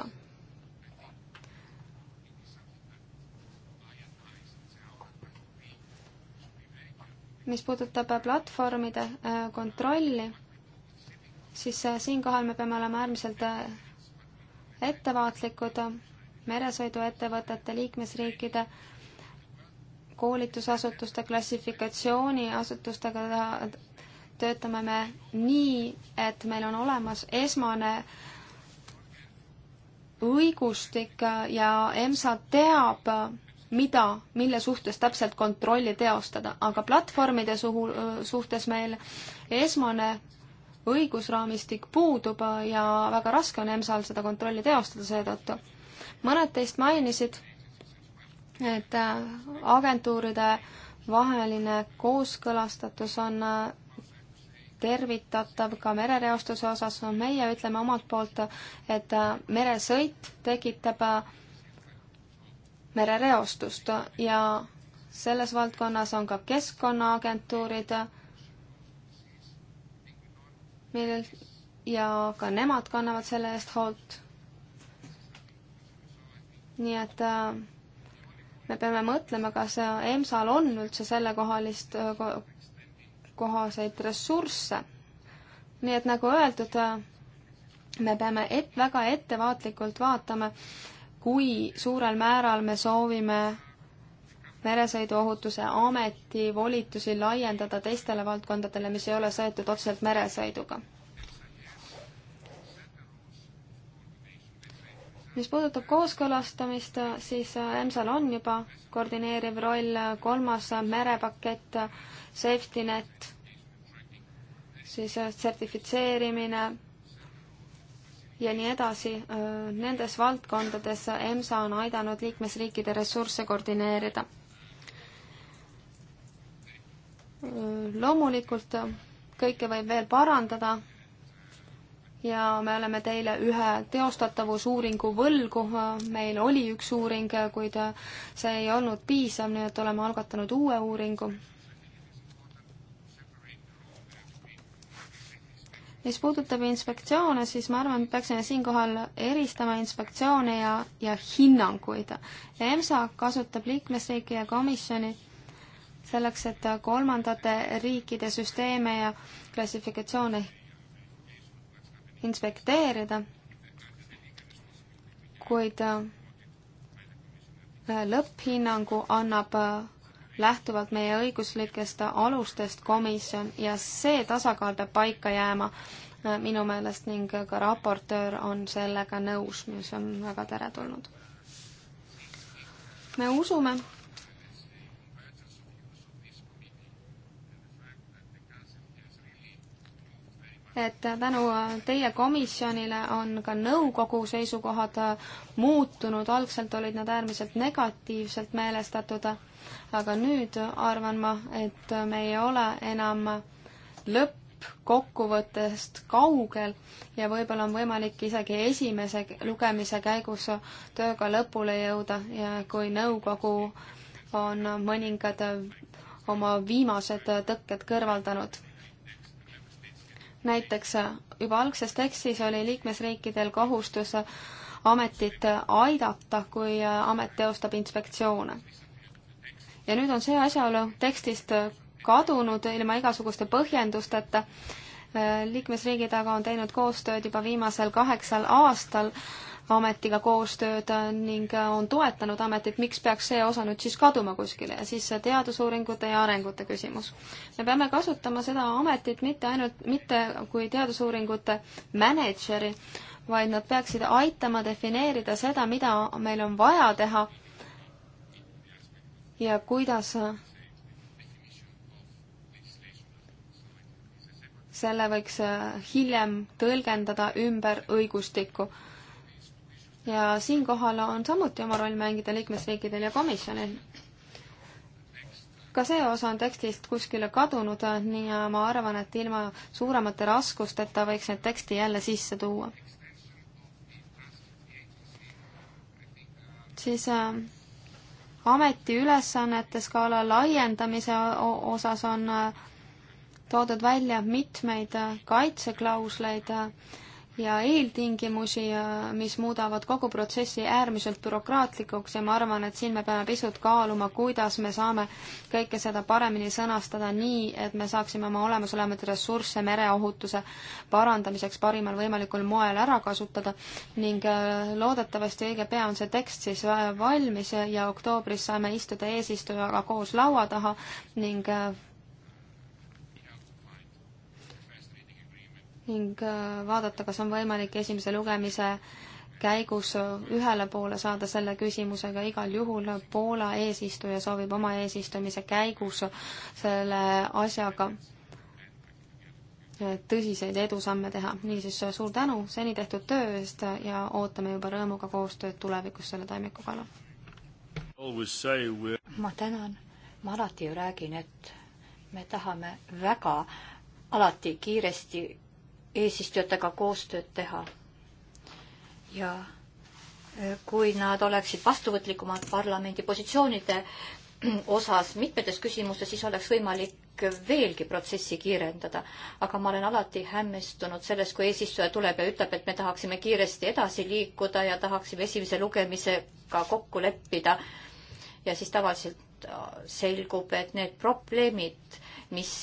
mis puudutab äh, platvormide äh, kontrolli, siis siinkohal me peame olema äärmiselt ettevaatlikud meresõiduettevõtete liikmesriikide koolitusasutuste klassifikatsiooniasutustega töötame me nii, et meil on olemas esmane õigustik ja EMSA teab, mida, mille suhtes täpselt kontrolli teostada, aga platvormide suhu, suhtes meil esmane õigusraamistik puudub ja väga raske on EMSA-l seda kontrolli teostada seetõttu. mõned teist mainisid et äh, agentuuride vaheline kooskõlastatus on äh, tervitatav ka merereostuse osas, meie ütleme omalt poolt, et äh, meresõit tekitab merereostust ja selles valdkonnas on ka keskkonnaagentuurid, millel ja ka nemad kannavad selle eest hoolt. nii et äh, me peame mõtlema, kas EMSA-l on üldse sellekohalist, äh, kohaseid ressursse. nii et nagu öeldud, äh, me peame et-, väga ettevaatlikult vaatama, kui suurel määral me soovime meresõiduohutuse ameti volitusi laiendada teistele valdkondadele, mis ei ole seotud otseselt meresõiduga mis puudutab kooskõlastamist, siis äh, EMSA-l on juba koordineeriv roll, äh, kolmas äh, merepakett, safety net, siis sertifitseerimine ja nii edasi. Nendes valdkondades EMSA on aidanud liikmesriikide ressursse koordineerida. loomulikult kõike võib veel parandada ja me oleme teile ühe teostatavusuuringu võlgu, meil oli üks uuring, kuid see ei olnud piisav, nii et oleme algatanud uue uuringu. mis puudutab inspektsioone, siis ma arvan, et peaksime siinkohal eristama inspektsioone ja, ja hinnanguid. EMSA kasutab liikmesriiki ja komisjoni selleks, et kolmandate riikide süsteeme ja klassifikatsioone inspekteerida, kuid äh, lõpphinnangu annab äh, lähtuvalt meie õiguslikest alustest komisjon ja see tasakaal peab paika jääma äh, minu meelest ning ka raportöör on sellega nõus, mis on väga teretulnud. me usume, et tänu teie komisjonile on ka nõukogu seisukohad muutunud, algselt olid nad äärmiselt negatiivselt meelestatud, aga nüüd arvan ma, et me ei ole enam lõppkokkuvõttest kaugel ja võib-olla on võimalik isegi esimese lugemise käigus tööga lõpule jõuda ja kui nõukogu on mõningad oma viimased tõkked kõrvaldanud näiteks äh, juba algses tekstis oli liikmesriikidel kohustus äh, ametit äh, aidata, kui amet teostab inspektsioone. ja nüüd on see asjaolu tekstist kadunud ilma igasuguste põhjendusteta. liikmesriigid aga on teinud koostööd juba viimasel kaheksal aastal ametiga koostööd ning on toetanud ametit, miks peaks see osa nüüd siis kaduma kuskile ja siis teadusuuringute ja arengute küsimus. me peame kasutama seda ametit mitte ainult, mitte kui teadusuuringute mänedžeri, vaid nad peaksid aitama defineerida seda, mida meil on vaja teha ja kuidas selle võiks hiljem tõlgendada ümber õigustikku ja siinkohal on samuti oma roll mängida liikmesriikidel ja komisjonil. ka see osa on tekstist kuskile kadunud, nii ja ma arvan, et ilma suuremate raskusteta võiks need teksti jälle sisse tuua. siis äh, ametiülesannete skaala laiendamise osas on äh, toodud välja mitmeid äh, kaitseklausleid äh, ja eeltingimusi, mis muudavad kogu protsessi äärmiselt bürokraatlikuks ja ma arvan, et siin me peame pisut kaaluma, kuidas me saame kõike seda paremini sõnastada nii, et me saaksime oma olemasolevaid ressursse mereohutuse parandamiseks parimal võimalikul moel ära kasutada ning äh, loodetavasti õige pea on see tekst siis äh, valmis ja oktoobris saame istuda eesistujaga koos laua taha ning äh, ning äh, vaadata, kas on võimalik esimese lugemise käigus ühele poole saada selle küsimusega igal juhul. Poola eesistuja soovib oma eesistumise käigus selle asjaga äh, tõsiseid edusamme teha. niisiis äh, suur tänu seni tehtud töö eest ja ootame juba rõõmuga koostööd tulevikus selle taimiku kallal. ma tänan. ma alati ju räägin, et me tahame väga alati kiiresti eesistujatega koostööd teha. ja eh, kui nad oleksid vastuvõtlikumad parlamendi positsioonide osas mitmetes küsimustes, siis oleks võimalik veelgi protsessi kiirendada. aga ma olen alati hämmestunud sellest, kui eesistuja tuleb ja ütleb, et me tahaksime kiiresti edasi liikuda ja tahaksime esimese lugemisega kokku leppida. ja siis tavaliselt äh, selgub, et need probleemid, mis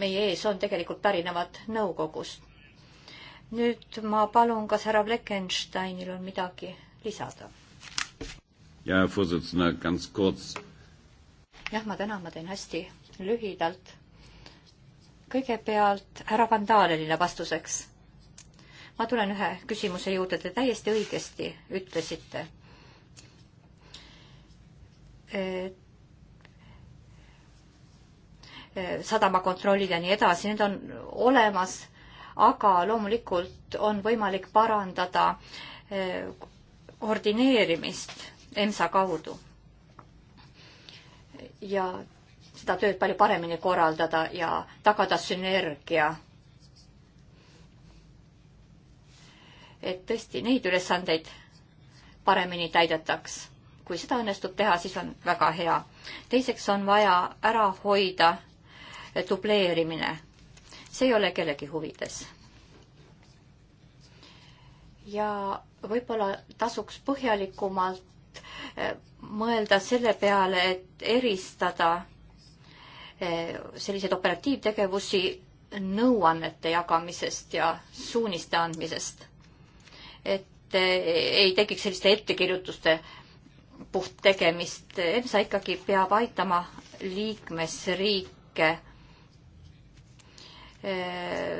meie ees on, tegelikult pärinevad nõukogust. nüüd ma palun, kas härra Fleckensteinil on midagi lisada? jah, ma tänan, ma teen hästi lühidalt. kõigepealt härra Vandaalenile vastuseks. ma tulen ühe küsimuse juurde, te täiesti õigesti ütlesite, et Eh, sadamakontrollid ja nii edasi, need on olemas, aga loomulikult on võimalik parandada eh, koordineerimist EMSA kaudu. ja seda tööd palju paremini korraldada ja tagada sünergia. et tõesti neid ülesandeid paremini täidetaks. kui seda õnnestub teha, siis on väga hea. teiseks on vaja ära hoida dubleerimine. see ei ole kellegi huvides. ja võib-olla tasuks põhjalikumalt eh, mõelda selle peale, et eristada eh, selliseid operatiivtegevusi nõuannete jagamisest ja suuniste andmisest. et eh, ei tekiks selliste ettekirjutuste puht tegemist, EMSA ikkagi peab aitama liikmesriike Äh,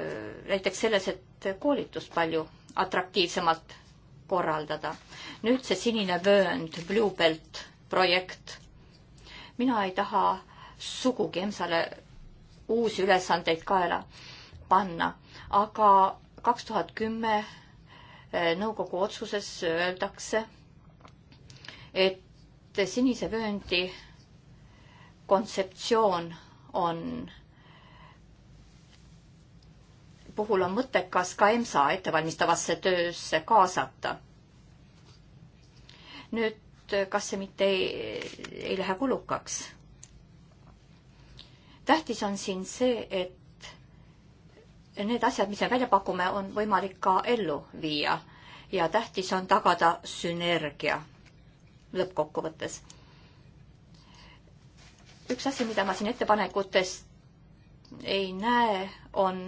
näiteks selles, et koolitust palju atraktiivsemalt korraldada. nüüd see sinine vöönd, Blue Belt projekt. mina ei taha sugugi EMSA-le uusi ülesandeid kaela panna, aga kaks tuhat kümme äh, nõukogu otsuses öeldakse, et sinise vööndi kontseptsioon on puhul on mõttekas ka EMSA ettevalmistavasse töösse kaasata. nüüd, kas see mitte ei, ei lähe kulukaks? tähtis on siin see, et need asjad, mis me välja pakume, on võimalik ka ellu viia ja tähtis on tagada sünergia lõppkokkuvõttes. üks asi, mida ma siin ettepanekutest ei näe, on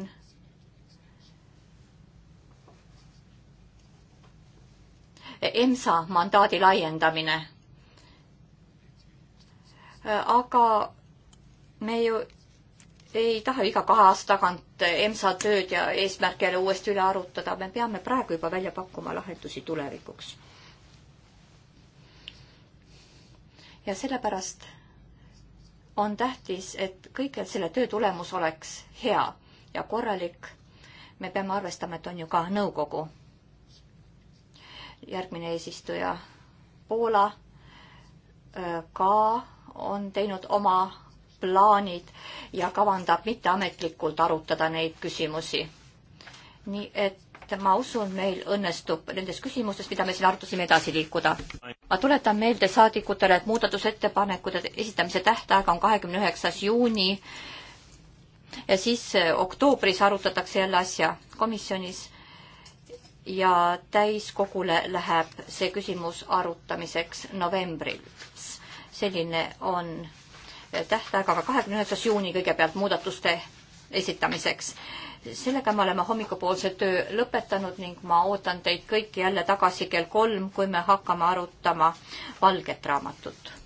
EMSA mandaadi laiendamine. aga me ju ei taha iga kahe aasta tagant EMSA tööd ja eesmärke jälle uuesti üle arutada, me peame praegu juba välja pakkuma lahendusi tulevikuks. ja sellepärast on tähtis, et kõigil selle töö tulemus oleks hea ja korralik. me peame arvestama, et on ju ka nõukogu järgmine eesistuja Poola äh, ka on teinud oma plaanid ja kavandab mitteametlikult arutada neid küsimusi. nii et ma usun, meil õnnestub nendes küsimustes, mida me siin arutasime, edasi liikuda. ma tuletan meelde saadikutele, et muudatusettepanekute esitamise tähtaeg on kahekümne üheksas juuni ja siis äh, oktoobris arutatakse jälle asja komisjonis ja täiskogule läheb see küsimus arutamiseks novembriks. selline on tähtaeg, aga kahekümne üheksas juuni kõigepealt muudatuste esitamiseks. sellega me oleme hommikupoolse töö lõpetanud ning ma ootan teid kõiki jälle tagasi kell kolm, kui me hakkame arutama valget raamatut